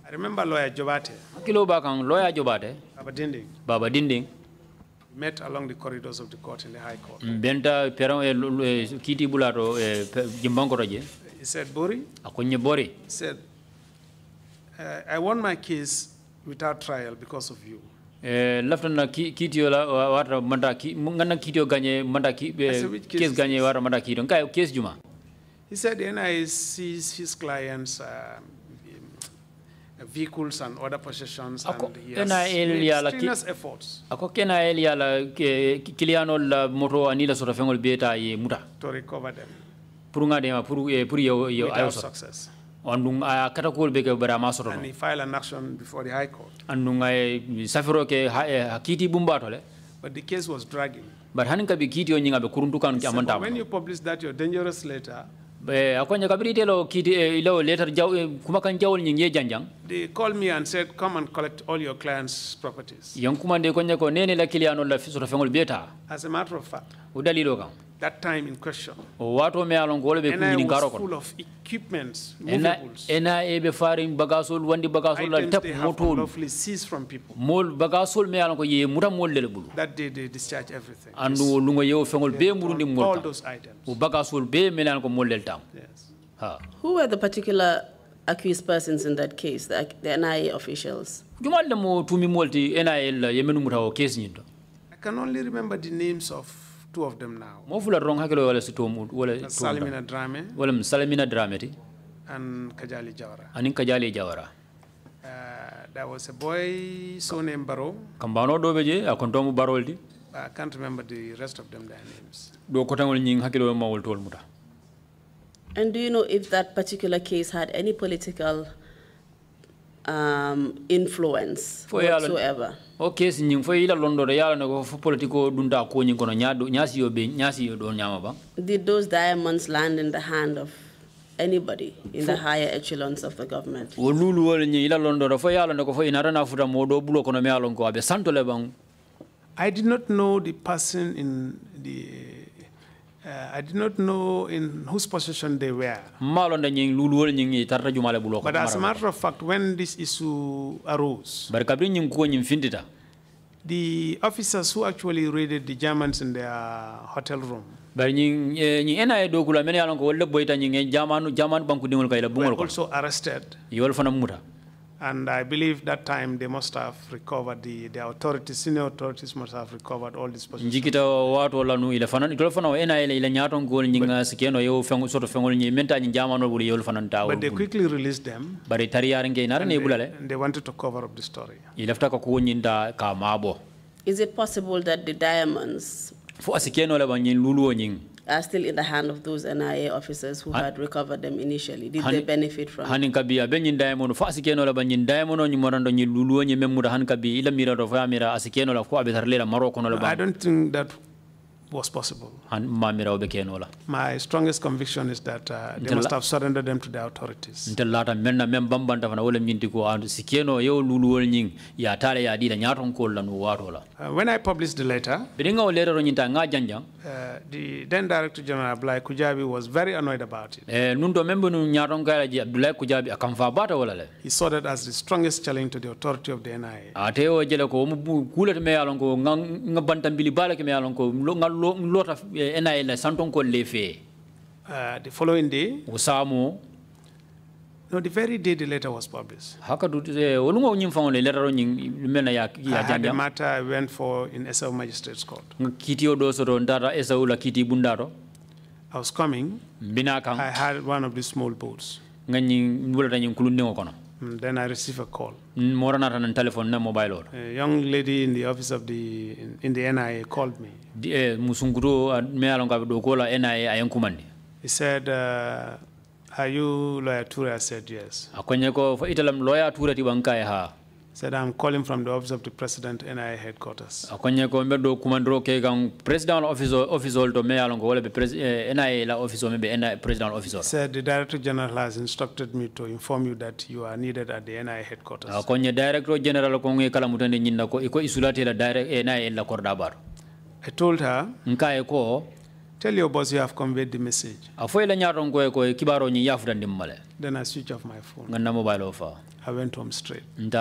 I remember lawyer Jobate. Hakilo ba kan lawyer Jobate. Baba Dinding. Baba Dinding. met along the corridors of the court in the High Court. Benta peron e eh, eh, kiti eh, e He said, Bori. Akonye Bori. He said, I won my case without trial because of you. manda ki ngana ganye manda ki case ganye manda case juma. He said I see his clients um, vehicles and other possessions ako and he has yala strenuous efforts ako kena el yala kiliano la moto anila sota fengol beta ye muta to recover them Purunga nga dema pour eh, puri yo yo ayo success andum a ah, katakul beke ke bara ma and he file an action before the high court andum ay ah, eh, safiro ke hakiti eh, bumbato le but the case was dragging but hanin kabi kiti yo nyinga be kuruntukan ki amanta when you publish that your dangerous letter Eh, akonya kabiri telo kiti ilo eh, letter jaw eh, kumakan jawol nyi ye janjang they called me and said come and collect all your clients properties kuma de konya ko nene la kiliano la fisoro fengol beta as a matter of fact kan that time in question. What O wato me alon gole be kunni ngaro kon. Full of equipments, movables. Ena e be faring bagasol wandi bagasol la tap motol. Lovely seize from people. Mol bagasol me alon ko ye muta mol le That day they discharge everything. Andu lungo ye fengol be murundi mol. All those items. O bagasol be me alon ko mol tam. Yes. Who were the particular accused persons in that case, the, the NIA officials? I can only remember the names of two of them now. Mo fula rong hakilo wala sitom wala Salimina Drame. Wala Salimina Drame ti. And Kajali Jawara. Anin Kajali Jawara. Uh, there was a boy so named Baro. Kambano do beje akontomu Baro ti. I can't remember the rest of them their names. Do kotangol nying hakilo mawol tol muta. And do you know if that particular case had any political um, influence fo whatsoever. Okay, sin ñing fo ila londo yala ne fo politiko dunda ko ñing kono nyaado nyasi yo be nyaasi yo ba did those diamonds land in the hand of anybody in the higher echelons of the government wo lulu wala ñi ila londore fo yala ne ko fo ina rana futa mo do bulo kono me yalon abe santo le bang i did not know the person in the uh, I did not know in whose position they were. But as a matter of fact, when this issue arose, the officers who actually raided the Germans in their hotel room. Were also arrested. And I believe that time they must have recovered the, the authorities, senior authorities must have recovered all these positions. But they quickly released them. And they wanted to cover up the story. Is it possible that the diamonds are still in the hand of those NIA officers who had recovered them initially. Did they benefit from Hanin kabi abe nyindaye mono fa asikeno la ba nyindaye mono nyumorando nyiluluo nyememura han kabi ila mira rofa mira asikeno la kwa abetarle la maroko no la I don't think that was possible. My strongest conviction is that uh, they must have surrendered them to the authorities. when I published the letter, uh, the then Director General Abdulai Kujabi was very annoyed about it. Eh, he saw that as the strongest challenge to the authority of the NIA lot of NIL santon The following day. Usamo. No, the very day the letter was published. Haka eh, had ya The matter I went for in SAU Magistrates Court. I was coming. I had one of the small boats. Mm, then I receive a call. Morana ran telephone na mobile or. A young lady in the office of the in the NIA called me. Eh, Musunguru ah, me alonga dokola NIA ayankumani. He said, uh, "Are you lawyer Ture?" I said, "Yes." Akonyeko italam lawyer Ture tibankai ha said I'm calling from the office of the president NIA headquarters. Akonye ko mbe do kumandro ke gang president office office to me along wala be eh, NIA la office me be president officer. Said the director general has instructed me to inform you that you are needed at the NIA headquarters. Akonye director general ko ngi kala mutande nyinda ko iko isulate la direct eh, NIA la kordabar. I told her. Nkae Tell your boss you have conveyed the message. Then I switch off my phone. I went home straight. It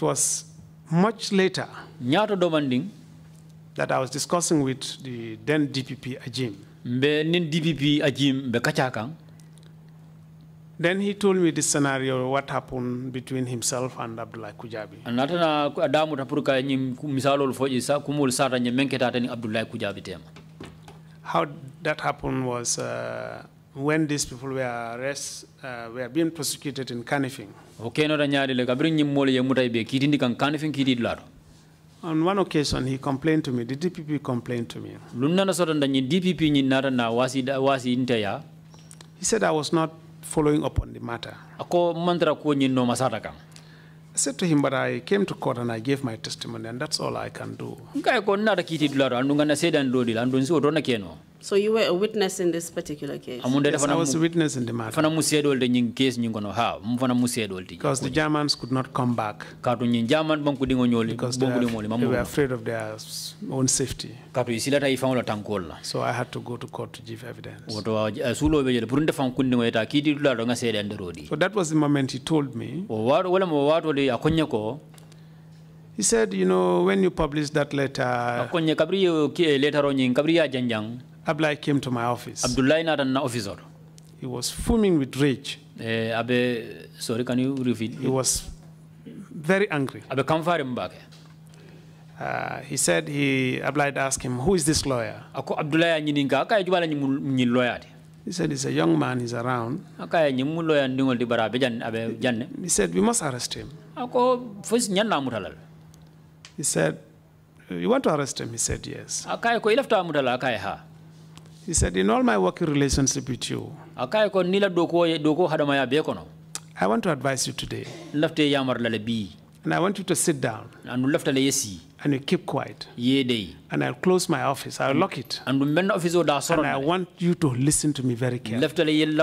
was much later that I was discussing with the then DPP Ajim. DPP Ajim then he told me this scenario, what happened between himself and Abdullah Kujabi. Anatana adamu tapuruka nyim misalo foji sa kumul sata menketa tani Abdullah Kujabi tema. How that happened was uh, when these people were arrested, uh, were being prosecuted in Kanifing. Okay, no danyari le kabrin nyim mole yemuta ibe kitindi kan Kanifing kitid laro. On one occasion, he complained to me. The DPP complained to me. Lunana sota ndanyi DPP nyi nata na wasi wasi intaya. He said I was not following up on the matter. Ako mandra ko nyinno masata I said to him, but I came to court and I gave my testimony, and that's all I can do. Ngai ko kiti andunga na sedan keno. So you were a witness in this particular case? Yes, I was a witness in the matter. Because the Germans could not come back. Because they, were afraid of their own safety. So I had to go to court to give evidence. Eh, so that was the moment he told me. He said, you know, when you publish that letter, Abdullahi came to my office. Abdullahi na na office He was fuming with rage. Eh, abe sorry, can you repeat? He was very angry. Abe kamfari mbake. Uh, he said he Abdullahi asked him, "Who is this lawyer?" Ako Abdullahi nyininga akaya jubala nyi lawyer. He said he's a young man, he's around. Akaya nyi mu lawyer ndingo di barabe jan abe janne. He said we must arrest him. Ako first nyan mutalal. He said, "You want to arrest him?" He said, "Yes." Akaya ko ilafta mutalal akaya ha. He said, in all my working relationship with you, I want to advise you today. And I want you to sit down. And And you keep quiet. And I'll close my office. I'll lock it. And men I want you to listen to me very carefully. He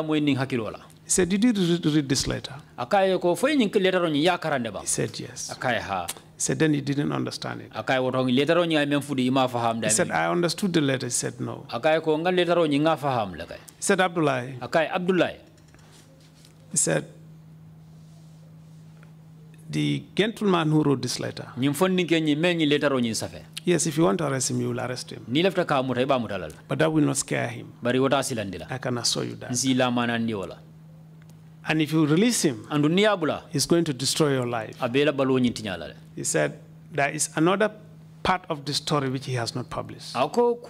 said, did you read, this letter? He said yes said then he didn't understand it. on He said I understood the letter. He said no. on He said Abdullah. He said the gentleman who wrote this letter. Yes, if you want to arrest him, you will arrest him. But that will not scare him. I can assure you that. And if you release him, he's going to destroy your life. He said, there is another part of the story which he has not published. And that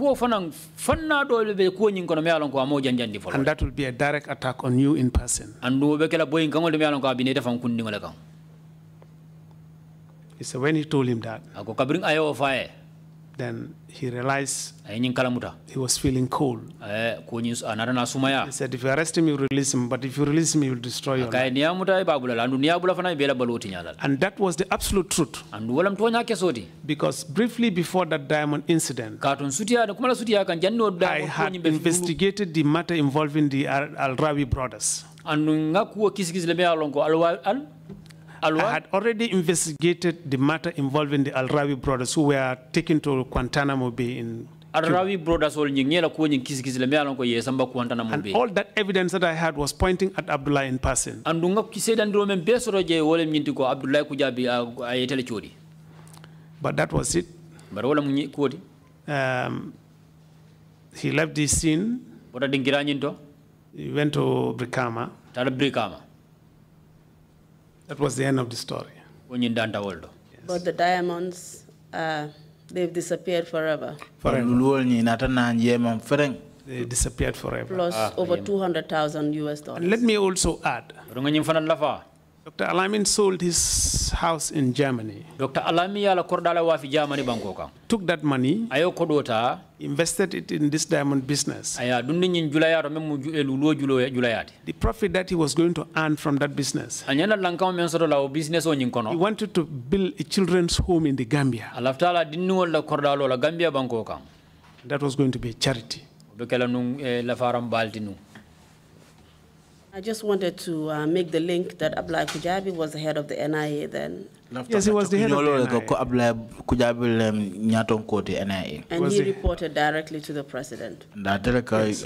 will be a direct attack on you in person. He said, when he told him that, then he realized he was feeling cold. He said, If you arrest him, you release him, but if you release him, you will destroy your life. And that was the absolute truth. Because briefly before that diamond incident, I had investigated the matter involving the Al Rawi brothers. I had already investigated the matter involving the Al-Rawi brothers who were taken to Guantanamo Bay in al Arawi brothers all nyingela ko nyin kisi kisi lemya ko And all that evidence that I had was pointing at Abdullah in person. Andunga kisi dandro men besoro je wole nyinti ko Abdullah kujabi ayetele ah, chodi. But that was it. But wala munyi kodi. Um, he left the scene. Bora dingira nyinto. He went to Brikama. Tara Brikama. That was the end of the story. But the diamonds, uh, they've disappeared forever. Forever. They disappeared forever. Plus ah, over 200,000 US dollars. And let me also add Dr. Alamin sold his house in Germany. Dr. Alamin yala kordala wa fi Germany bankoka. Took that money. Ayo kodota. Invested it in this diamond business. Aya dundi nyin julayaro memu lulo julo julayati. The profit that he was going to earn from that business. Anyana lankama mensoro la business o nyinkono. He wanted to build a children's home in the Gambia. Alaftala dinnu wala kordalo la Gambia bankoka. That was going to be a charity. Dokela nun eh, lafaram baltinu. I just wanted to uh, make the link that Abla Kujabi was the head of the NIA then. Yes, he was the head of the NIA. And he reported directly to the president. Yes.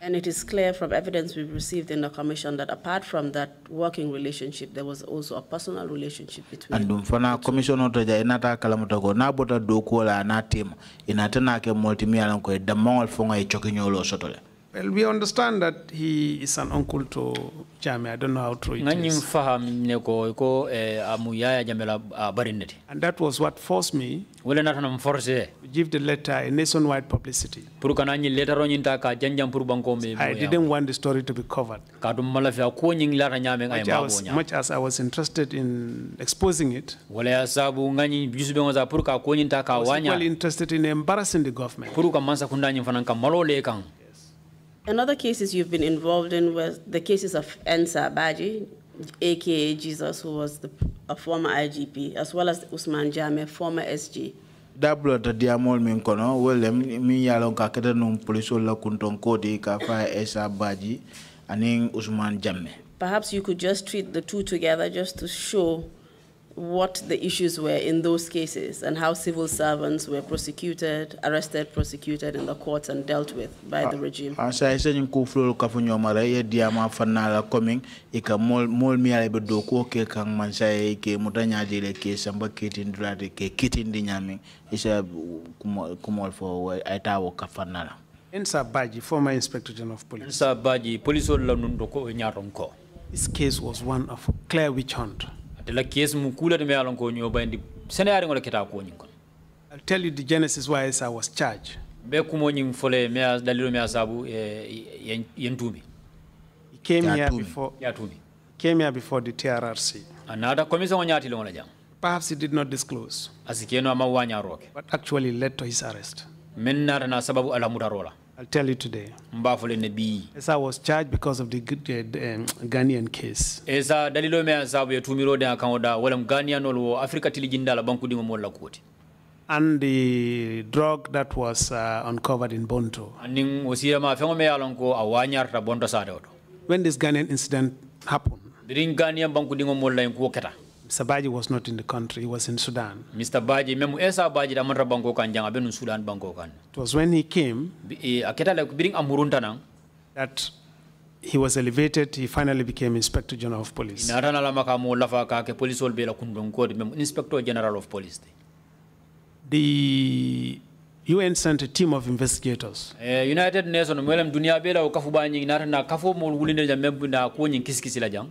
And it is clear from evidence we've received in the commission that apart from that working relationship, there was also a personal relationship between. And fana commission oto ja inata kalamuta ko na bota dokuola na team inatena ke multimialan ko damangol fonga e chokinyolo sotole. Well, we understand that he is an uncle to Jamie. I don't know how true it is. Eh, ah, and that was what forced me to give the letter a nationwide publicity. I didn't want the story to be covered. Much as, much as I was interested in exposing it, I was equally interested in embarrassing the government. Another cases you've been involved in was the cases of Ensa Abaji, aka Jesus, who was the, a former IGP, as well as Usman Jame, former SG. kono num kunton kodi baji usman perhaps you could just treat the two together just to show what the issues were in those cases and how civil servants were prosecuted, arrested, prosecuted in the courts and dealt with by the ah, regime. Ansa ah, isa nyin ku flolu ka fu nyomara ye diama fanala coming ika mol mol mi ale be do ko ke kan man sa e ke mutanya dile ke samba kitin dulade ke kitin di nyami isa kumol fo ay tawo ka fanala. Ensa Baji, former Inspector General of Police. Ensa Baji, police wol la nun do ko nyaron ko. This case was one of clear witch hunt. la case mu kulata me alon ko nyo bayndi senare ngol keta ko nyin kon I'll tell you the genesis why I was charged be kumo nyin fole me dalilo me asabu e, e, e yentumi he came here before ya tumi came here before the TRRC anada komisa ngonyati lona jang perhaps he did not disclose asikeno amawanya roke but actually led to his arrest min nata na sababu alamuta rola I'll tell you today. As I was charged because of the um, Ghanaian case. Esa dalilo me asabu I'm de akangoda wala Ghanaian olwo Africa tilijinda la banku dingo mola kuti. And the drug that was uh, uncovered in Bonto. Aning osira ma fengo me alonko awanyar ta Bonto When this Ghanaian incident happened. Dirin Ghanaian banku dingo mola Mr. Baji was not in the country, he was in Sudan. Mr. Baji, memu esa Baji da manra bangokan jang abenu Sudan bangokan. It was when he came aketa le biring amurunta nang that he was elevated, he finally became Inspector General of Police. Narana la makamo lafa ka ke police ol bela kundonko memu Inspector General of Police. The UN sent a team of investigators. United Nations mwelem dunia bela ukafu ba nyingi narana kafo mo wulinde na ko nyingi la jang.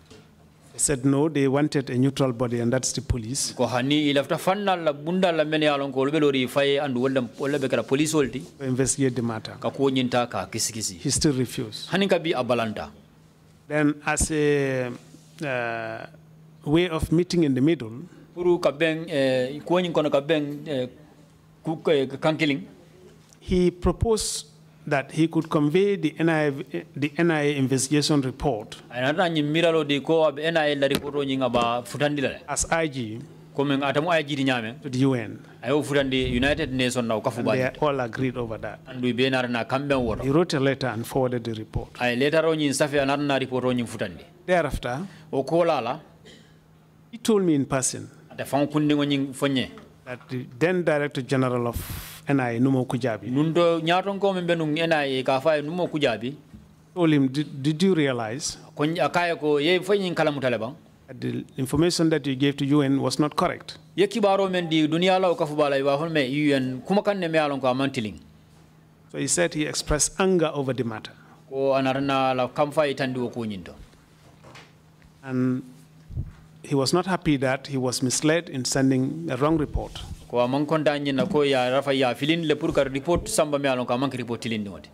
said no, they wanted a neutral body, and that's the police. Ko hani ilafta fanna la bunda la mene alon ko lbe lori faye andu wala wala be kala police olti. Investigate the matter. Ka ko nyinta ka kisikisi. He still refused. Hani kabi abalanta. Then as a uh, way of meeting in the middle. Puru kabeng eh, ko nyin kono kabeng eh, eh, kankiling. He proposed that he could convey the NIA, the NIA investigation report as IG coming at IG to the UN. I the United Nations now. They all agreed over that. And He wrote a letter and forwarded the report. later on on Thereafter, He told me in person. That the then Director General of ena e numo kujabi Nundo do ñaatonkoɓe ɓe nun ena e ka fa e numo kujabi told him did, did you realize ko kaye ko yeyi fof ñin kalamutale ɓan the information that you gave to UN was not correct. So he said he expressed anger over the matter. And he was not happy that he was misled in sending a wrong report. ko man konta nyina ko ya rafa ya filin le pour ka report samba mi alon ka man report tilin wonde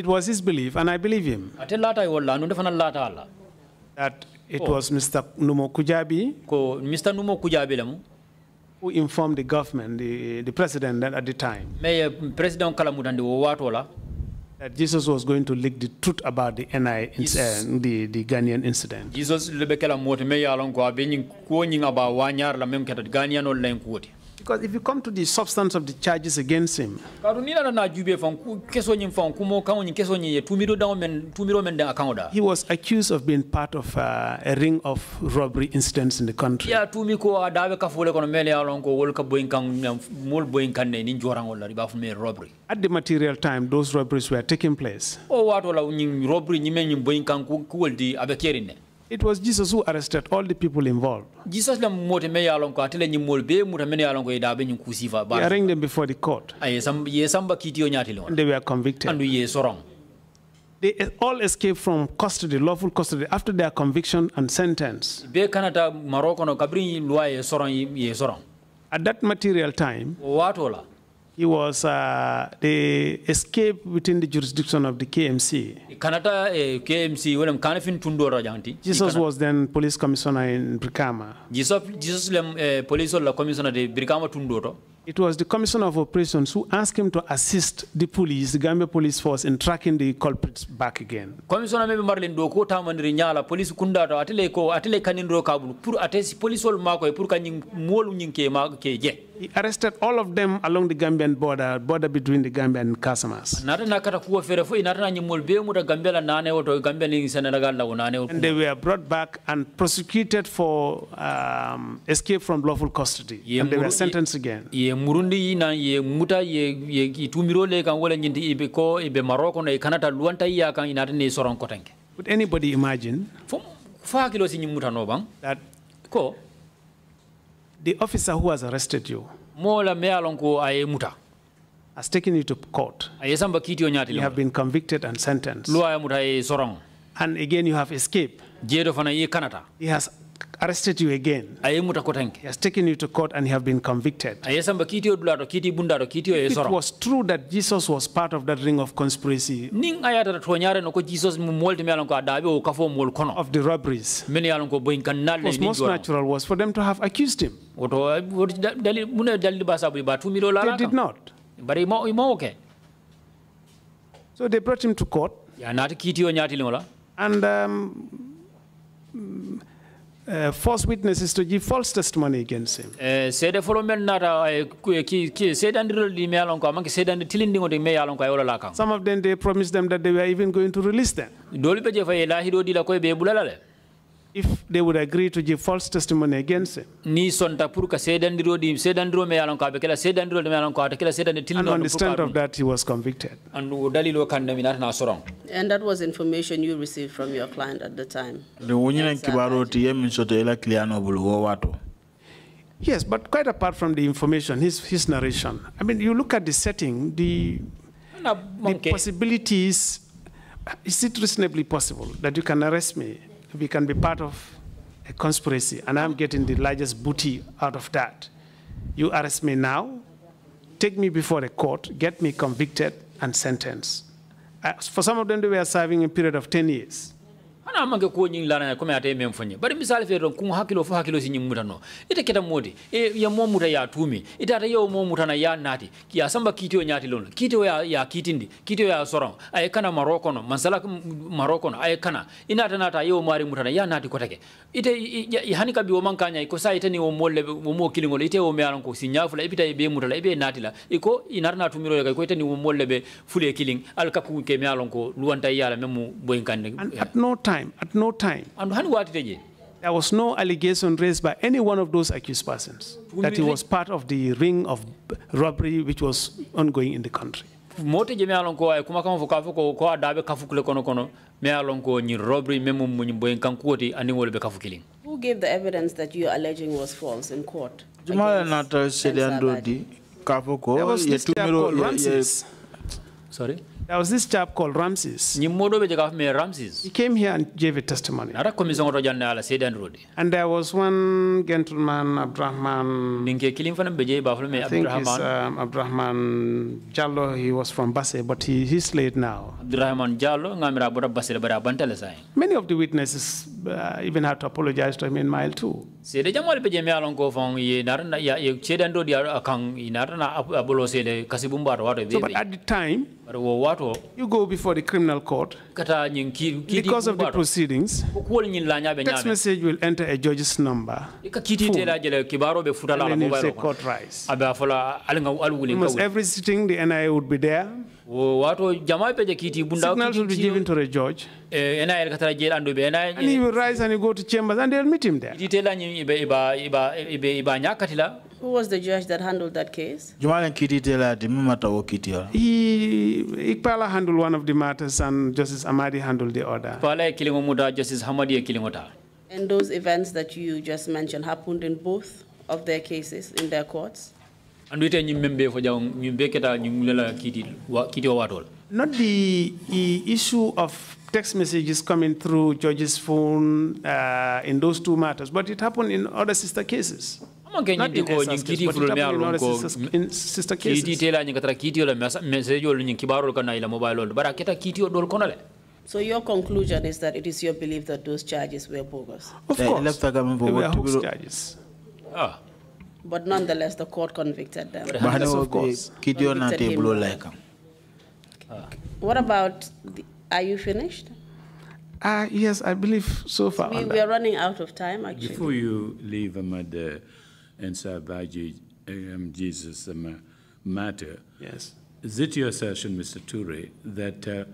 it was his belief and i believe him ate lata ay walla no defana lata alla that it oh. was mr numo kujabi ko mr numo kujabi lamu who informed the government the, the president at the time may president kala dande wo la that Jesus was going to leak the truth about the NI uh, the the Ghanaian incident. Jesus lebekela mot me yalon ko abenyin ko nyinga ba wanyar la mem ketat Ghanaian online kuoti. Because if you come to the substance of the charges against him, he was accused of being part of uh, a ring of robbery incidents in the country. At the material time, those robberies were taking place. It was Jesus who arrested all the people involved. Jesus la mote me atele nyi mol be muta men yalon ko ida He arraigned them before the court. Aye sam ye samba They were convicted. Andu ye They all escaped from custody, lawful custody, after their conviction and sentence. Be kanata Morocco no kabri loi ye sorong ye At that material time, watola. he was uh, the escape within the jurisdiction of the KMC. Kanata eh, KMC welem kanafin tundo rajanti. Jesus was then police commissioner in Brikama. Jesus Jesus lem eh, police la commissioner de Brikama tundo. It was the commissioner of operations who asked him to assist the police, the Gambia police force, in tracking the culprits back again. Commissioner maybe marlin do ko tamandiri nyala police kundato atele ko atele kanindro kabul pour atesi police wol mako e pour kanin molu nyin ke ke je. He arrested all of them along the Gambian border, border between the Gambia and And they were brought back and prosecuted for um, escape from lawful custody. and they were sentenced again. Would anybody imagine? kilo bang? That ko the officer who has arrested you mola has taken you to court. You have been convicted and sentenced. And again you have escaped. He has arrested you again. He has taken you to court and you have been convicted. If it was true that Jesus was part of that ring of conspiracy of the robberies, what was most natural was for them to have accused him. Eh, they did not. So they brought him to court. And um, uh, false witnesses to give false testimony against him. Uh, uh, Some of them they promised them that they were even going to release them if they would agree to give false testimony against him. Ni sonta pour ka sedandiro di sedandiro me yalon ka be sedandiro me yalon ka ta kala sedande And on the strength of that he was convicted. And dalilo kanda minata na sorong. And that was information you received from your client at the time. Le wonyina kibaro ti yemin ela kliano wato. Yes, but quite apart from the information, his, his narration. I mean, you look at the setting, the, the possibilities. Is it reasonably possible that you can arrest me we can be part of a conspiracy, and I'm getting the largest booty out of that. You arrest me now, take me before the court, get me convicted, and sentenced. Uh, for some of them, they were serving a period of 10 years. ana manke ko nyin lana ko me ate men fanye bari misal fe don kun hakilo fo hakilo si nyin mutano ite keta modi e ya mo muta ya tumi ita ta yo mo muta na ya nati ki asamba kitiyo nyati lon kitiyo ya ya kitindi kitiyo ya soron ay kana maroko no mansala maroko no ay kana ina ta nata yo mari muta na ya nati ko take ite ya hani kabi o manka mankanya ko sa ite ni o molle mo mo kilingol ite o me ko si nyafula ibita be muta mutala ibe nati la iko inarna tumiro ya ko ite ni o molle be fule kiling al kaku ke me ko luwanta yala memu boyinkande at no time time, at no time, there was no allegation raised by any one of those accused persons that he was part of the ring of robbery which was ongoing in the country. who gave the evidence that you are alleging was false in court There was to seliando di sorry there was this chap called Ramses. He came here and gave a testimony. And there was one gentleman, Abdrahman. I think he's um, Abdrahman Jallo. He was from Basse, but he, he's late now. Many of the witnesses uh, even had to apologize to him in mile two. Sede fong ye narana ya ye dia akang narana So but at the time, you go before the criminal court. because of the proceedings, text message will enter a judge's number. Phone, and then say court rise. Almost every sitting, the NIA would be there. Signals will be given to the judge. Eh, and he will rise and he go to chambers and they'll meet him there. Who was the judge that handled that case? The matter He, Iqbala handled one of the matters and Justice Amadi handled the other. Justice Hamadi And those events that you just mentioned happened in both of their cases, in their courts? And we for member Not the issue of text messages coming through George's phone uh, in those two matters, but it happened in other sister cases. So your conclusion is that it is your belief that those charges were bogus? Of course. They Left the government they were hoax charges. Ah. But nonetheless, the court convicted them. But of course. Table like. ah. What about, the, are you finished? Uh, yes, I believe so far. We, we are running out of time, actually. Before you leave, Ahmad, uh, Ensabaji um, Jesus um, matter. Yes. Is it your assertion, Mr. Toure, that uh,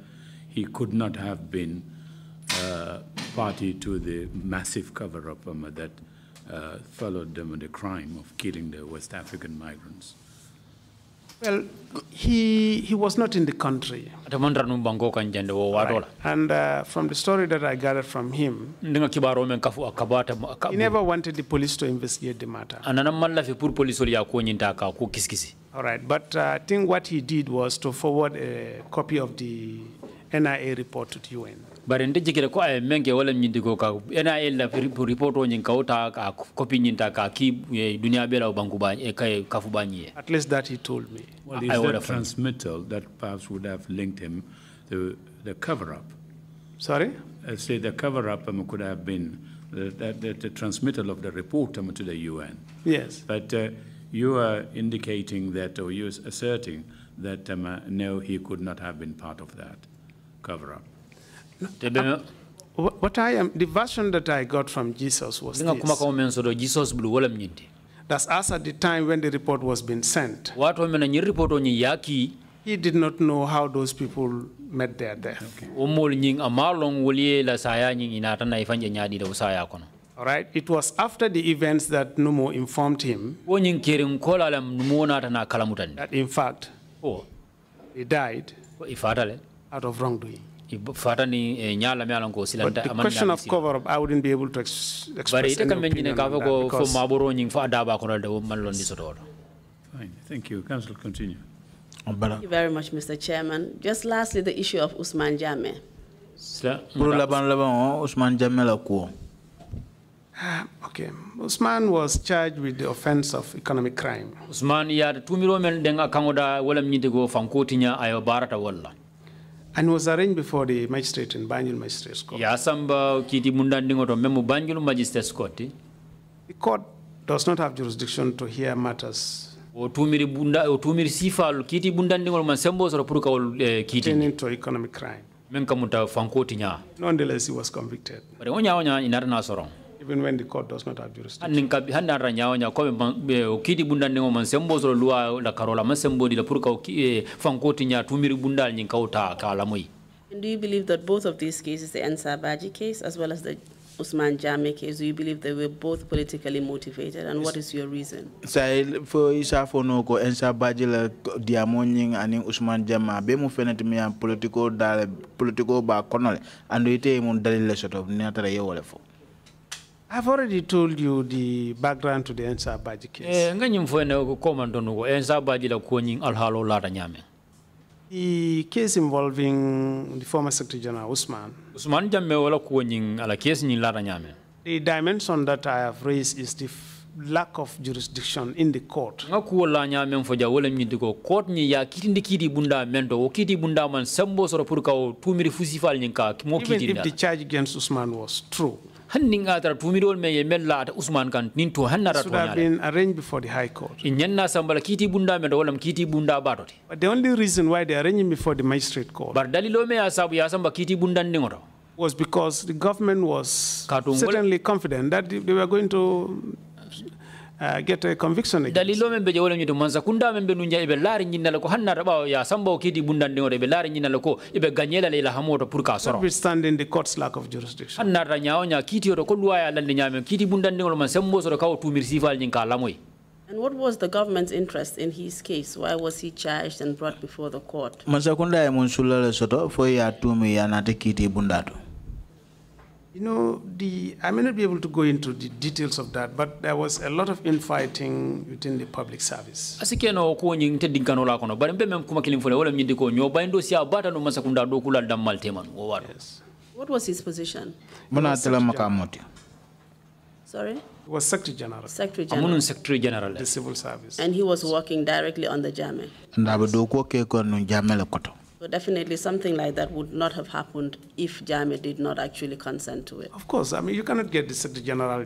he could not have been uh, party to the massive cover-up um, that uh, followed um, the crime of killing the West African migrants? Well, he, he was not in the country. And uh, from the story that I gathered from him, he never wanted the police to investigate the matter. All right, but uh, I think what he did was to forward a copy of the NIA report to the UN bari nde jikira ko aye men ke wala nyindi ko ka ena ella report o nyin kawta ka copy nyin ka ki dunia bela o banku ba e kay kafu ba at least that he told me well is that transmittal that perhaps would have linked him to the cover up sorry I uh, say the cover up um, could have been the, the, the, the transmittal of the report um, to the UN yes but uh, you are indicating that or you're asserting that um, uh, no he could not have been part of that cover up Ah, what I am, the version that I got from Jesus was this. That's us at the time when the report was being sent. He did not know how those people met their death. Okay. All right, it was after the events that Numo informed him that in fact oh. he died out of wrongdoing. Eh, the question of cover up, I wouldn't be able to ex express any opinion on that Fine, thank you. Council, continue. Thank you very much, Mr. Chairman. Just lastly, the issue of Usman Jame. Usman Jame ah, Okay. Usman was charged with the offense of economic crime. Usman, ya tumiro two million denga kangoda wala mnyite go fankotinya ayo barata wala. and was arranged before the magistrate in Banjul Magistrates Court. Yasamba kiti mundandingo to memu Banjul Magistrates Court. The court does not have jurisdiction to hear matters otumiri bunda otumiri sifalu kiti bundandingol man sembo soro pour kawol eh, kiti pertaining to economic crime Menka muta fankoti nya nonetheless he was convicted But onya onya inarana sorong. even when the court does not have jurisdiction. And do you believe that both of these cases, the Ansabaji case as well as the Usman Jame case, do you believe they were both politically motivated and what is your reason? Say for isa fono ko Ansabaji la diamonying ani Usman Jama be mu fenet mi am political political ba konole and ite mun dalil la sotof ni I've already told you the background to the Ensa Baji case. Eh, eh, the case involving the former Secretary General Usman. Usman jamme wala ala case nyame. The dimension that I have raised is the lack of jurisdiction in the court. Nga nyame mfoja court ya kitindi bunda bunda man sembo sora purka o tumiri fusifal nyinka Even if the charge against Usman was true hanninga tara tumirol men ye mellata ousmane kan nin to hannata should have been arranged before the high court In ñanna sambala kiti bunda men walla kiti bunda batote but the only reason why they arranged before the magistrate court bar dalilo me asabu sabu ya samba kiiti bundan ngoto was because the government was certainly confident that they were going to Uh, get a conviction again dalilo membe je wala nyito manza kunda membe nunja ibe lari nyinna lako hanna raba ya samba sambo kidi bundande ngore ibe lari nyinna lako ibe ganyela leila hamoto pour ka soro in the court's lack of jurisdiction hanna ra nyaawo nya kiti to ko luwa ya lande nyame kiti bundande ngol man sembo soro kawo tumir sifal nyin ka lamoy And what was the government's interest in his case? Why was he charged and brought before the court? Masakunda ya monsula le soto fo ya tumi ya natikiti bundato. You know, the, I may not be able to go into the details of that, but there was a lot of infighting within the public service. si abata do Yes. What was his position? Sorry? He was Secretary General. Secretary General. Secretary General. The civil service. And he was working directly on the Jame. Ndabe do so definitely something like that would not have happened if Jame did not actually consent to it. Of course, I mean, you cannot get the Secretary General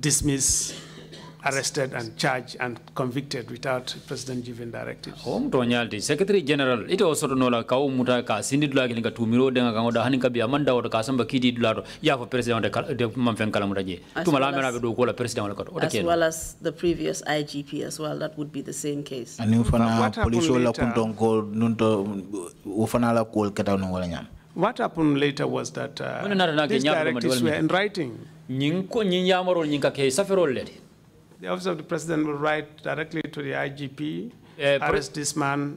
dismiss arrested and charged and convicted without president giving directives omutonyalti secretary general ite osotonola kawo muta ka sindidula kilinga tumiro denga kangoda haninka bi amanda oto kasamba kiti dulato yafo president de mamfen kala mutaje tumala mera be do kola president wala koto as well as the previous igp as well that would be the same case ani fana police wala kunton ko nunto ufana la kol kata no wala nyam what happened later was that uh, these directives were in writing ñing ko ñin yamarol ñing ka The Office of the President will write directly to the IGP, uh, eh, arrest this man,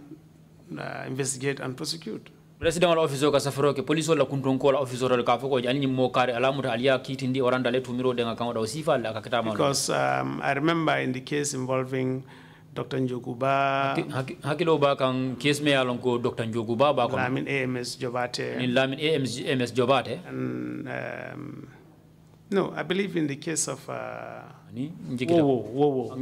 uh, investigate and prosecute. president wala office o ka safaro ke police wala kuntonko wala office wala ka foko jani mo kare alamu ta aliya kitindi oranda le tumiro de ngaka wada osifa la ka kitama because um, i remember in the case involving Dr. Njoguba. Hakilo ba kan case me yalon ko Dr. Njoguba ba kon. Lamin AMS Jobate. In Lamin AMS AMS Jobate. And um, no, I believe in the case of uh, a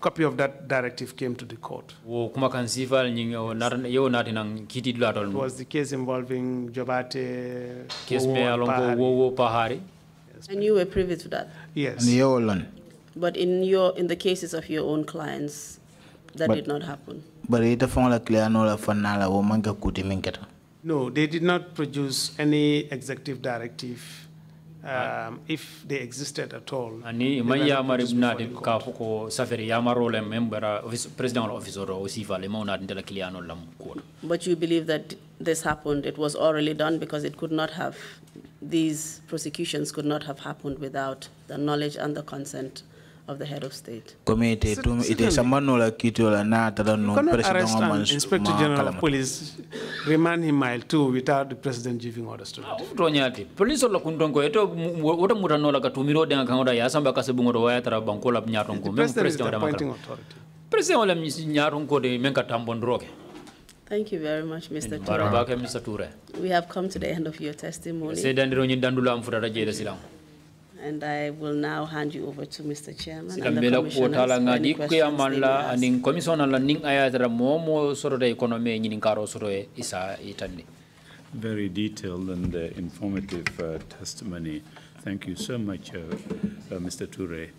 copy of that directive came to the court It was the case involving jobate case me alongo wo wo pahari and you were privy to that yes but in your in the cases of your own clients that but, did not happen but ita fonla clear no la fanala wo kuti minketa no they did not produce any executive directive um, if they existed at all. Ani de ko safari membera president office or osiva ndela kiliano But you believe that this happened it was orally done because it could not have these prosecutions could not have happened without the knowledge and the consent of the head of state. Komite tum ite samano la kito la na tada no president wa mansu. Inspector General of Police remand him mile two without the president giving orders to it. Ah, Tonyati police la kundongo eto wota mutano la katumiro denga kangora ya samba kasebungo ro waya tara bankola nyatongo. The president is appointing authority. President wala nyatongo de menka tambondroke. Thank you very much, Mr. Mm, Ture. Mr. Ture. We have come to the end of your testimony. da and I will now hand you over to Mr. Chairman and the Commissioners for any questions ning ayatara momo karo soro isa Very detailed and uh, informative uh, testimony. Thank you so much, uh, uh Mr. Toure.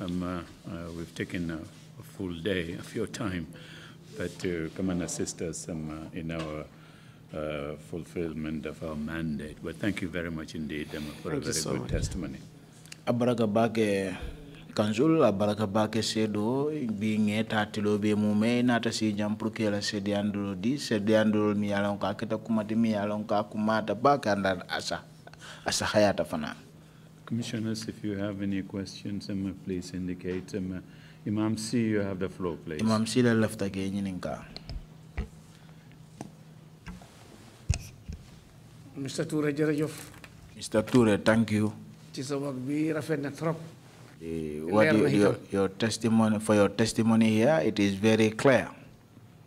Um, uh, uh, we've taken a, a, full day of your time, but come and assist us um, in our uh, fulfillment of our mandate. But thank you very much indeed um, for thank a very so good much. testimony. abaraka bake kanjul abaraka bake sedo bi ngeta tilo be mu me nata si jam pour que la sedi andro di sedi andro mi yalon ka kete kuma di mi yalon ka kuma da baka ndan asa asa hayata fana commissioners if you have any questions them um, please indicate them um, imam si you have the floor please imam si la lafta ke ka mr toure jerejof mr toure thank you ci what you, your, your testimony for your testimony here it is very clear.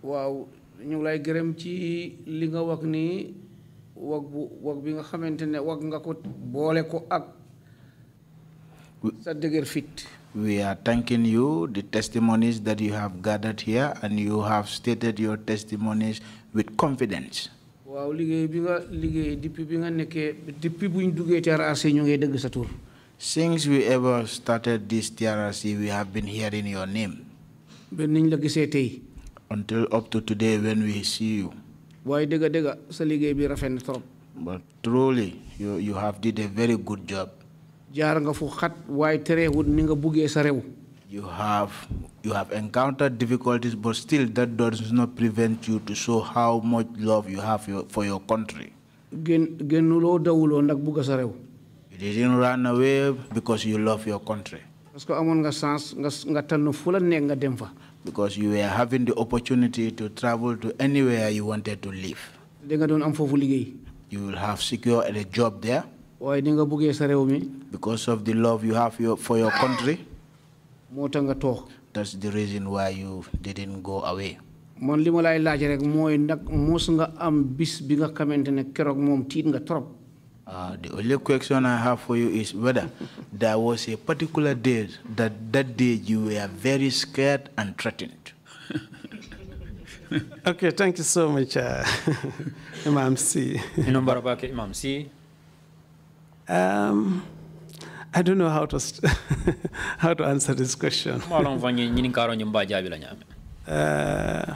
Wow, ñu ngi lay gërëm ci li nga wax nii wax bu wax bi nga xamante wax nga ko boole ko ak sa dëgër fit. We are thanking you, the testimonies that you have gathered here, and you have stated your testimonies with confidence. waaw liggéey bi nga liggéey depuis bi nga nekkee depuis buñ duggee TRRC ñu ngi dégg sa tur. since we ever started this TRRC we have been hearing your name. ba niñ la gisee tey. until up to today when we see you. waaye dégg dégg sa liggéey bi rafet na trop. but truly you you have did a very good job. jaar nga fu xat waaye terewut ni nga buggee sa rew. you have you have encountered difficulties, but still that does not prevent you to show how much love you have for your country. You didn't run away because you love your country. Because you were having the opportunity to travel to anywhere you wanted to live. You will have secured a job there. Because of the love you have for your country that's the reason why you didn't go away. man li ma lay laaj rek mooy nag mos nga am bis bi nga xamante ne keroog tiit nga trop. Uh, the only question I have for you is whether there was a particular day that that day you were very scared and threatened. okay, thank you so much, uh, Imam C. Imam C. Um, I don't know how to how to answer this question. uh,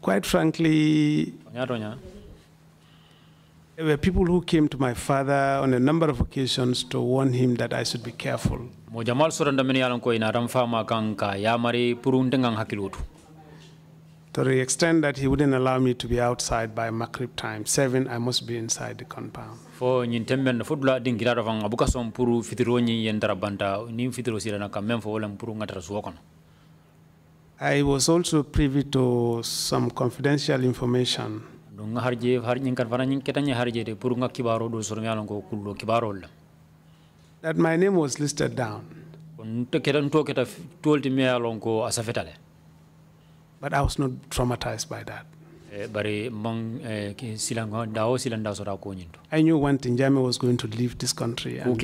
quite frankly, there were people who came to my father on a number of occasions to warn him that I should be careful to the extent that he wouldn't allow me to be outside by Maghrib time. Seven, I must be inside the compound. Fo nyin temben fo dula din kiraro van abuka son puru fitiro nyi yendara banda ni fitiro sira na fo wala I was also privy to some confidential information. Dunga harje har nyin kan fana harje de puru do kibaro la. That my name was listed down. keta me asafetale. But I was not traumatized by that. Eh, eh, I knew one thing, Jame was going to leave this country. And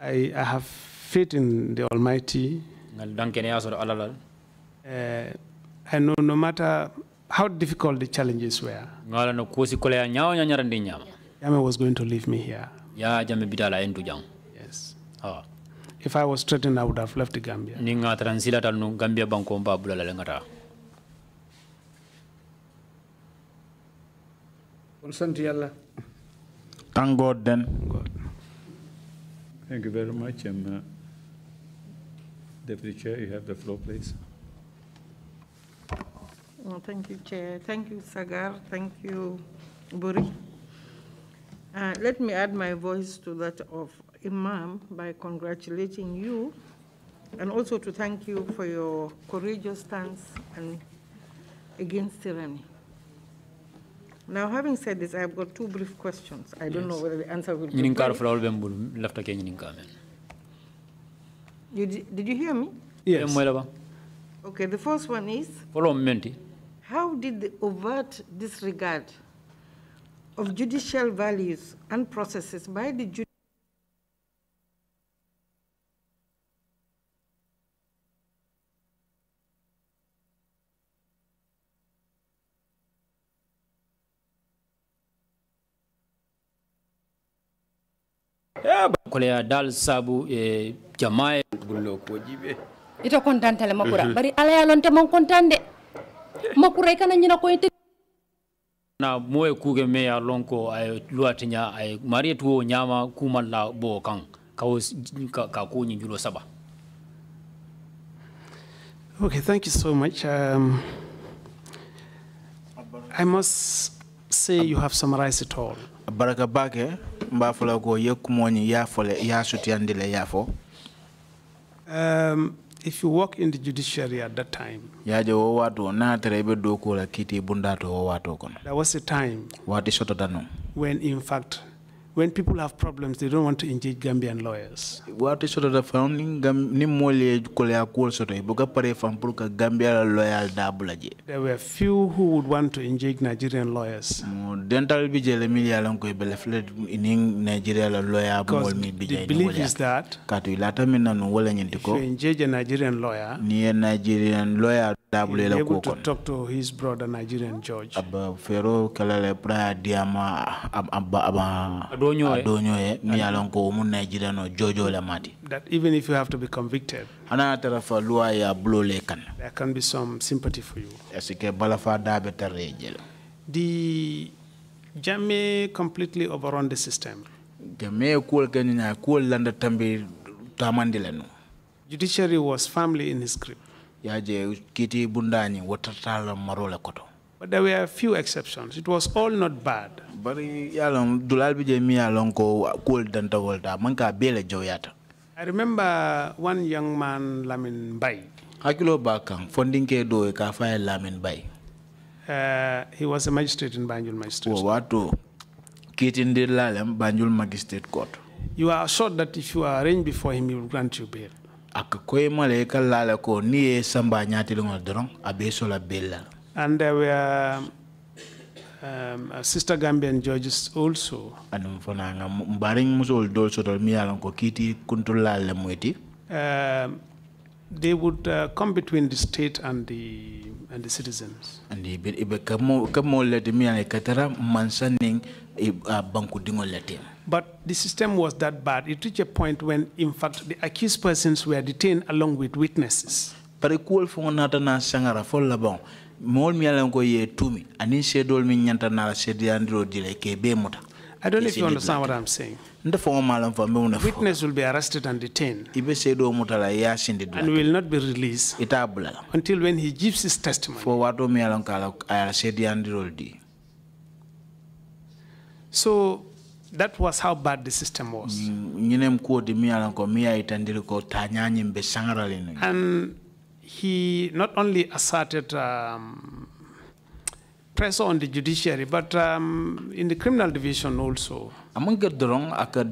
I, I have faith in the Almighty. Uh, I know no matter how difficult the challenges were, Jame was going to leave me here. Yes. Oh. If I was threatened, I would have left Gambia. Ninga transila tano Gambia banko mba bula lalengata. Consent yalla. Thank God then. Thank you very much. Um, uh, Deputy Chair, you have the floor, please. Well, thank you, Chair. Thank you, Sagar. Thank you, Buri. Uh, let me add my voice to that of Imam by congratulating you and also to thank you for your courageous stance and against tyranny. Now, having said this, I have got two brief questions. I don't yes. know whether the answer will be. You, did you hear me? Yes. Okay, the first one is Follow me, How did the overt disregard of judicial values and processes by the koleya dal sabu e jamae gullo koji ɓe ito contante le makura bari ala yalonte man contante de makura kana ñina koyte na moye kuge me ya lon ko ay luwatiña ay marie tuwo ñama kumalla bo kan kawo ka koñi julo saba okay thank you so much um, i must say you have summarized it all baraka bake mba fola ko ya ya fole suti andile ya fo um, if you work in the judiciary at that time yaje wo wato na trebe do ko la kiti bundato wo wato kon that was a time wati soto dano when in fact when people have problems, they don't want to engage Gambian lawyers. What is sort of the founding Nimole Koleakul sort of Bugapare Fampuka Gambian lawyer Dabulaje? There were few who would want to engage Nigerian lawyers. Dental Bijel Emilia Lonko Belefled in Nigeria lawyer The belief is that if you engage a Nigerian lawyer, near Nigerian lawyer he able to talk to his brother Nigerian judge. Aba fero kalale pra diama aba aba adonyo adonyo e mi alonko umu Nigerian jojo la mati. That even if you have to be convicted. Ana tarafa lua ya blue lekan. There can be some sympathy for you. Esike balafa da betare The Jame completely overrun the system. Jame kuol kanina kuol landa tambi tamandilenu. Judiciary was firmly in his grip yaje kiti bundani watatala marola koto. But there were a few exceptions. It was all not bad. Bari yalong dulal bije mi yalong ko kul danta volta manka bele joyata. I remember one young man Lamin Bay. Hakilo bakang funding ke do ka fa Lamin Bay. Uh, he was a magistrate in Banjul Magistrate. Oh, what to? Kitin de Banjul Magistrate Court. You are assured that if you are arraigned before him, he will grant you bail. ak male ka lala ko ni e samba ñaatilingo doron a be sola bella and there were um, a um, sister gambian judges also anum fana nga mbariñ musol dol sotol mi yalan ko kiti kuntul le um, they would uh, come between the state and the and the citizens. And the ibe kamo kamo lete mi katara mansaning banku But the system was that bad. It reached a point when, in fact, the accused persons were detained along with witnesses. Pare kuol fongo nata na sangara fol labon. Mol mi ala ye tumi. Anin shedol mi nyanta na shediandro dile ke be muta. I don't know if you understand what I'm saying. Witness will be arrested and detained. And will not be released until when he gives his testimony. Uh, so that was how bad the system was. And he not only asserted um, pressure on the judiciary, but um, in the criminal division also. aman ke dɔrɔn a ka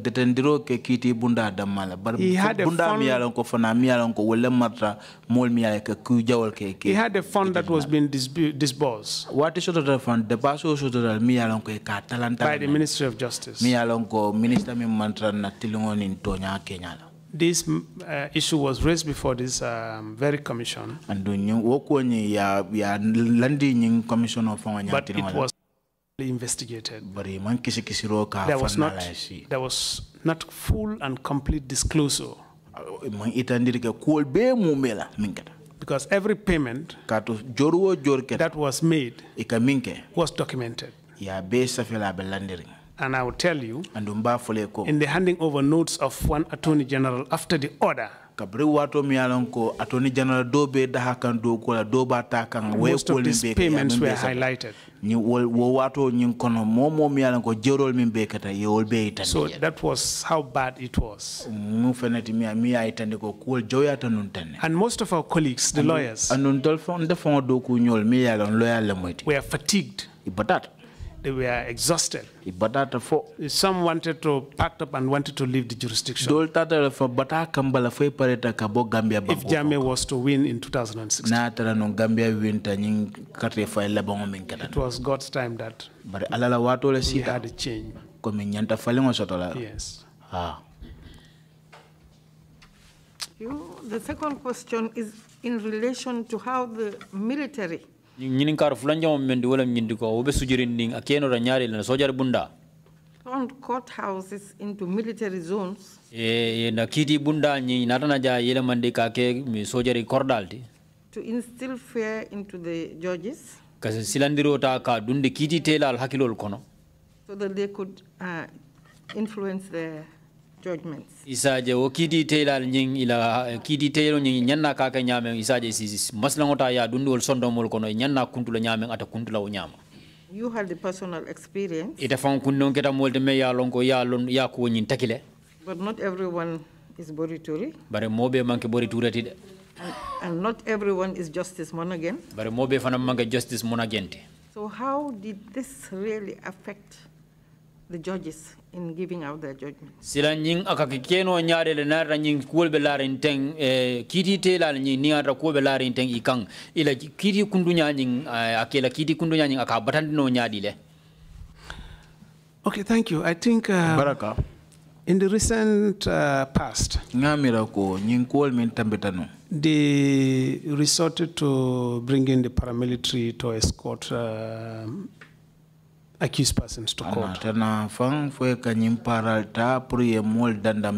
kiti bunda damma la bunda mi yalan ko fana mi yalan ko wala marta mol mi yalan ku ke ke he had a fund that was being disbursed wati soto da fund de baso soto mi ko ka talanta by the ministry of justice mi ko minister mi mantra na tilingo tonya kenya this mm, uh, issue was raised before this um, very commission and wo ko ni ya ya landi ni commission of fanga but it was investigated. There was not, there was not full and complete disclosure. Uh, because every payment that was made was documented. And I will tell you, in the handing over notes of one attorney general after the order, kabri wato mi yalon ko atoni janala dobe da hakan do ko la do ba ta kan we ko li be payments were highlighted ni wo wato nyin kono momo mi yalon ko jerol min be kata yewol be tan so that was how bad it was mu fenati mi mi ay tan ko ko joya tan tan and most of our colleagues the lawyers and dolfon dol fon defon do ko nyol mi yalon loyal la moyti we are fatigued but that they were exhausted. Some wanted to pack up and wanted to leave the jurisdiction. If Jamia was to win in 2016, it was God's time that we had a change. Yes. Ah. You, the second question is in relation to how the military ñinin kar fulanjamo men di wolam ñindi ko wobe sujirindin a kenora ñaari lana sojar bunda turned courthouses into military zones. E, e, na kiti bunda ni natana ja yele mandi kake mi sojari kordalti. To instill fear into the judges. Kasi silandiro ta ka dundi kiti telal hakilol kono. So that they could uh, influence the judgments. Isaje nying ila eh, nying nyanna nyame isaje maslangota ya kono nyanna kuntula nyame ata kuntula nyama. You had the personal experience. Ita keta molde me ya lonko ya lon ya ko nyin takile. But not everyone is borituri. Bare mobe manke borituri tide. And, not everyone is Justice Monaghan. Bare mobe manke Justice So how did this really affect the judges in giving out their judgment. Sila nying nyare le nara nying eh, kiti nying ikang ila kiti nying eh, akela kiti nying Okay, thank you. I think uh, Baraka. in the recent uh, past, they resorted to bringing the paramilitary to escort uh, accused persons to court. fang fue kanyim mol danda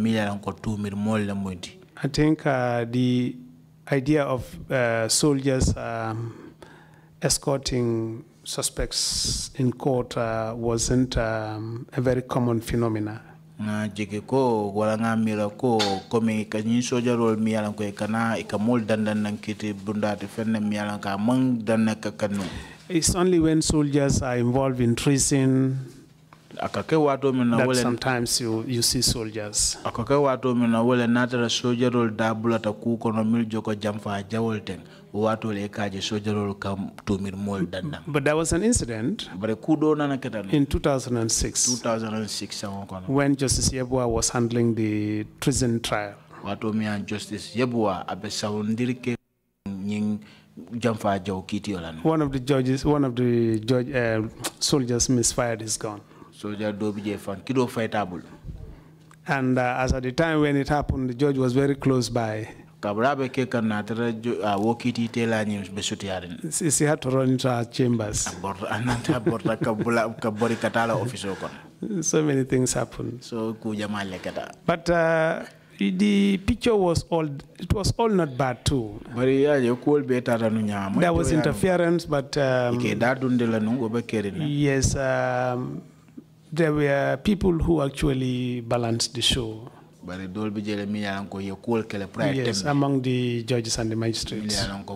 mol I think uh, the idea of uh, soldiers um, escorting suspects in court uh, wasn't um, a very common phenomena. na ko mira ko mang it's only when soldiers are involved in treason that sometimes you, you see soldiers. But there was an incident in 2006, 2006 when Justice Yebua was handling the treason trial. Justice nying. One of the judges, one of the judge, uh, soldiers misfired his gun. Soldier Dobije Jefan, Kido Fightable. And uh, as at the time when it happened, the judge was very close by. Uh, she had to run into her chambers. so many things happened. So kujama But uh, the picture was all it was all not bad too there was interference but um, yes um, there were people who actually balanced the show Yes, among the judges and the magistrates. And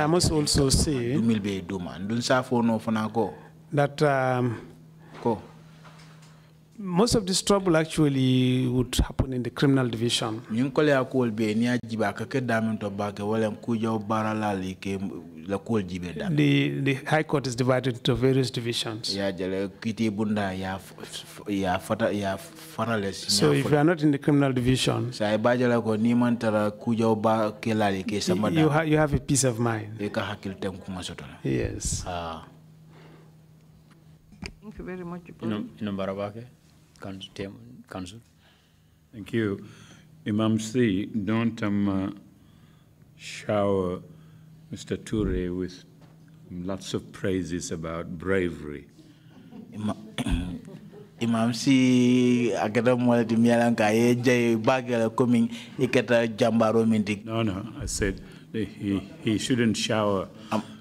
I must also say that um, most of this trouble actually would happen in the criminal division. The the high court is divided into various divisions. So if you are not in the criminal division. You have you have a peace of mind. Yes. Ah. Thank you very much. Council. Thank you. Imam Si. don't um, uh, shower Mr. Ture with lots of praises about bravery. imam si akata mola ti mialanka ye jay bagala coming ikata jambaro minti no no i said he he shouldn't shower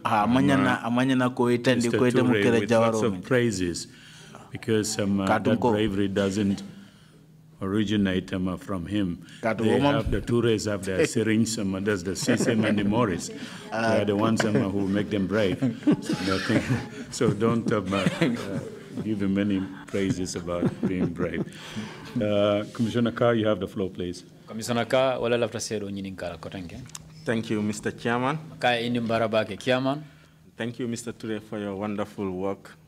amanyana uh, amanyana ko itandi ko itamu praises because um, uh, that bravery doesn't originate um, uh, from him. They have, the Tourés have their syringes, um, uh, there's the Sisem and the Morris. Uh, they are the ones um, uh, who make them brave. so don't um, uh, give him any praises about being brave. Uh, Commissioner Carr, you have the floor, please. Commissioner Carr, wala lafta sedo nyini nkala kotanke. Thank you, Mr. Chairman. Kaya indi mbarabake, Chairman. Thank you, Mr. Toure, for your wonderful work.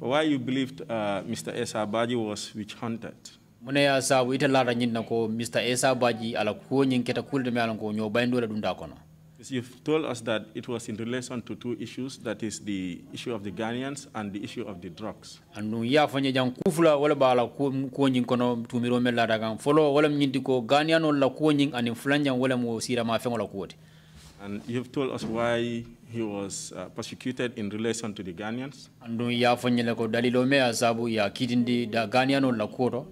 For why you believed uh, Mr. Esa Abaji was witch hunted? Mune sa wita lara nyinna ko Mr. Esa Baji ala ko nyin keta kulde me ko nyo bayndola dum da kono. You've told us that it was in relation to two issues, that is the issue of the Ghanaians and the issue of the drugs. Anu ya fanya jang kufula wala ba ala ko nyin kono tumiro me lara gan folo wala nyindi ko Ghanaian la ko nyin anin flanja wala mo sira ma wala ko wote. And you've told us why he was uh, persecuted in relation to the Ghanians. And Andu ya fanyele ko dalilo me azabu ya kitindi da Ghanaian la kuro.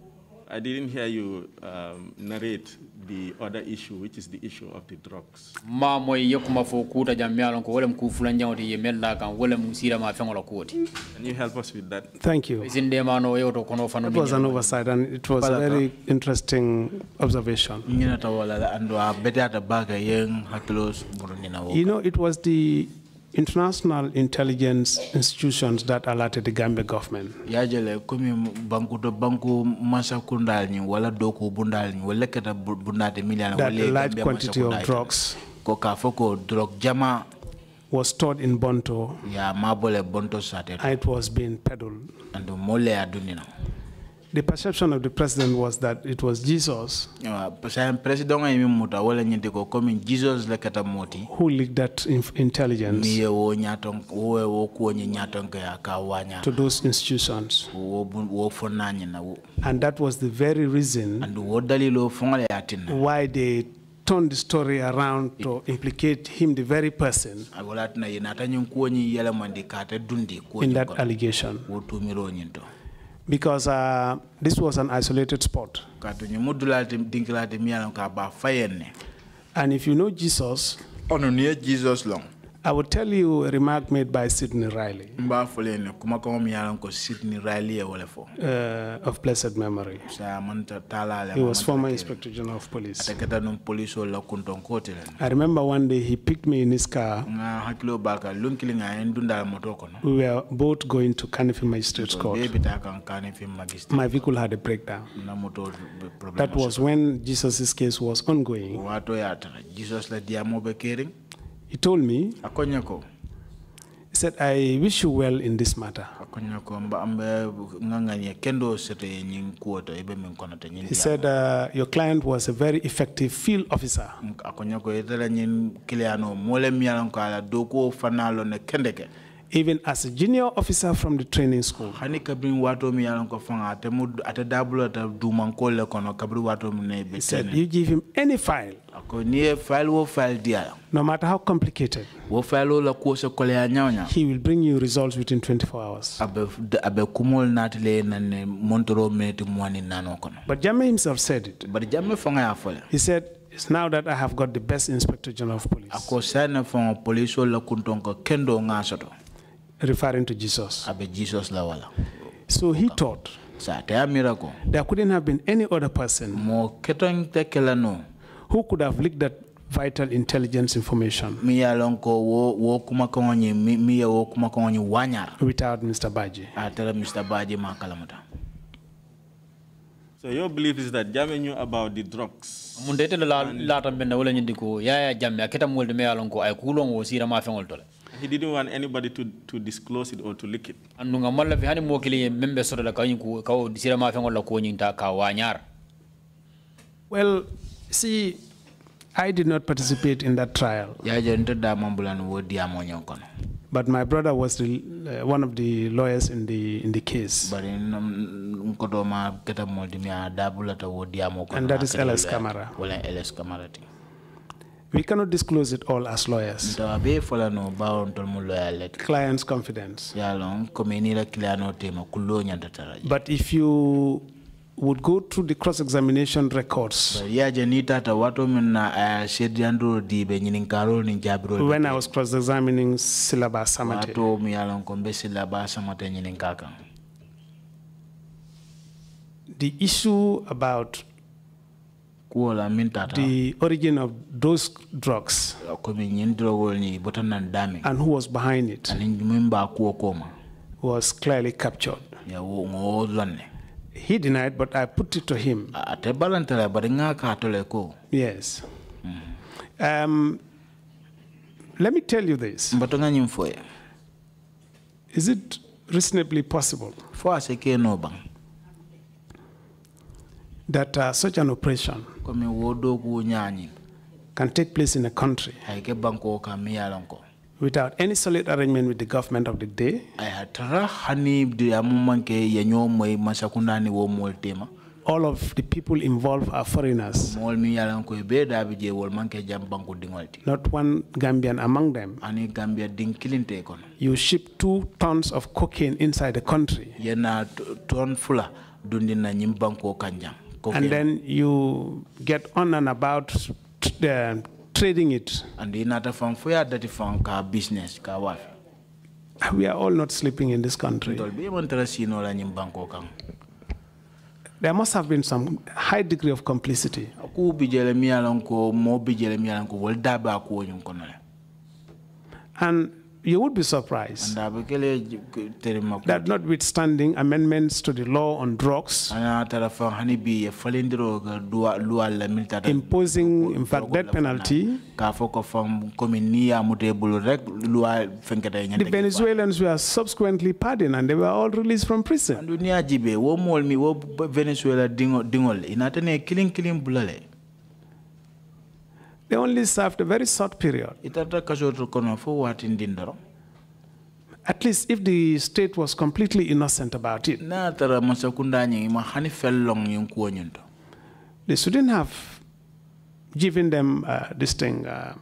I didn't hear you um, narrate the other issue, which is the issue of the drugs. Can you help us with that? Thank you. It was an oversight and it was a very interesting observation. You know it was the international intelligence institutions that alerted the Gambia government. Yajele kumi banku to banku masa ni wala doku bundalni wala keta bundate million wale a large quantity of drugs. Koka foko drug jama was stored in Bonto. Ya mabole Bonto sate. It was being peddled. And the mole adunina the perception of the president was that it was Jesus. President, Who leaked that intelligence to those institutions. And that was the very reason why they turned the story around to implicate him, the very person, in that allegation because uh, this was an isolated spot. And if you know Jesus, Jesus long. I will tell you a remark made by Sidney Riley. Uh, of blessed memory. He was former Inspector General of Police. I remember one day he picked me in his car. We were both going to Kanifi Magistrates Court. My vehicle had a breakdown. That was when Jesus' case was ongoing. He told me, he said, I wish you well in this matter. He said, uh, Your client was a very effective field officer even as a junior officer from the training school. He said you give him any file. No matter how complicated. He will bring you results within 24 hours. But Jamme himself said it. But Jamme fanga He said It's now that I have got the best Inspector General of Police referring to Jesus. abe Jesus la wala So he taught sa there couldn't have been any other person mo who could have leaked that vital intelligence information without Mr. Baji So your belief is that Jame knew about the drugs. la la tambe na ya ya me ay sira ma fengol tole he didn't want anybody to, to disclose it or to leak it. nga malla fi kili membe sira ma fe ko nyinta ka Well, see I did not participate in that trial. Ya mambulan wo dia mo But my brother was the, uh, one of the lawyers in the in the case. And that is LS Camara. LS we cannot disclose it all as lawyers. Client's confidence. But if you would go through the cross-examination records. Eh, when I was cross-examining Silaba Samate. The issue about the origin of those drugs and who was behind it was clearly captured. He denied, but I put it to him. Yes. Mm. Um, let me tell you this. Is it reasonably possible? that uh, such an operation can take place in a country without any solid arrangement with the government of the day all of the people involved are foreigners. Not one Gambian among them. You ship two tons of cocaine inside the country. Cocaine. And then you get on and about the uh, trading it. And in other form, for that form, car business, car wife. We are all not sleeping in this country. There must have been some high degree of complicity. And you would be surprised uh, that notwithstanding amendments to the law on drugs, imposing in fact death penalty, the Venezuelans were subsequently pardoned and they were all released from prison. They only served a very short period. At least if the state was completely innocent about it, they shouldn't have given them uh, this thing. Uh,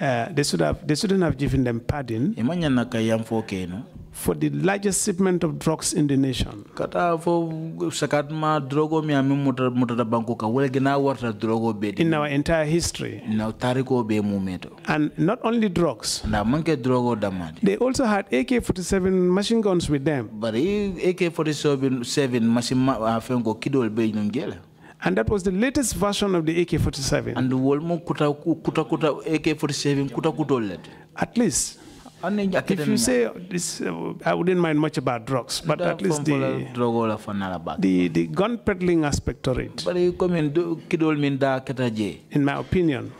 uh, they should have. They shouldn't have given them pardon for the largest shipment of drugs in the nation. Kata fo sakatma drogo mi ami muta muta da banko ka welgina warta drogo be. In our entire history. Na tariko be mumeto. And not only drugs. Na manke drogo damadi. They also had AK-47 machine guns with them. Bari AK-47 seven machine afengo uh, kidol be ngela. And that was the latest version of the AK-47. And wolmo kuta kuta kuta AK-47 kuta kutollet. At least. If you say this, uh, I wouldn't mind much about drugs, but at least the, drug the, the gun peddling aspect of it, in my opinion,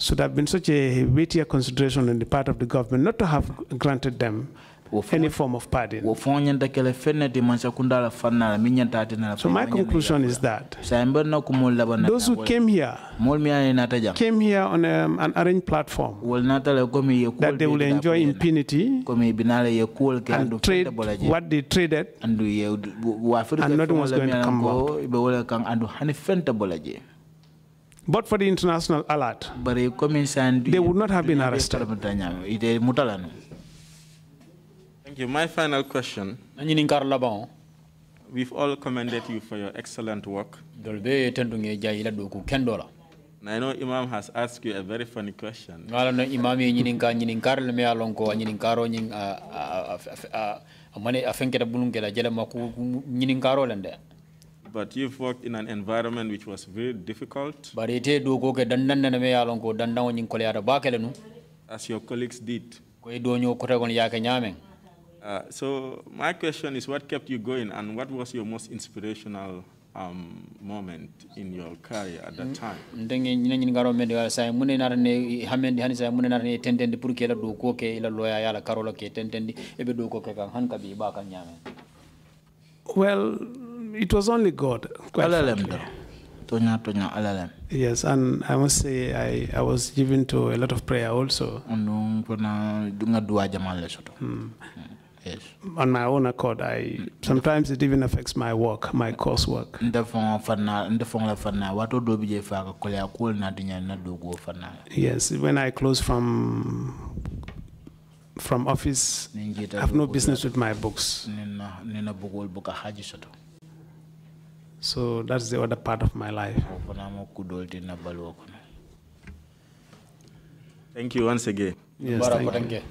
should have been such a weightier consideration on the part of the government not to have granted them any form of pardon. So my conclusion is that those who came here came here on a, um, an arranged platform that they will enjoy impunity and trade what they traded and nothing was going to come up. But for the international alert, they would not have been arrested you. My final question. We've all commended you for your excellent work. And I know Imam has asked you a very funny question. But you've worked in an environment which was very difficult. As your colleagues did. Uh, so my question is, what kept you going, and what was your most inspirational um, moment in your career at that time? Ndenge nyina wala mune hamendi pour do ko ke loya ke do ko ke kan han ba kan nyame. Well, it was only God. Alalem Tonya tonya alalem. Yes, and I must say I, I was given to a lot of prayer also. Yes. On my own accord, I sometimes it even affects my work, my coursework. Yes, when I close from from office, I have no business with my books. So that's the other part of my life. Thank you once again. Yes, thank you.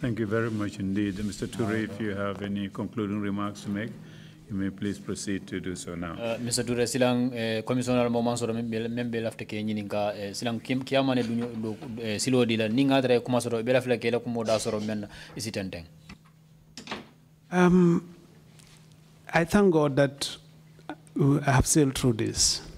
Thank you very much indeed. Mr. Toure, if you have any concluding remarks to make, you may please proceed to do so now. Uh, Mr. Toure, silang eh, commissioner mo mansoro membe lafte ke uh, silang kiamane dunyo uh, silo dila ninga dre kuma soro be la kuma da soro men isitenteng. Um, I thank God that I have sailed through this.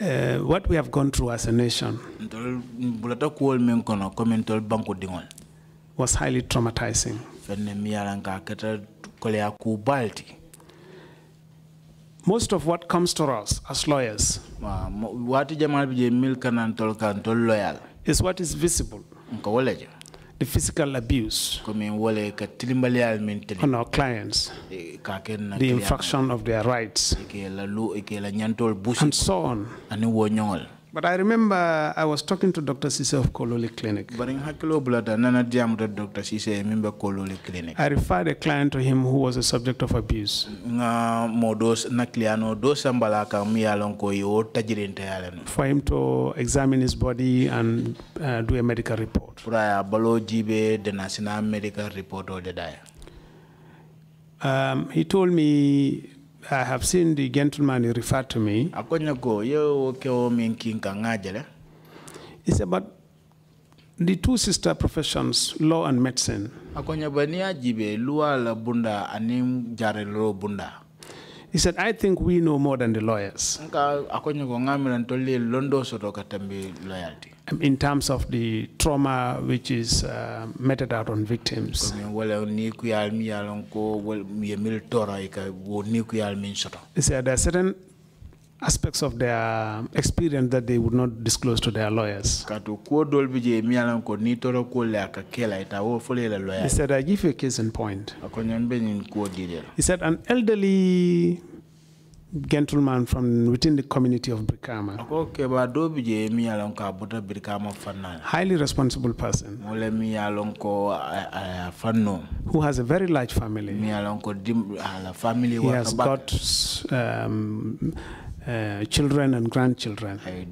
uh, what we have gone through as a nation was highly traumatizing. Most of what comes to us as lawyers is what is visible. the physical abuse on our clients, e, the infraction of their rights, e, e, and so on. But I remember I was talking to Dr. Sise of uh, Kololi Clinic. I referred a client to him who was a subject of abuse. For him to examine his body and uh, do a medical report. Um, he told me I have seen the gentleman you referred to me. It's about the two sister professions, law and medicine. He said, I think we know more than the lawyers. In terms of the trauma which is uh, meted out on victims. He said, there are certain aspects of their experience that they would not disclose to their lawyers. He said, I give you a case in point. He said, an elderly gentleman from within the community of Brikama, highly responsible person who has a very large family. He has got um, uh, children and grandchildren. Eh,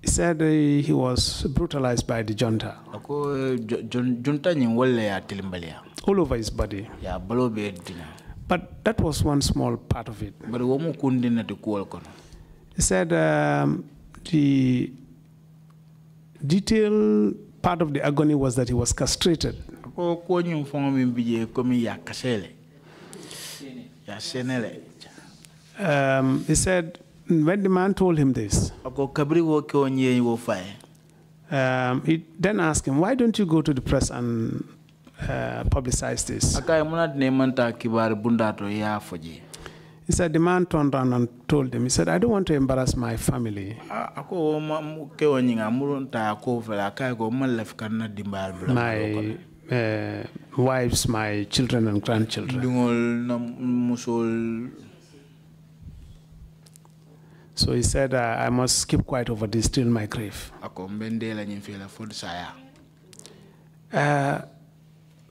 he said eh, he was brutalized by the junta. All over his body. But that was one small part of it. He said um, the detail part of the agony was that he was castrated. Um, he said, when the man told him this, um, he then asked him, Why don't you go to the press and uh, publicize this? He said, The man turned around and told him, He said, I don't want to embarrass my family. My uh, wives, my children, and grandchildren. So he said, uh, I must keep quiet over this till my grave. Uh,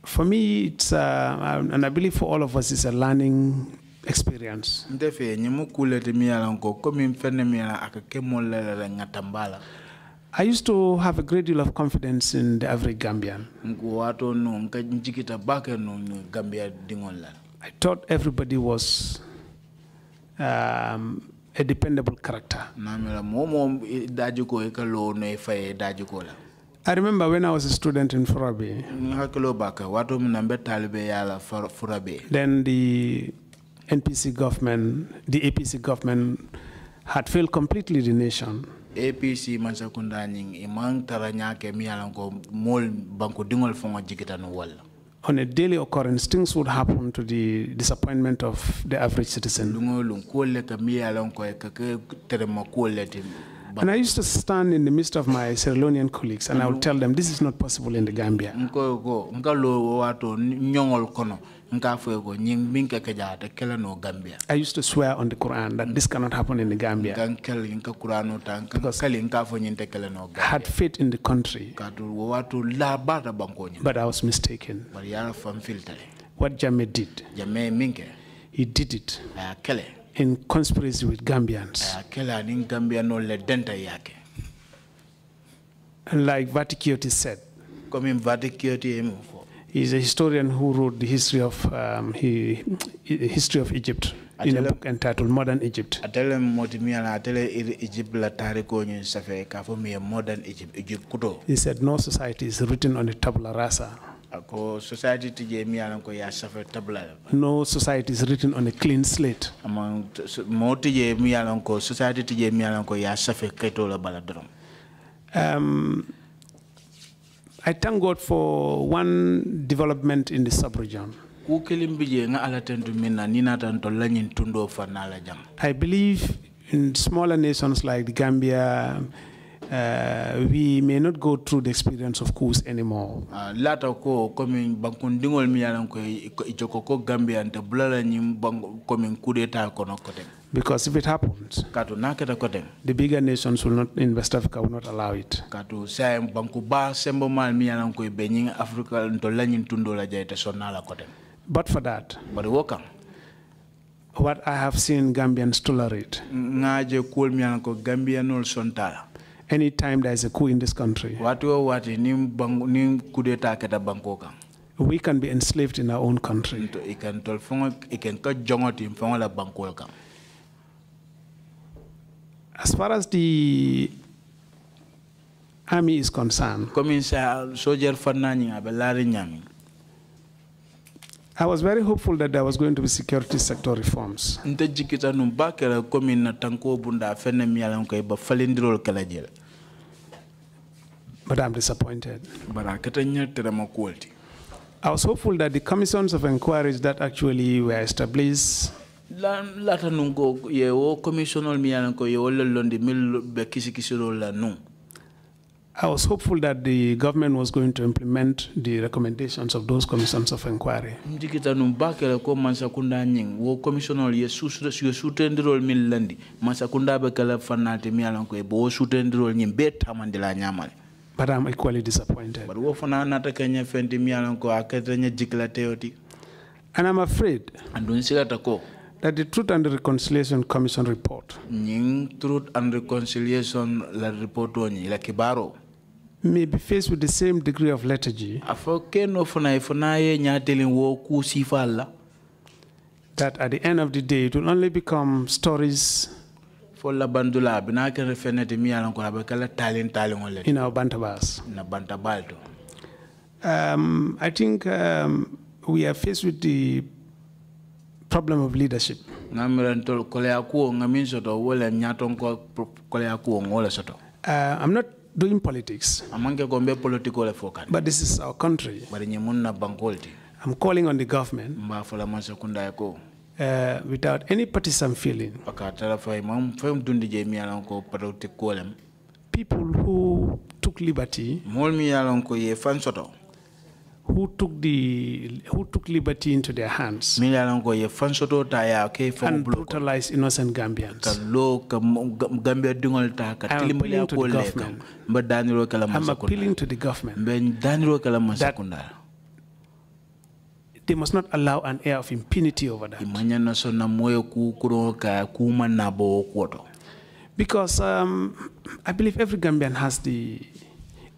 for me, it's, uh, and I believe for all of us, it's a learning experience. I used to have a great deal of confidence in the average Gambian. I thought everybody was um, a dependable character. I remember when I was a student in Furabi. Then the NPC government, the APC government had failed completely the nation. APC mansakundanying imang taranyake mialango mol banko dingol fongo jikitanu on a daily occurrence, things would happen to the disappointment of the average citizen. And I used to stand in the midst of my Sierra Leonean colleagues and I would tell them, this is not possible in the Gambia. I used to swear on the Quran that this cannot happen in the Gambia. Because had faith in the country. But I was mistaken. What Jame did, he did it in conspiracy with Gambians. And like Vatikiotis said, is a historian who wrote the history of um, he, history of Egypt in a book entitled Modern Egypt. Atele modimiana atele Egypt la tariko nyu safe kafo mi modern Egypt Egypt kudo. He said no society is written on a tabula rasa. Ako society tije mi ko ya safe tabula. No society is written on a clean slate. Among mo tije mi ko society tije mi ko ya safe kato la baladrom. Um, I thank God for one development in the sub-region. I believe in smaller nations like the Gambia, uh, we may not go through the experience of course anymore. Ah, lata ko komi bankundingol mi yalan ko ijoko ko Gambia nte bulala nyim komi kudeta kono kote. Because if it happens, the bigger nations will not in West Africa will not allow it. But for that, what I have seen Gambians tolerate. Any time there is a coup in this country, we can be enslaved in our own country. As far as the army is concerned, I was very hopeful that there was going to be security sector reforms. But I'm disappointed. I was hopeful that the commissions of inquiries that actually were established nun ko mi yanan ko mil be kisi la nun I was hopeful that the government was going to implement the recommendations of those commissions of inquiry. Ndikita ko nying wo commissionol ye landi fanati mi ko e bo nyim But I'm equally disappointed. But wo fana nata kenya fendi mi yalan ko akete nye jiklate yoti. And I'm afraid that the Truth and Reconciliation Commission report nying Truth and Reconciliation la report woni la kibaro may be faced with the same degree of lethargy afo keno fona fona ye nyaatelin wo sifalla that at the end of the day it will only become stories fo la bandula bina kan fenete mi yalan ko abakala talin talin wala in our bantabas na bantabalto um i think um, we are faced with the problem of leadership. Uh, I'm not doing politics. But this is our country. I'm calling on the government uh, without any partisan feeling. People who took liberty who took the who took liberty into their hands and brutalized innocent Gambians. I'm appealing to the government. I'm appealing to the government that they must not allow an air of impunity over that. Because um, I believe every Gambian has the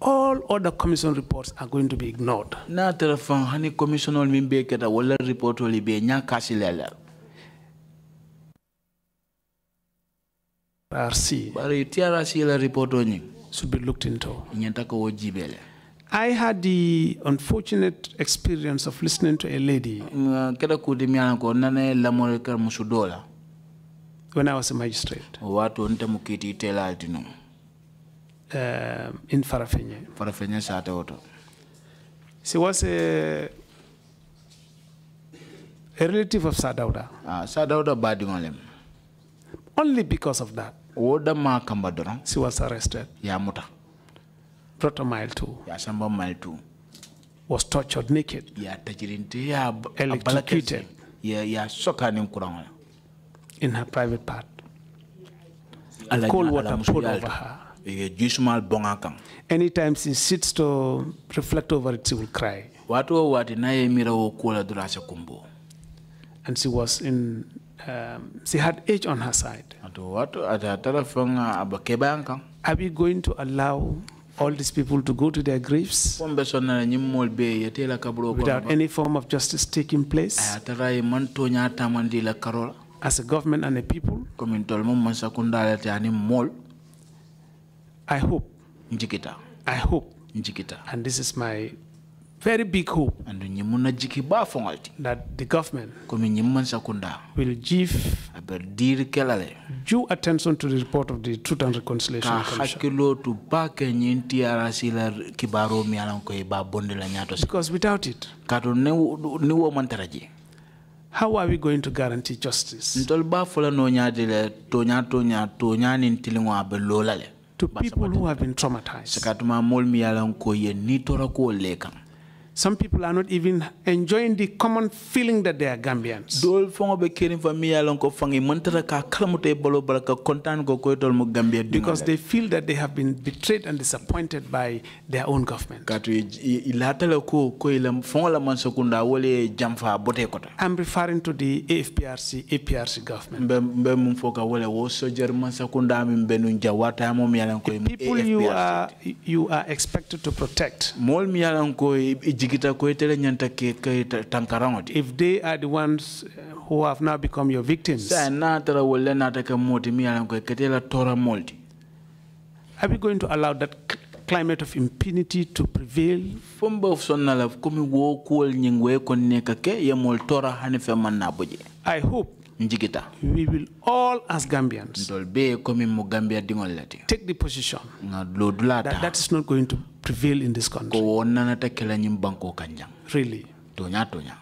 all other commission reports are going to be ignored. Na telephone hani commission ol min be keta wala report ol be nya kasilela. RC. Bari TRC la report oni should be looked into. Nyentaka wo jibele. I had the unfortunate experience of listening to a lady. Keda kudimiana ko nane lamore musudola. When I was a magistrate. Watu nte mukiti tela altinu um, in Farafenye. Farafenye sate oto. She was a, a relative of Sadauda. Ah, Sadauda badingolem. Only because of that. Oda ma kambadora. She was arrested. Ya muta. Brought a mile two. Ya mile two. Was tortured naked. Yeah, tajirinte Yeah, electrocuted. Yeah, yeah, soka ni In her private part. Cold water poured over her. Eh, Anytime she sits to reflect over it, she will cry. And she was in, um, she had age on her side. Are we going to allow all these people to go to their graves without any form of justice taking place as a government and a people I hope. Njikita. I hope. Njikita. And this is my very big hope and jiki fongalti that the government komi sakunda will give aber kelale due attention to the report of the truth and reconciliation Commission. tu ba ke kibaro mi alan koy la ñato because without it kato wo how are we going to guarantee justice ntol fola no ñaade to ñato ñato ñanin tilingo to people who have been traumatized. Some people are not even enjoying the common feeling that they are Gambians. Dol fongo be kering fangi ka kalamute bolo kontan ko mo Gambia Because they feel that they have been betrayed and disappointed by their own government. Katu ko fongo la jamfa bote kota. I'm referring to the AFPRC APRC government. mo ko People you are you are expected to protect. Mol ko jigita koytele nyanta if they are the ones uh, who have now become your victims wolle moti mi ketela tora moldi are we going to allow that climate of impunity to prevail of sonna la komi wo kol nyingwe kon ke ye mol tora hanife man i hope njigita we will all as gambians take the position that, that is not going to prevail in this country. Really.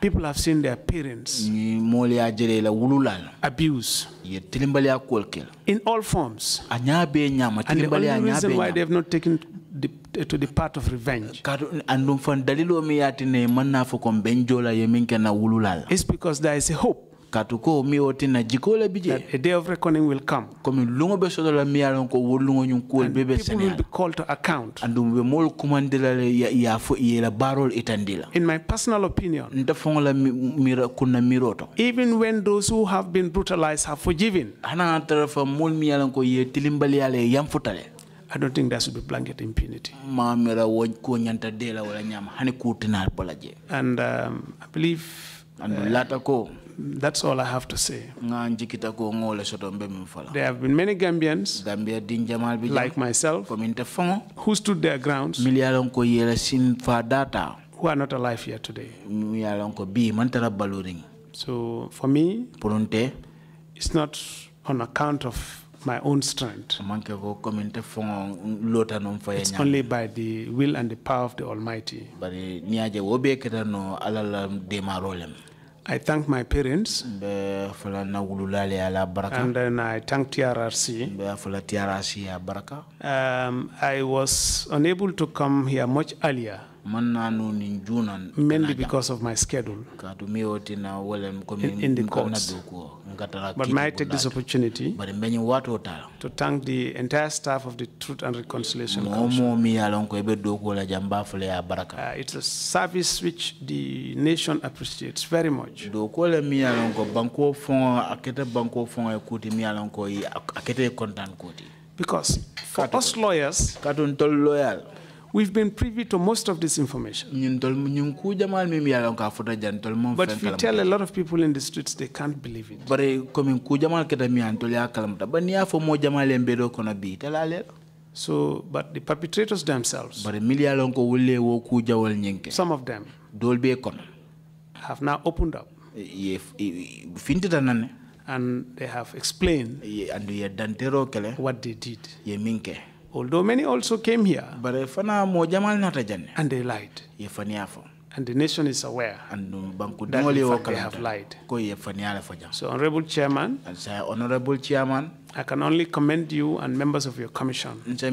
People have seen their parents abuse in all forms. And the only reason why they have not taken the, to the path of revenge is because there is a hope katuko mi wote na jikole bije a day of reckoning will come komi lungo be sodola mi yalon ko wolungo nyun ko be be sene will be called to account andum be mol kumandela ya ya fo yela barol itandila in my personal opinion nda fongola mira kunna miroto even when those who have been brutalized have forgiven ana tarafa mol mi ko ye tilimbal yale yam futale I don't think there should be blanket impunity. And um, I believe. And uh, That's all I have to say. There have been many Gambians, like myself, who stood their grounds, who are not alive here today. So for me, it's not on account of my own strength. It's only by the will and the power of the Almighty. I thank my parents. And then I thank TRRC. Um, I was unable to come here much earlier mainly because of my schedule. In, in the courts. But may I take this opportunity to thank the entire staff of the Truth and Reconciliation Commission. Uh, it's a service which the nation appreciates very much. Because for us lawyers, we've been privy to most of this information. But if you tell a lot of people in the streets, they can't believe it. So, but the perpetrators themselves, some of them, have now opened up. And they have explained what they did. Although many also came here. And they lied. And the nation is aware that they have lied. So, Honorable Chairman, Honorable Chairman, I can only commend you and members of your commission. And the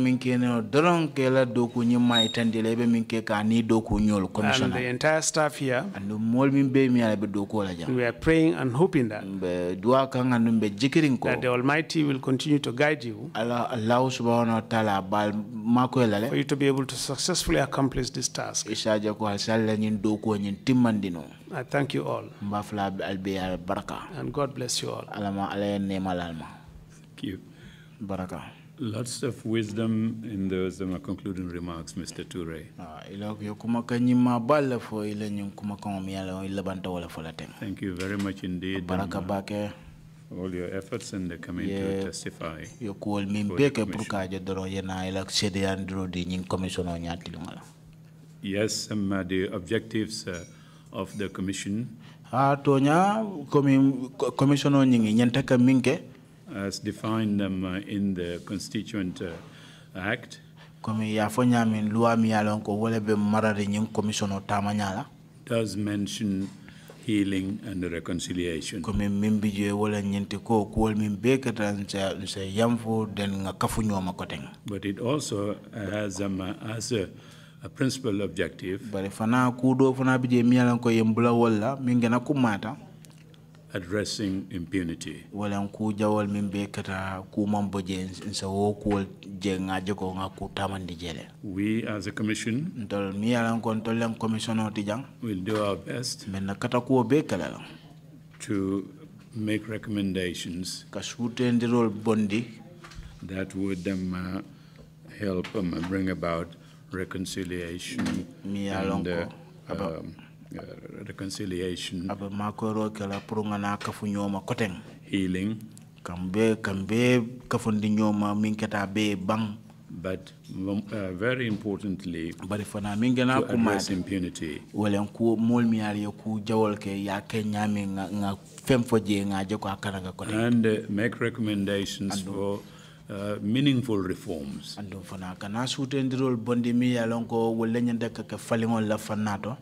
entire staff here. We are praying and hoping that. That the Almighty will continue to guide you. For you to be able to successfully accomplish this task. I thank you all. And God bless you all you. Baraka. Lots of wisdom in those uh, concluding remarks, Mr. Toure. Ah, Thank you very much indeed. Baraka uh, Bake. All your efforts and the coming yeah. to testify. You call me Beke Pukaja Commission on Yes, um, uh, the objectives uh, of the commission. Ah, Tonya, Yantaka Minke as defined um, in the Constituent uh, Act. Does mention healing and reconciliation. But it also has um, as a, a principal objective. But if I kumata addressing impunity. We as a commission will do our best to make recommendations that would um, uh, help um, bring about reconciliation and uh, um, uh, reconciliation makoro koteng healing kambe kambe minketa be bang but um, uh, very importantly bari fana min gena ko impunity wala ko mol mi ku jawol ke ya ke nyami nga, nga nga and uh, make recommendations Ando. for Uh, meaningful reforms. Ando fana kana sutendirol bondi mi yalon ko kake nyanda la fanato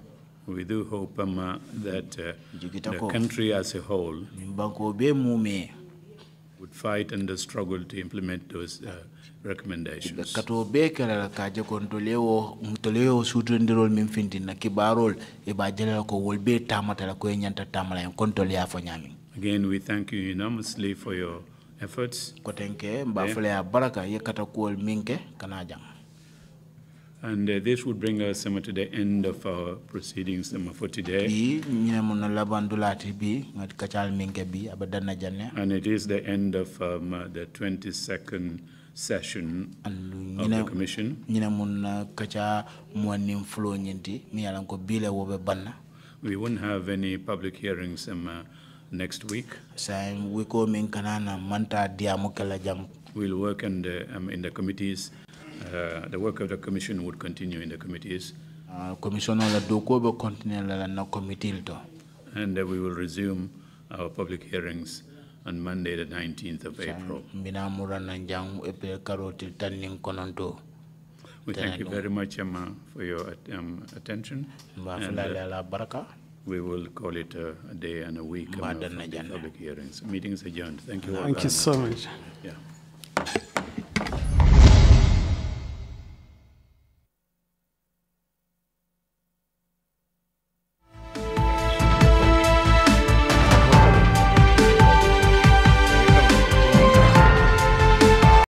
we do hope Emma, that uh, the country as a whole would fight and struggle to implement those uh, recommendations. Again, we thank you enormously for your efforts. And uh, this would bring us um, to the end of our proceedings um, for today. And it is the end of um, uh, the 22nd session of the Commission. We won't have any public hearings um, uh, next week. We'll work in the, uh, um, in the committees uh, the work of the commission would continue in the committees. Uh, commission la la na And uh, we will resume our public hearings on Monday, the 19th of April. We thank you very much, Emma, for your um, attention. And, uh, we will call it a, a day and a week public hearings. Meetings adjourned. Thank you Thank you so much. much. Yeah.